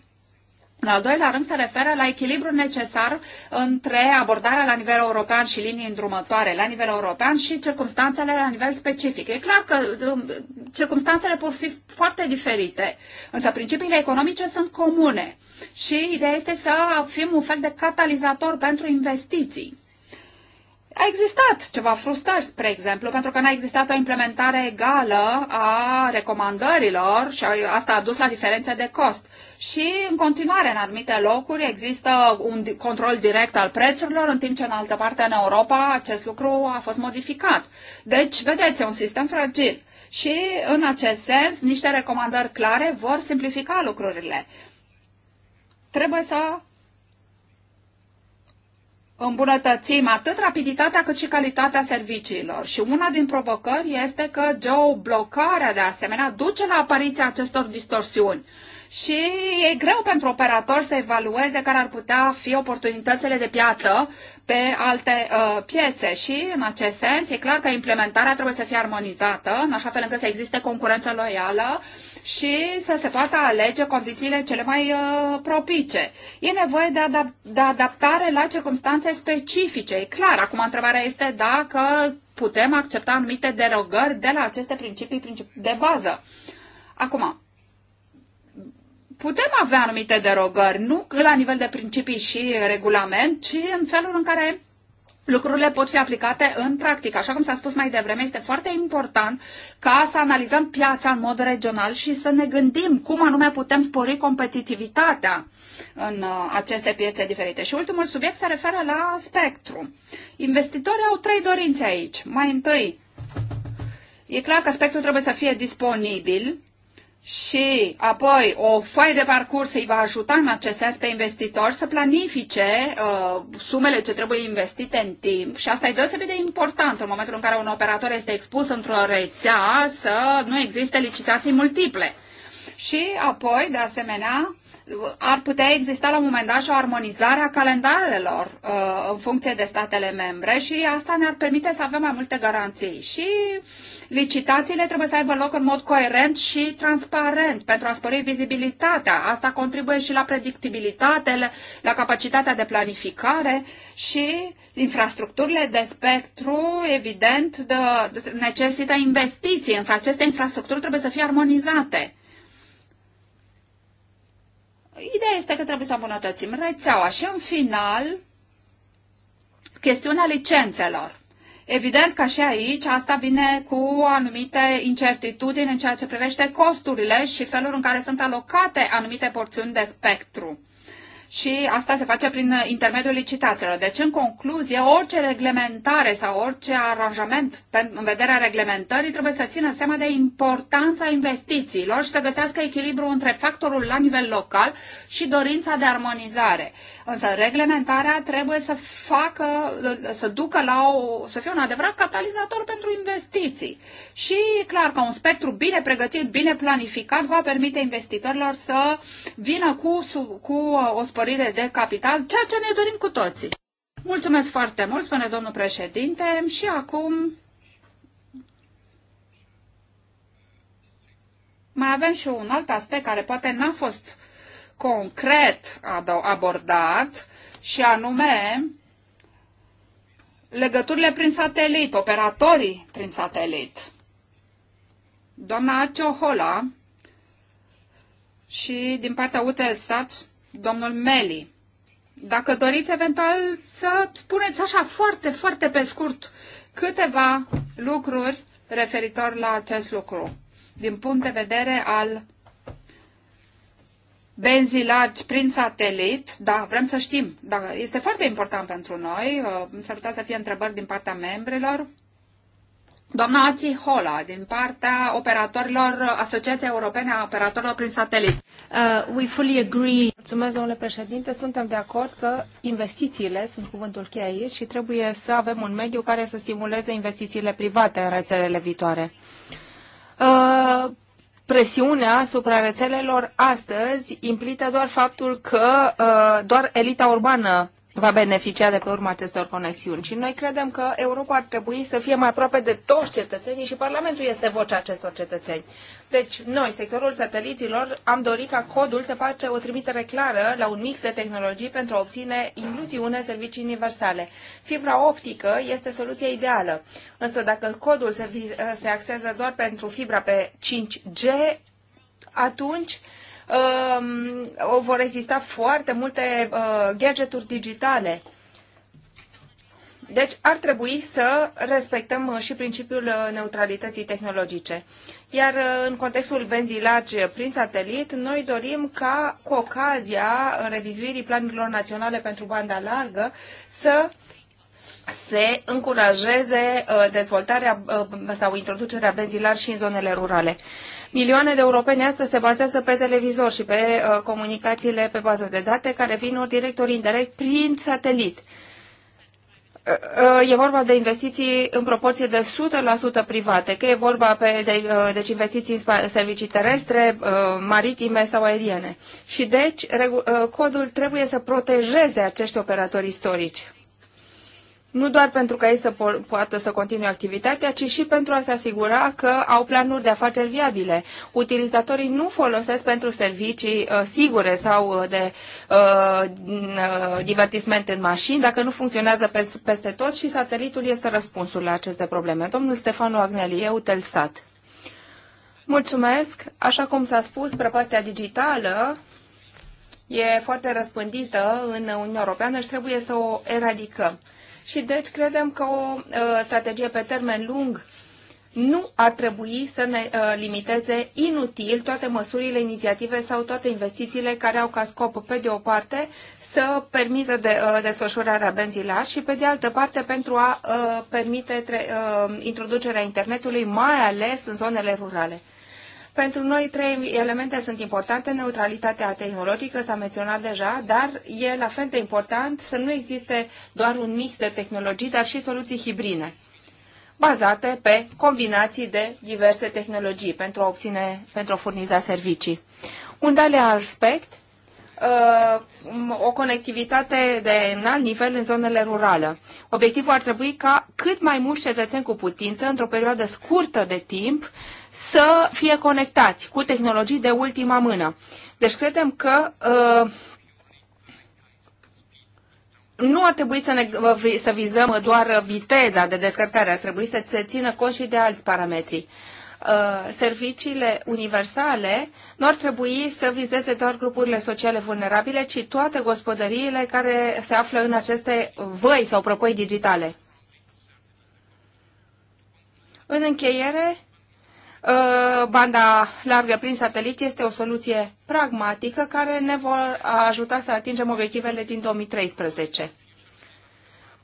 În al doilea rând se referă la echilibrul necesar între abordarea la nivel european și linii îndrumătoare la nivel european și circumstanțele la nivel specific. E clar că um, circumstanțele pot fi foarte diferite, însă principiile economice sunt comune și ideea este să fim un fel de catalizator pentru investiții. A existat ceva frustrări, spre exemplu, pentru că n-a existat o implementare egală a recomandărilor și asta a dus la diferențe de cost. Și în continuare, în anumite locuri, există un control direct al prețurilor, în timp ce în altă parte, în Europa, acest lucru a fost modificat. Deci, vedeți, e un sistem fragil. Și, în acest sens, niște recomandări clare vor simplifica lucrurile. Trebuie să îmbunătățim atât rapiditatea cât și calitatea serviciilor. Și una din provocări este că geoblocarea de asemenea duce la apariția acestor distorsiuni. Și e greu pentru operator să evalueze care ar putea fi oportunitățile de piață pe alte uh, piețe și, în acest sens, e clar că implementarea trebuie să fie armonizată, în așa fel încât să existe concurență loială și să se poată alege condițiile cele mai uh, propice. E nevoie de, adap- de adaptare la circunstanțe specifice, e clar. Acum întrebarea este dacă putem accepta anumite derogări de la aceste principii, princip de bază. Acum, putem avea anumite derogări, nu la nivel de principii și regulament, ci în felul în care lucrurile pot fi aplicate în practică. Așa cum s-a spus mai devreme, este foarte important ca să analizăm piața în mod regional și să ne gândim cum anume putem spori competitivitatea în uh, aceste piețe diferite. Și ultimul subiect se referă la spectru. Investitorii au trei dorințe aici. Mai întâi, e clar că spectrul trebuie să fie disponibil și apoi o foaie de parcurs îi va ajuta în acest sens pe investitori să planifice uh, sumele ce trebuie investite în timp și asta e deosebit de important în momentul în care un operator este expus într-o rețea să nu existe licitații multiple și apoi, de asemenea, ar putea exista la un moment dat și o armonizare a calendarelor uh, în funcție de statele membre și asta ne-ar permite să avem mai multe garanții. Și licitațiile trebuie să aibă loc în mod coerent și transparent pentru a spori vizibilitatea. Asta contribuie și la predictibilitate, la capacitatea de planificare și infrastructurile de spectru, evident, de, necesită investiții, însă aceste infrastructuri trebuie să fie armonizate. Ideea este că trebuie să îmbunătățim rețeaua și în final chestiunea licențelor. Evident că și aici asta vine cu anumite incertitudini în ceea ce privește costurile și felul în care sunt alocate anumite porțiuni de spectru și asta se face prin intermediul licitațiilor. Deci, în concluzie, orice reglementare sau orice aranjament în vederea reglementării trebuie să țină seama de importanța investițiilor și să găsească echilibru între factorul la nivel local și dorința de armonizare. Însă reglementarea trebuie să facă, să ducă la o, să fie un adevărat catalizator pentru investiții. Și clar că un spectru bine pregătit, bine planificat va permite investitorilor să vină cu, cu uh, o spărire de capital, ceea ce ne dorim cu toții. Mulțumesc foarte mult, spune domnul președinte, și acum mai avem și un alt aspect care poate n-a fost concret abordat și anume legăturile prin satelit, operatorii prin satelit. Doamna Atiohola și din partea Utelsat domnul Meli. Dacă doriți eventual să spuneți așa foarte, foarte pe scurt câteva lucruri referitor la acest lucru, din punct de vedere al benzii largi prin satelit, da, vrem să știm, da, este foarte important pentru noi, uh, s-ar putea să fie întrebări din partea membrilor, Doamna Ații Hola, din partea operatorilor Asociației Europene a Operatorilor prin Satelit. Uh, we fully agree. Mulțumesc, domnule președinte. Suntem de acord că investițiile sunt cuvântul cheie aici și trebuie să avem un mediu care să stimuleze investițiile private în rețelele viitoare. Uh, presiunea asupra rețelelor astăzi implică doar faptul că uh, doar elita urbană va beneficia de pe urma acestor conexiuni. Și noi credem că Europa ar trebui să fie mai aproape de toți cetățenii și Parlamentul este vocea acestor cetățeni. Deci, noi, sectorul sateliților, am dorit ca codul să face o trimitere clară la un mix de tehnologii pentru a obține incluziune servicii universale. Fibra optică este soluția ideală, însă dacă codul se, se axează doar pentru fibra pe 5G, atunci uh, vor exista foarte multe uh, gadgeturi digitale. Deci ar trebui să respectăm uh, și principiul uh, neutralității tehnologice. Iar uh, în contextul benzii largi prin satelit, noi dorim ca cu ocazia revizuirii planurilor naționale pentru banda largă să se încurajeze dezvoltarea sau introducerea benzii largi și în zonele rurale. Milioane de europeni astăzi se bazează pe televizor și pe uh, comunicațiile pe bază de date care vin ori direct, ori indirect prin satelit. Uh, uh, e vorba de investiții în proporție de 100% private, că e vorba pe, de, deci investiții în servicii terestre, maritime sau aeriene. Și deci codul trebuie să protejeze acești operatori istorici nu doar pentru ca ei să po- poată să continue activitatea, ci și pentru a se asigura că au planuri de afaceri viabile. Utilizatorii nu folosesc pentru servicii uh, sigure sau uh, de uh, divertisment în mașini dacă nu funcționează pe, peste tot și satelitul este răspunsul la aceste probleme. Domnul Stefano Agnelie, Utelsat. Mulțumesc. Așa cum s-a spus, prăpastia digitală e foarte răspândită în Uniunea Europeană și trebuie să o eradicăm și deci credem că o uh, strategie pe termen lung nu ar trebui să ne uh, limiteze inutil toate măsurile, inițiative sau toate investițiile care au ca scop, pe de o parte, să permită de, uh, desfășurarea benzii și, pe de altă parte, pentru a uh, permite tre- uh, introducerea internetului, mai ales în zonele rurale. Pentru noi trei elemente sunt importante. Neutralitatea tehnologică s-a menționat deja, dar e la fel de important să nu existe doar un mix de tehnologii, dar și soluții hibride bazate pe combinații de diverse tehnologii pentru a obține, pentru a furniza servicii. Un al aspect, uh, o conectivitate de înalt nivel în zonele rurale. Obiectivul ar trebui ca cât mai mulți cetățeni cu putință, într-o perioadă scurtă de timp, să fie conectați cu tehnologii de ultima mână. Deci credem că uh, nu ar trebui să, ne, uh, să vizăm doar viteza de descărcare, ar trebui să se țină cont și de alți parametri. Uh, serviciile universale nu ar trebui să vizeze doar grupurile sociale vulnerabile, ci toate gospodăriile care se află în aceste văi sau propoi digitale. În încheiere, Uh, banda largă prin satelit este o soluție pragmatică care ne vor ajuta să atingem obiectivele din 2013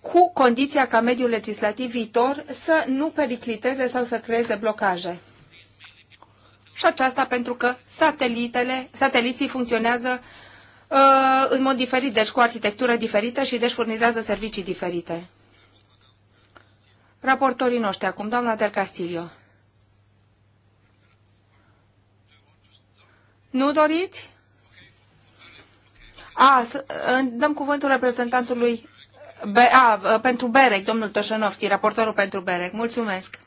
cu condiția ca mediul legislativ viitor să nu pericliteze sau să creeze blocaje. Și aceasta pentru că satelitele, sateliții funcționează uh, în mod diferit, deci cu arhitectură diferită și deci furnizează servicii diferite. Raportorii noștri acum, doamna Del Castillo. Nu doriți? A, să, dăm cuvântul reprezentantului Be a, pentru Berec, domnul Toșanovski, raportorul pentru Berec. Mulțumesc.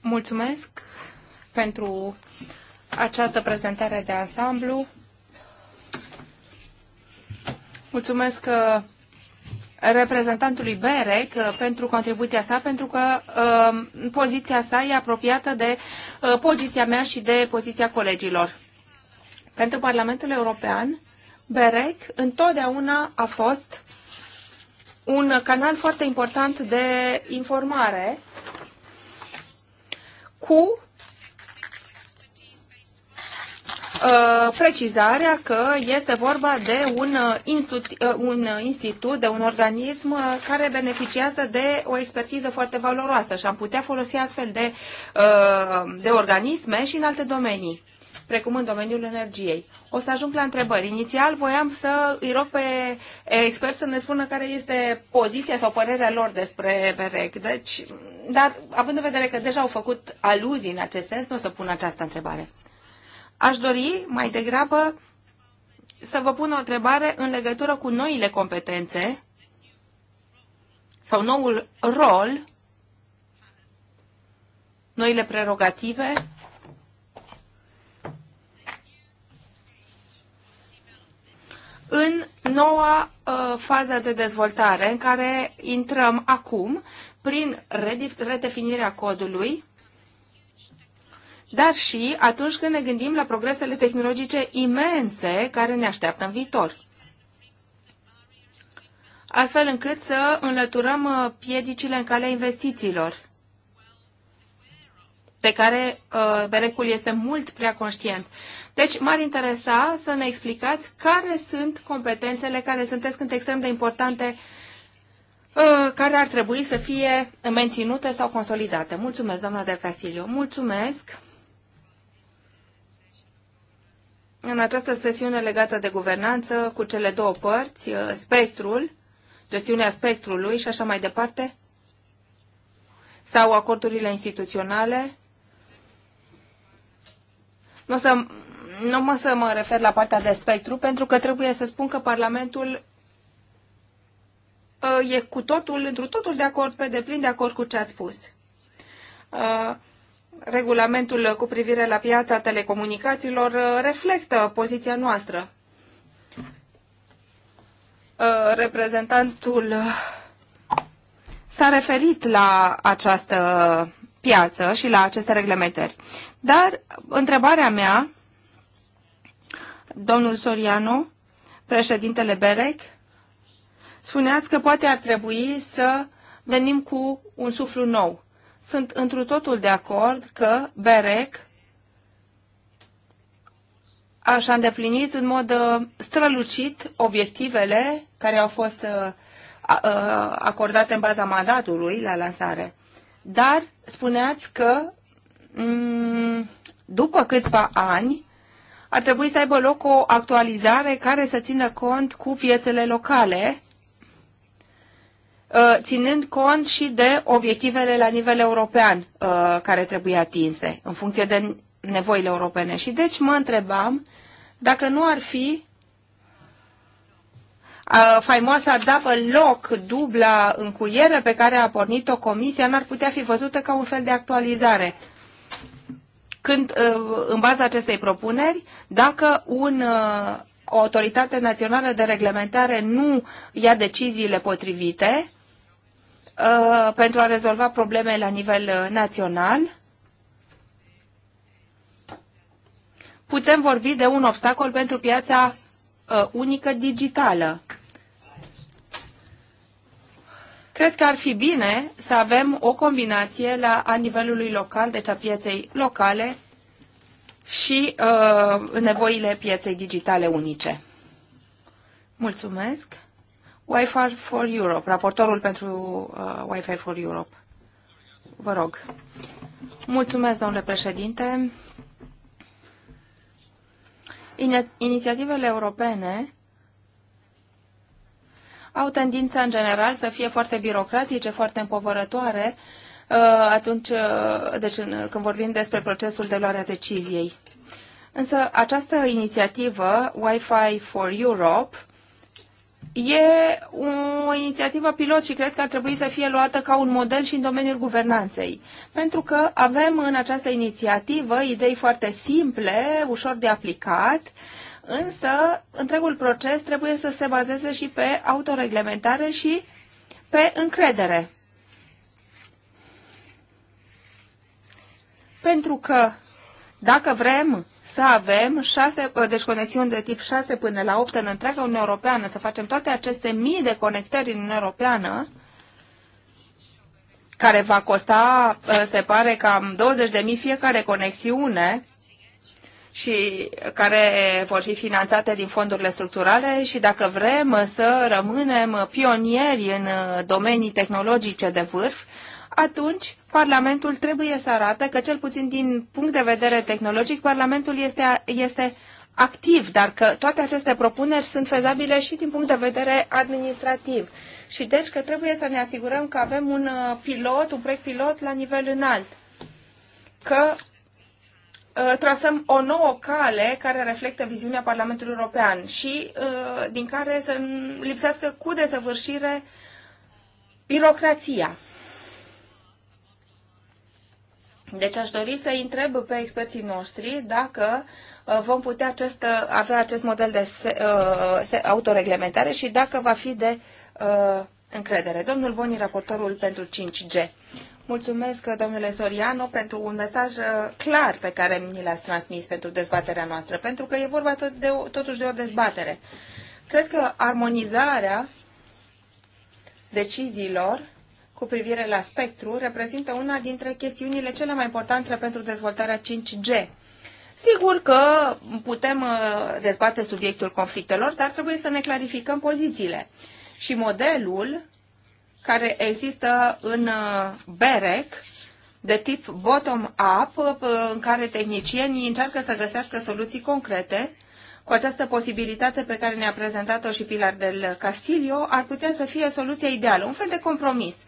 Mulțumesc pentru această prezentare de ansamblu. Mulțumesc uh, reprezentantului BEREC uh, pentru contribuția sa, pentru că uh, poziția sa e apropiată de uh, poziția mea și de poziția colegilor. Pentru Parlamentul European, BEREC întotdeauna a fost un canal foarte important de informare cu Uh, precizarea că este vorba de un, uh, institut, uh, un institut, de un organism care beneficiază de o expertiză foarte valoroasă și am putea folosi astfel de, de organisme și în alte domenii precum în domeniul energiei. O să ajung la întrebări. Inițial voiam să îi rog pe experți să ne spună care este poziția sau părerea lor despre BEREC. Deci, dar având în vedere că deja au făcut aluzii în acest sens, nu o să pun această întrebare. Aș dori mai degrabă să vă pun o întrebare în legătură cu noile competențe sau noul rol, noile prerogative în noua uh, fază de dezvoltare în care intrăm acum prin redefinirea codului dar și atunci când ne gândim la progresele tehnologice imense care ne așteaptă în viitor. Astfel încât să înlăturăm uh, piedicile în calea investițiilor, pe care uh, Berecul este mult prea conștient. Deci m-ar interesa să ne explicați care sunt competențele care sunt extrem de importante uh, care ar trebui să fie menținute sau consolidate. Mulțumesc, doamna Del Casilio. Mulțumesc. în această sesiune legată de guvernanță cu cele două părți, uh, spectrul, gestiunea spectrului și așa mai departe, sau acordurile instituționale. Nu, să, nu mă să mă refer la partea de spectru, pentru că trebuie să spun că Parlamentul uh, e cu totul, într-un totul de acord, pe deplin de acord cu ce ați spus. Uh, regulamentul cu privire la piața telecomunicațiilor uh, reflectă poziția noastră. Uh, reprezentantul uh, s-a referit la această piață și la aceste reglementări. Dar întrebarea mea, domnul Soriano, președintele Berec, spuneați că poate ar trebui să venim cu un suflu nou sunt întru totul de acord că BEREC așa a îndeplinit în mod uh, strălucit obiectivele care au fost uh, uh, acordate în baza mandatului la lansare. Dar spuneați că mm, după câțiva ani ar trebui să aibă loc o actualizare care să țină cont cu piețele locale Uh, ținând cont și de obiectivele la nivel european uh, care trebuie atinse în funcție de nevoile europene. Și deci mă întrebam dacă nu ar fi uh, faimoasa dată loc dubla încuiere pe care a pornit-o comisia, n-ar putea fi văzută ca un fel de actualizare. Când, în baza acestei propuneri, dacă un o autoritate națională de reglementare nu ia deciziile potrivite, Uh, pentru a rezolva probleme la nivel uh, național, putem vorbi de un obstacol pentru piața uh, unică digitală. Cred că ar fi bine să avem o combinație la a nivelului local, deci a pieței locale și uh, nevoile pieței digitale unice. Mulțumesc. Wi-Fi for Europe, raportorul pentru uh, Wi-Fi for Europe. Vă rog. Mulțumesc, domnule președinte. Inițiativele europene au tendința în general să fie foarte birocratice, foarte împovărătoare uh, atunci, uh, deci, când vorbim despre procesul de luare a deciziei. Însă această inițiativă Wi-Fi for Europe E o inițiativă pilot și cred că ar trebui să fie luată ca un model și în domeniul guvernanței. Pentru că avem în această inițiativă idei foarte simple, ușor de aplicat, însă întregul proces trebuie să se bazeze și pe autoreglementare și pe încredere. Pentru că dacă vrem să avem șase, deci conexiuni de tip 6 până la 8 în întreaga Uniune Europeană, să facem toate aceste mii de conectări în Uniunea Europeană, care va costa, ă, se pare, cam 20.000 fiecare conexiune și care vor fi finanțate din fondurile structurale și dacă vrem să rămânem pionieri în ă, domenii tehnologice de vârf, atunci Parlamentul trebuie să arate că, cel puțin din punct de vedere tehnologic, Parlamentul este, este activ, dar că toate aceste propuneri sunt fezabile și din punct de vedere administrativ. Și deci că trebuie să ne asigurăm că avem un uh, pilot, un proiect pilot la nivel înalt. Că uh, trasăm o nouă cale care reflectă viziunea Parlamentului European și uh, din care să lipsească cu desăvârșire birocrația. Deci aș dori să întreb pe experții noștri dacă uh, vom putea acest, uh, avea acest model de se, uh, se, autoreglementare și dacă va fi de uh, încredere. Domnul Boni, raportorul pentru 5G. Mulțumesc, domnule Soriano, pentru un mesaj clar pe care mi l-ați transmis pentru dezbaterea noastră, pentru că e vorba tot de, totuși de o dezbatere. Cred că armonizarea deciziilor cu privire la spectru reprezintă una dintre chestiunile cele mai importante pentru dezvoltarea 5G. Sigur că putem uh, dezbate subiectul conflictelor, dar trebuie să ne clarificăm pozițiile. Și modelul care există în uh, BEREC, de tip bottom-up, uh, în care tehnicienii încearcă să găsească soluții concrete, cu această posibilitate pe care ne-a prezentat-o și Pilar del Castillo, ar putea să fie soluția ideală, un fel de compromis –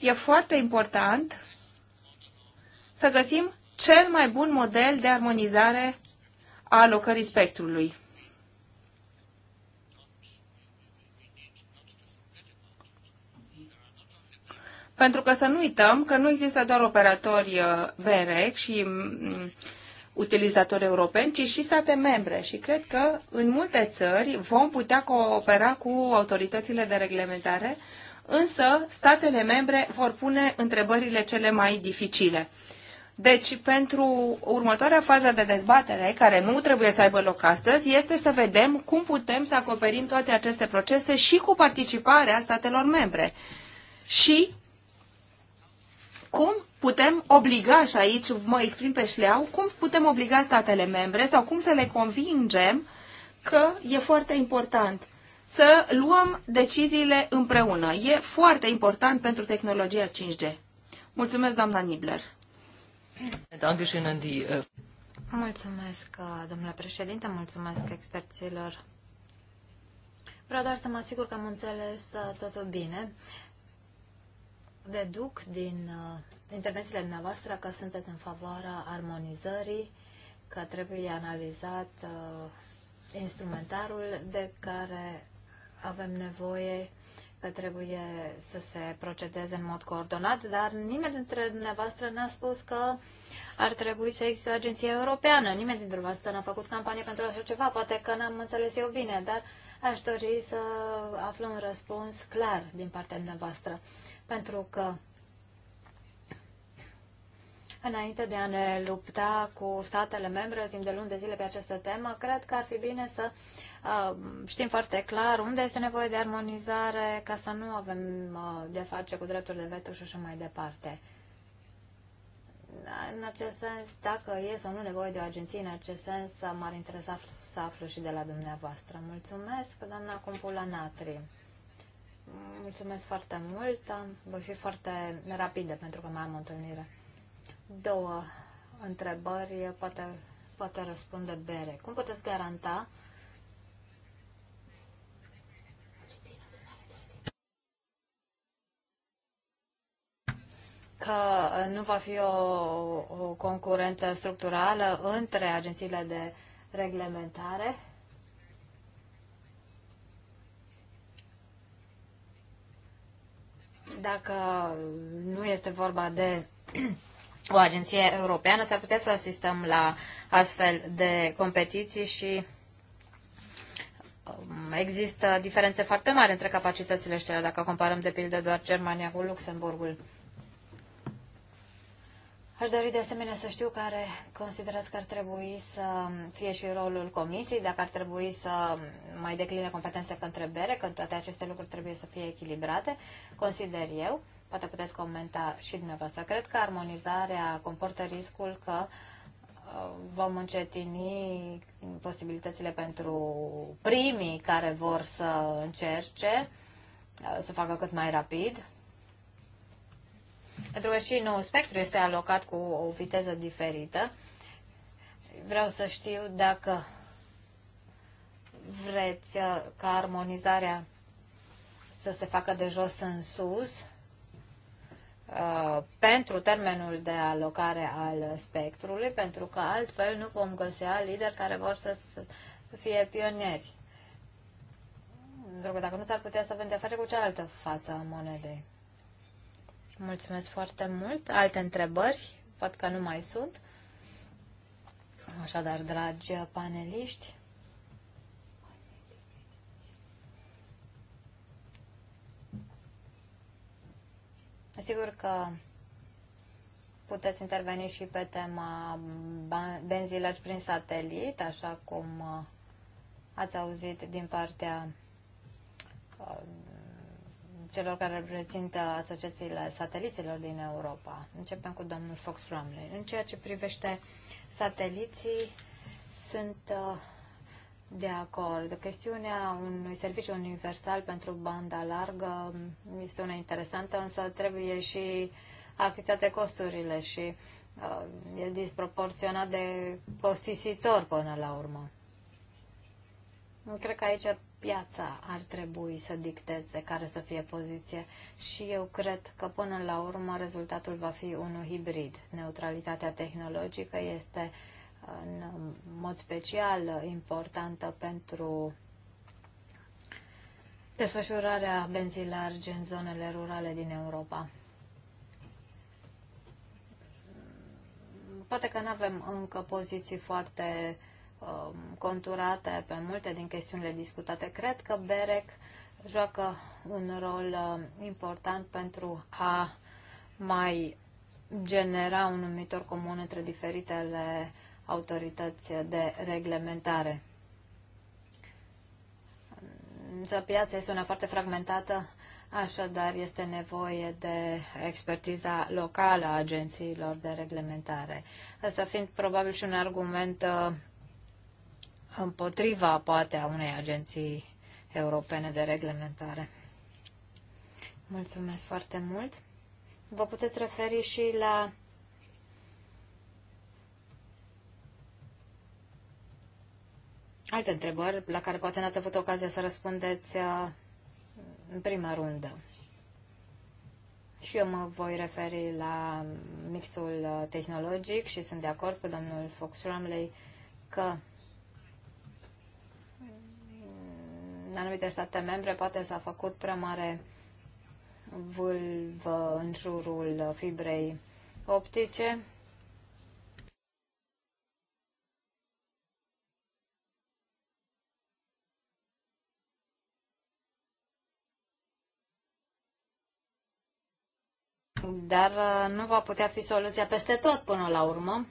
e foarte important să găsim cel mai bun model de armonizare a alocării spectrului. Pentru că să nu uităm că nu există doar operatori BREC uh, și mm, utilizatori europeni, ci și state membre. Și cred că în multe țări vom putea coopera cu autoritățile de reglementare însă statele membre vor pune întrebările cele mai dificile. Deci, pentru următoarea fază de dezbatere, care nu trebuie să aibă loc astăzi, este să vedem cum putem să acoperim toate aceste procese și cu participarea statelor membre. Și cum putem obliga, și aici mă exprim pe șleau, cum putem obliga statele membre sau cum să le convingem că e foarte important să luăm deciziile împreună. E foarte important pentru tehnologia 5G. Mulțumesc, doamna Nibler. Äh, mulțumesc, uh, domnule președinte, mulțumesc experților. Vreau doar să mă asigur că am înțeles uh, totul bine. Deduc din uh, intervențiile dumneavoastră că sunteți în favoarea armonizării, că trebuie analizat instrumentarul de care avem nevoie că trebuie să se procedeze în mod coordonat, dar nimeni dintre dumneavoastră n-a spus că ar trebui să existe o agenție europeană. Nimeni dintre dumneavoastră n-a făcut campanie pentru așa ceva, poate că n-am înțeles eu bine, dar aș dori să aflu un răspuns clar din partea dumneavoastră, pentru că Înainte de a ne lupta cu statele membre timp de luni de zile pe această temă, cred că ar fi bine să Știm foarte clar unde este nevoie de armonizare ca să nu avem uh, de face cu drepturi de veto și așa mai departe. În acest sens, dacă e sau nu nevoie de o agenție în acest sens, uh, m-ar interesa să aflu și de la dumneavoastră. Mulțumesc, doamna Compula Natri. Mulțumesc foarte mult. Voi fi foarte rapidă pentru că mai am o întâlnire. Două întrebări, poate, poate răspunde Bere. Cum puteți garanta că uh, nu va fi o, o concurență structurală între agențiile de reglementare. Dacă nu este vorba de *clears throat* o agenție europeană, s-ar putea să asistăm la astfel de competiții și um, există diferențe foarte mari între capacitățile și cele, dacă comparăm de pildă doar Germania cu Luxemburgul. Aș dori de asemenea să știu care considerați că ar trebui să fie și rolul comisiei, dacă ar trebui să mai decline competențe pe întrebere, când toate aceste lucruri trebuie să fie echilibrate, consider eu. Poate puteți comenta și dumneavoastră. Cred că armonizarea comportă riscul că uh, vom încetini posibilitățile pentru primii care vor să încerce uh, să facă cât mai rapid, pentru că și nou spectru este alocat cu o viteză diferită. Vreau să știu dacă vreți uh, ca armonizarea să se facă de jos în sus uh, pentru termenul de alocare al spectrului, pentru că altfel nu vom găsea lideri care vor să, să fie pionieri. Pentru că dacă nu s-ar putea să avem de face cu cealaltă față a monedei. Mulțumesc foarte mult. Alte întrebări? Văd că nu mai sunt. Așadar, dragi paneliști, Sigur că puteți interveni și pe tema benzilăci prin satelit, așa cum uh, ați auzit din partea uh, celor care reprezintă asociațiile sateliților din Europa. Începem cu domnul Fox Romley. În ceea ce privește sateliții, sunt uh, de acord. Chestiunea unui serviciu universal pentru banda largă este una interesantă, însă trebuie și achitate costurile și uh, e disproporționat de costisitor până la urmă. Cred că aici piața ar trebui să dicteze care să fie poziție și eu cred că până la urmă rezultatul va fi unul hibrid. Neutralitatea tehnologică este în mod special importantă pentru desfășurarea benzii largi în zonele rurale din Europa. Poate că nu avem încă poziții foarte uh, Um, conturate pe multe din chestiunile discutate. Cred că BEREC joacă un rol um, important pentru a mai genera un numitor comun între diferitele autorități de reglementare. Însă piața este una foarte fragmentată, așadar este nevoie de expertiza locală a agențiilor de reglementare. Asta fiind probabil și un argument uh, împotriva, poate, a unei agenții europene de reglementare. Mulțumesc foarte mult. Vă puteți referi și la alte întrebări la care poate n-ați avut ocazia să răspundeți uh, în prima rundă. Și eu mă voi referi la mixul tehnologic și sunt de acord cu domnul Fox Ramley că în anumite state membre poate s-a făcut prea mare vâlvă în jurul fibrei optice. Dar uh, nu va putea fi soluția peste tot până la urmă.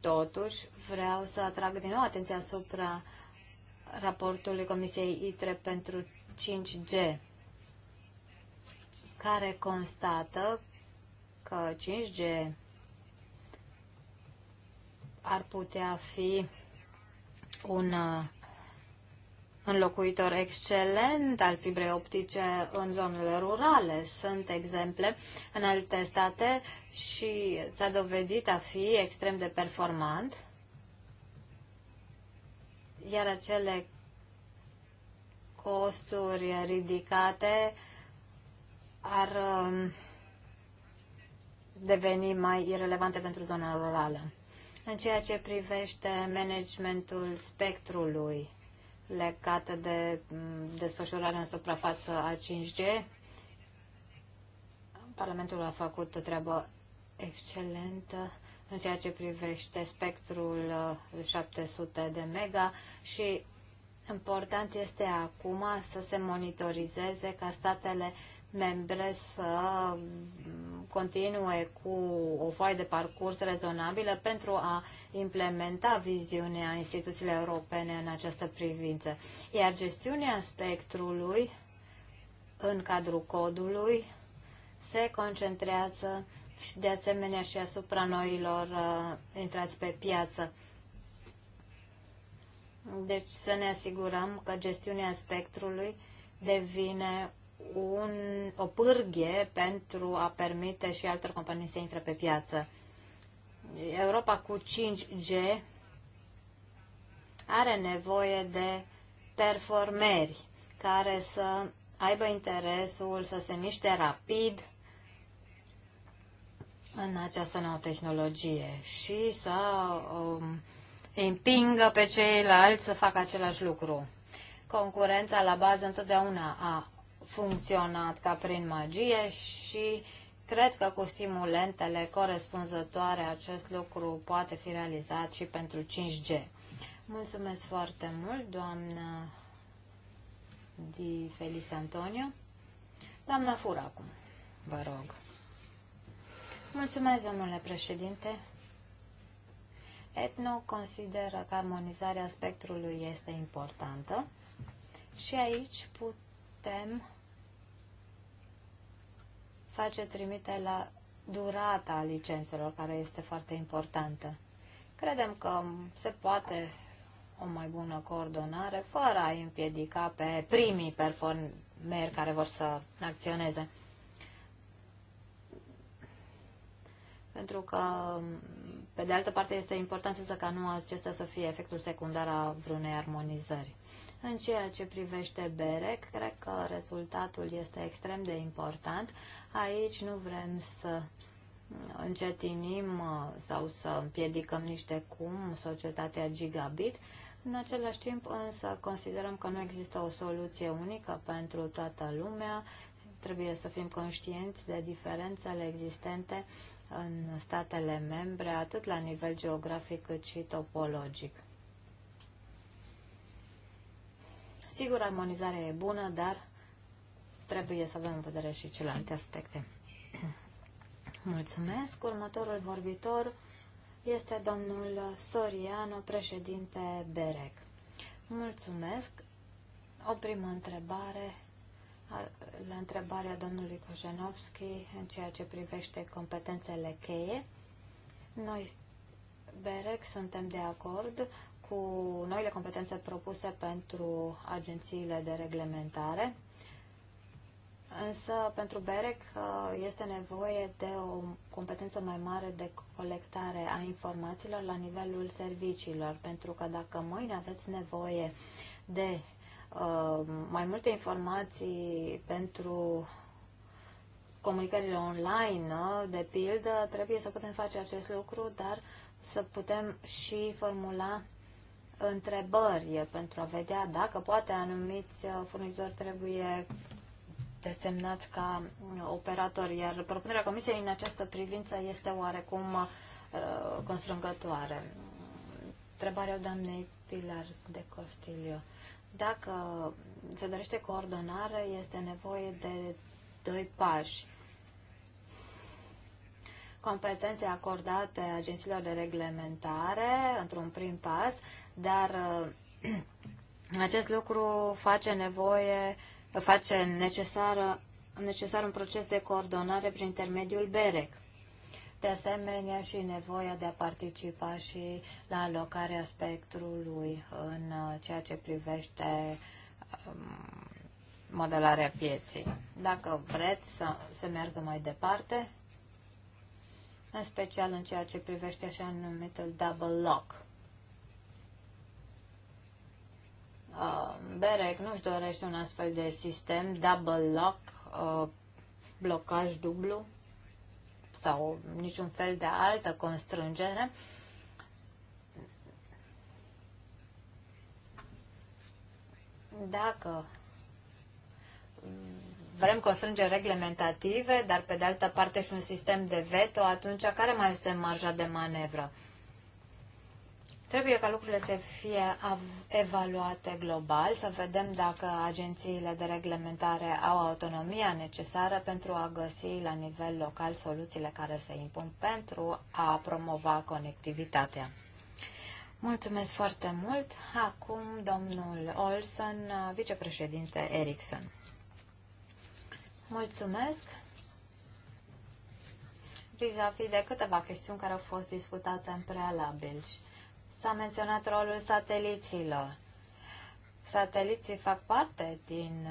Totuși, vreau să atrag din nou atenția asupra raportului Comisiei ITRE pentru 5G, care constată că 5G ar putea fi un uh, înlocuitor excelent al fibrei optice în zonele rurale. Sunt exemple în alte state și s-a dovedit a fi extrem de performant. Iar acele costuri ridicate ar um, deveni mai irelevante pentru zona rurală. În ceea ce privește managementul spectrului, legate de mm, desfășurarea în suprafață a 5G. Parlamentul a făcut o treabă excelentă în ceea ce privește spectrul 700 uh, de mega și important este acum să se monitorizeze ca statele membre să continue cu o foaie de parcurs rezonabilă pentru a implementa viziunea instituțiilor europene în această privință. Iar gestiunea spectrului în cadrul codului se concentrează și de asemenea și asupra noilor uh, intrați pe piață. Deci să ne asigurăm că gestiunea spectrului devine un, o pârghie pentru a permite și altor companii să intre pe piață. Europa cu 5G are nevoie de performeri care să aibă interesul să se miște rapid în această nouă tehnologie și să um, împingă pe ceilalți să facă același lucru. Concurența la bază întotdeauna a funcționat ca prin magie și cred că cu stimulentele corespunzătoare acest lucru poate fi realizat și pentru 5G. Mulțumesc foarte mult, doamna Di Felice Antonio. Doamna Fura acum, vă rog. Mulțumesc, domnule președinte. Etno consideră că armonizarea spectrului este importantă și aici putem face trimite la durata licențelor, care este foarte importantă. Credem că se poate o mai bună coordonare fără a împiedica pe primii performeri care vor să acționeze. Pentru că, pe de altă parte, este important să ca nu acesta să fie efectul secundar a vreunei armonizări. În ceea ce privește BEREC, cred că rezultatul este extrem de important. Aici nu vrem să încetinim uh, sau să împiedicăm nici de cum societatea gigabit. În același timp însă considerăm că nu există o soluție unică pentru toată lumea. Trebuie să fim conștienți de diferențele existente în statele membre, atât la nivel geografic cât și topologic. Sigur, armonizarea e bună, dar trebuie să avem în vedere și celelalte aspecte. *clears throat* Mulțumesc. Următorul vorbitor este domnul Soriano, președinte BEREC. Mulțumesc. O primă întrebare la întrebarea domnului Kojanovski în ceea ce privește competențele cheie. Noi, BEREC, suntem de acord cu noile competențe propuse pentru agențiile de reglementare. Însă, pentru BEREC uh, este nevoie de o competență mai mare de colectare a informațiilor la nivelul serviciilor, pentru că dacă mâine aveți nevoie de uh, mai multe informații pentru comunicările online, uh, de pildă, trebuie să putem face acest lucru, dar să putem și formula întrebări pentru a vedea dacă poate anumiți uh, furnizori trebuie desemnați ca uh, operatori, iar propunerea Comisiei în această privință este oarecum uh, constrângătoare. Întrebarea doamnei Pilar de Costilio. Dacă se dorește coordonare, este nevoie de doi pași. Competențe acordate agențiilor de reglementare într-un prim pas dar uh, *clears throat* acest lucru face nevoie, face necesar, necesar un proces de coordonare prin intermediul BEREC. De asemenea și nevoia de a participa și la alocarea spectrului în uh, ceea ce privește um, modelarea pieții. Dacă vreți să se meargă mai departe, în special în ceea ce privește așa numitul double lock. Uh, BEREC nu-și dorește un astfel de sistem double lock, uh, blocaj dublu sau niciun fel de altă constrângere. Dacă vrem constrângeri reglementative, dar pe de altă parte și un sistem de veto, atunci care mai este marja de manevră? Trebuie ca lucrurile să fie evaluate global, să vedem dacă agențiile de reglementare au autonomia necesară pentru a găsi la nivel local soluțiile care se impun pentru a promova conectivitatea. Mulțumesc foarte mult. Acum domnul Olson, vicepreședinte Ericsson. Mulțumesc vis-a-vis -vis de câteva chestiuni care au fost discutate în prealabil. S-a menționat rolul sateliților. Sateliții fac parte din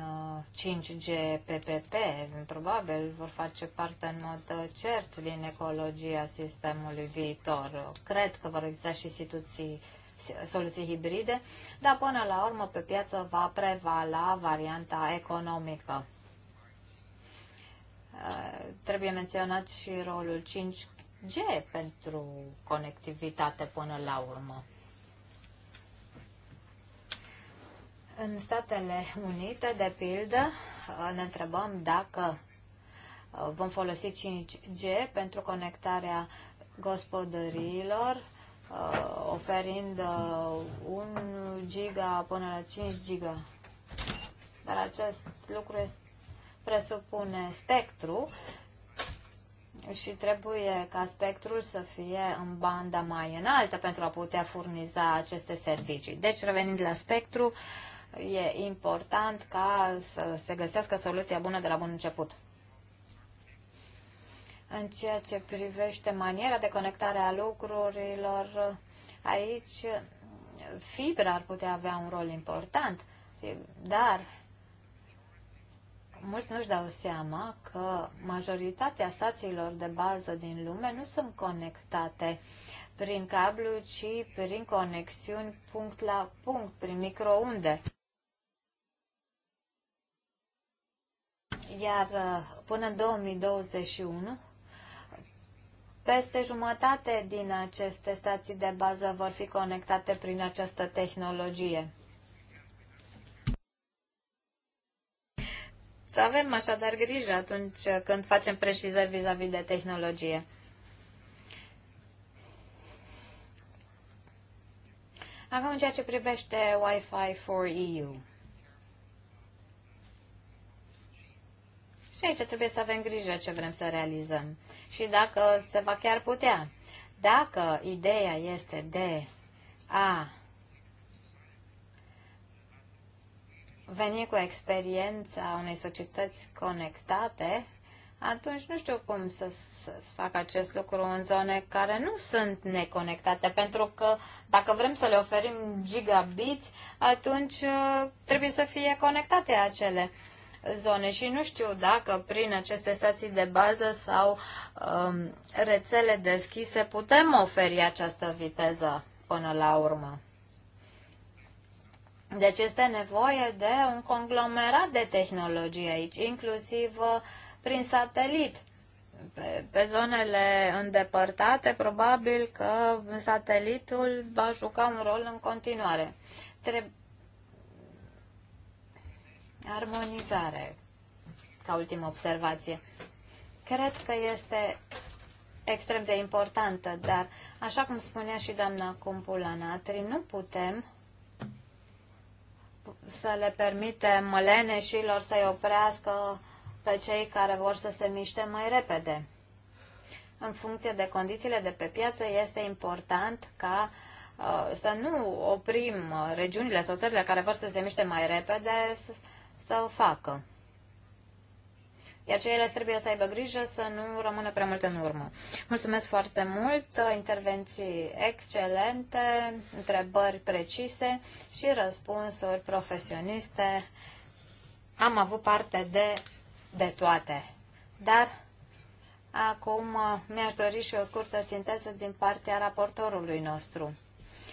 5G uh, PPP, probabil vor face parte în mod uh, cert din ecologia sistemului viitor. Cred că vor exista și situații soluții hibride, dar până la urmă pe piață va prevala varianta economică. Uh, trebuie menționat și rolul 5G 5G pentru conectivitate până la urmă. În Statele Unite, de pildă, ne întrebăm dacă uh, vom folosi 5G pentru conectarea gospodăriilor, uh, oferind 1 uh, giga până la 5 giga. Dar acest lucru presupune spectru și trebuie ca spectrul să fie în banda mai înaltă pentru a putea furniza aceste servicii. Deci, revenind la spectru, e important ca să se găsească soluția bună de la bun început. În ceea ce privește maniera de conectare a lucrurilor, aici fibra ar putea avea un rol important, dar mulți nu-și dau seama că majoritatea stațiilor de bază din lume nu sunt conectate prin cablu, ci prin conexiuni punct la punct, prin microunde. Iar uh, până în 2021, peste jumătate din aceste stații de bază vor fi conectate prin această tehnologie. Să avem așadar grijă atunci când facem precizări vis-a-vis -vis de tehnologie. Acum în ceea ce privește Wi-Fi for EU. Și aici trebuie să avem grijă ce vrem să realizăm și dacă se va chiar putea. Dacă ideea este de a veni cu experiența unei societăți conectate, atunci nu știu cum să, să, să fac acest lucru în zone care nu sunt neconectate, pentru că dacă vrem să le oferim gigabiți, atunci uh, trebuie să fie conectate acele zone și nu știu dacă prin aceste stații de bază sau um, rețele deschise putem oferi această viteză până la urmă. Deci este nevoie de un conglomerat de tehnologie aici, inclusiv uh, prin satelit. Pe, pe zonele îndepărtate, probabil că satelitul va juca un rol în continuare. Tre- armonizare, ca ultimă observație. Cred că este extrem de importantă, dar, așa cum spunea și doamna Cumpula nu putem să le și lor să-i oprească pe cei care vor să se miște mai repede. În funcție de condițiile de pe piață, este important ca uh, să nu oprim regiunile sau țările care vor să se miște mai repede să, să o facă iar ceilalți trebuie să aibă grijă să nu rămână prea mult în urmă. Mulțumesc foarte mult, intervenții excelente, întrebări precise și răspunsuri profesioniste. Am avut parte de, de toate, dar acum mi-aș dori și o scurtă sinteză din partea raportorului nostru,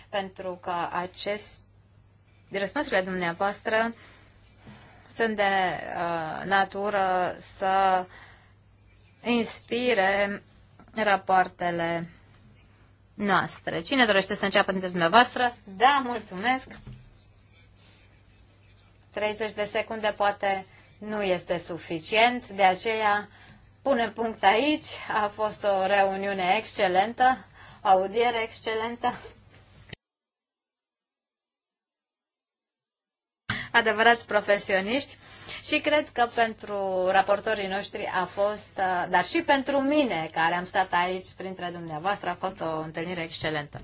pentru că acest Răspunsurile dumneavoastră sunt de uh, natură să inspire rapoartele noastre. Cine dorește să înceapă dintre dumneavoastră? Da, mulțumesc! 30 de secunde poate nu este suficient, de aceea punem punct aici. A fost o reuniune excelentă, audiere excelentă. adevărați profesioniști și cred că pentru raportorii noștri a fost, uh, dar și pentru mine, care am stat aici printre dumneavoastră, a fost o întâlnire excelentă.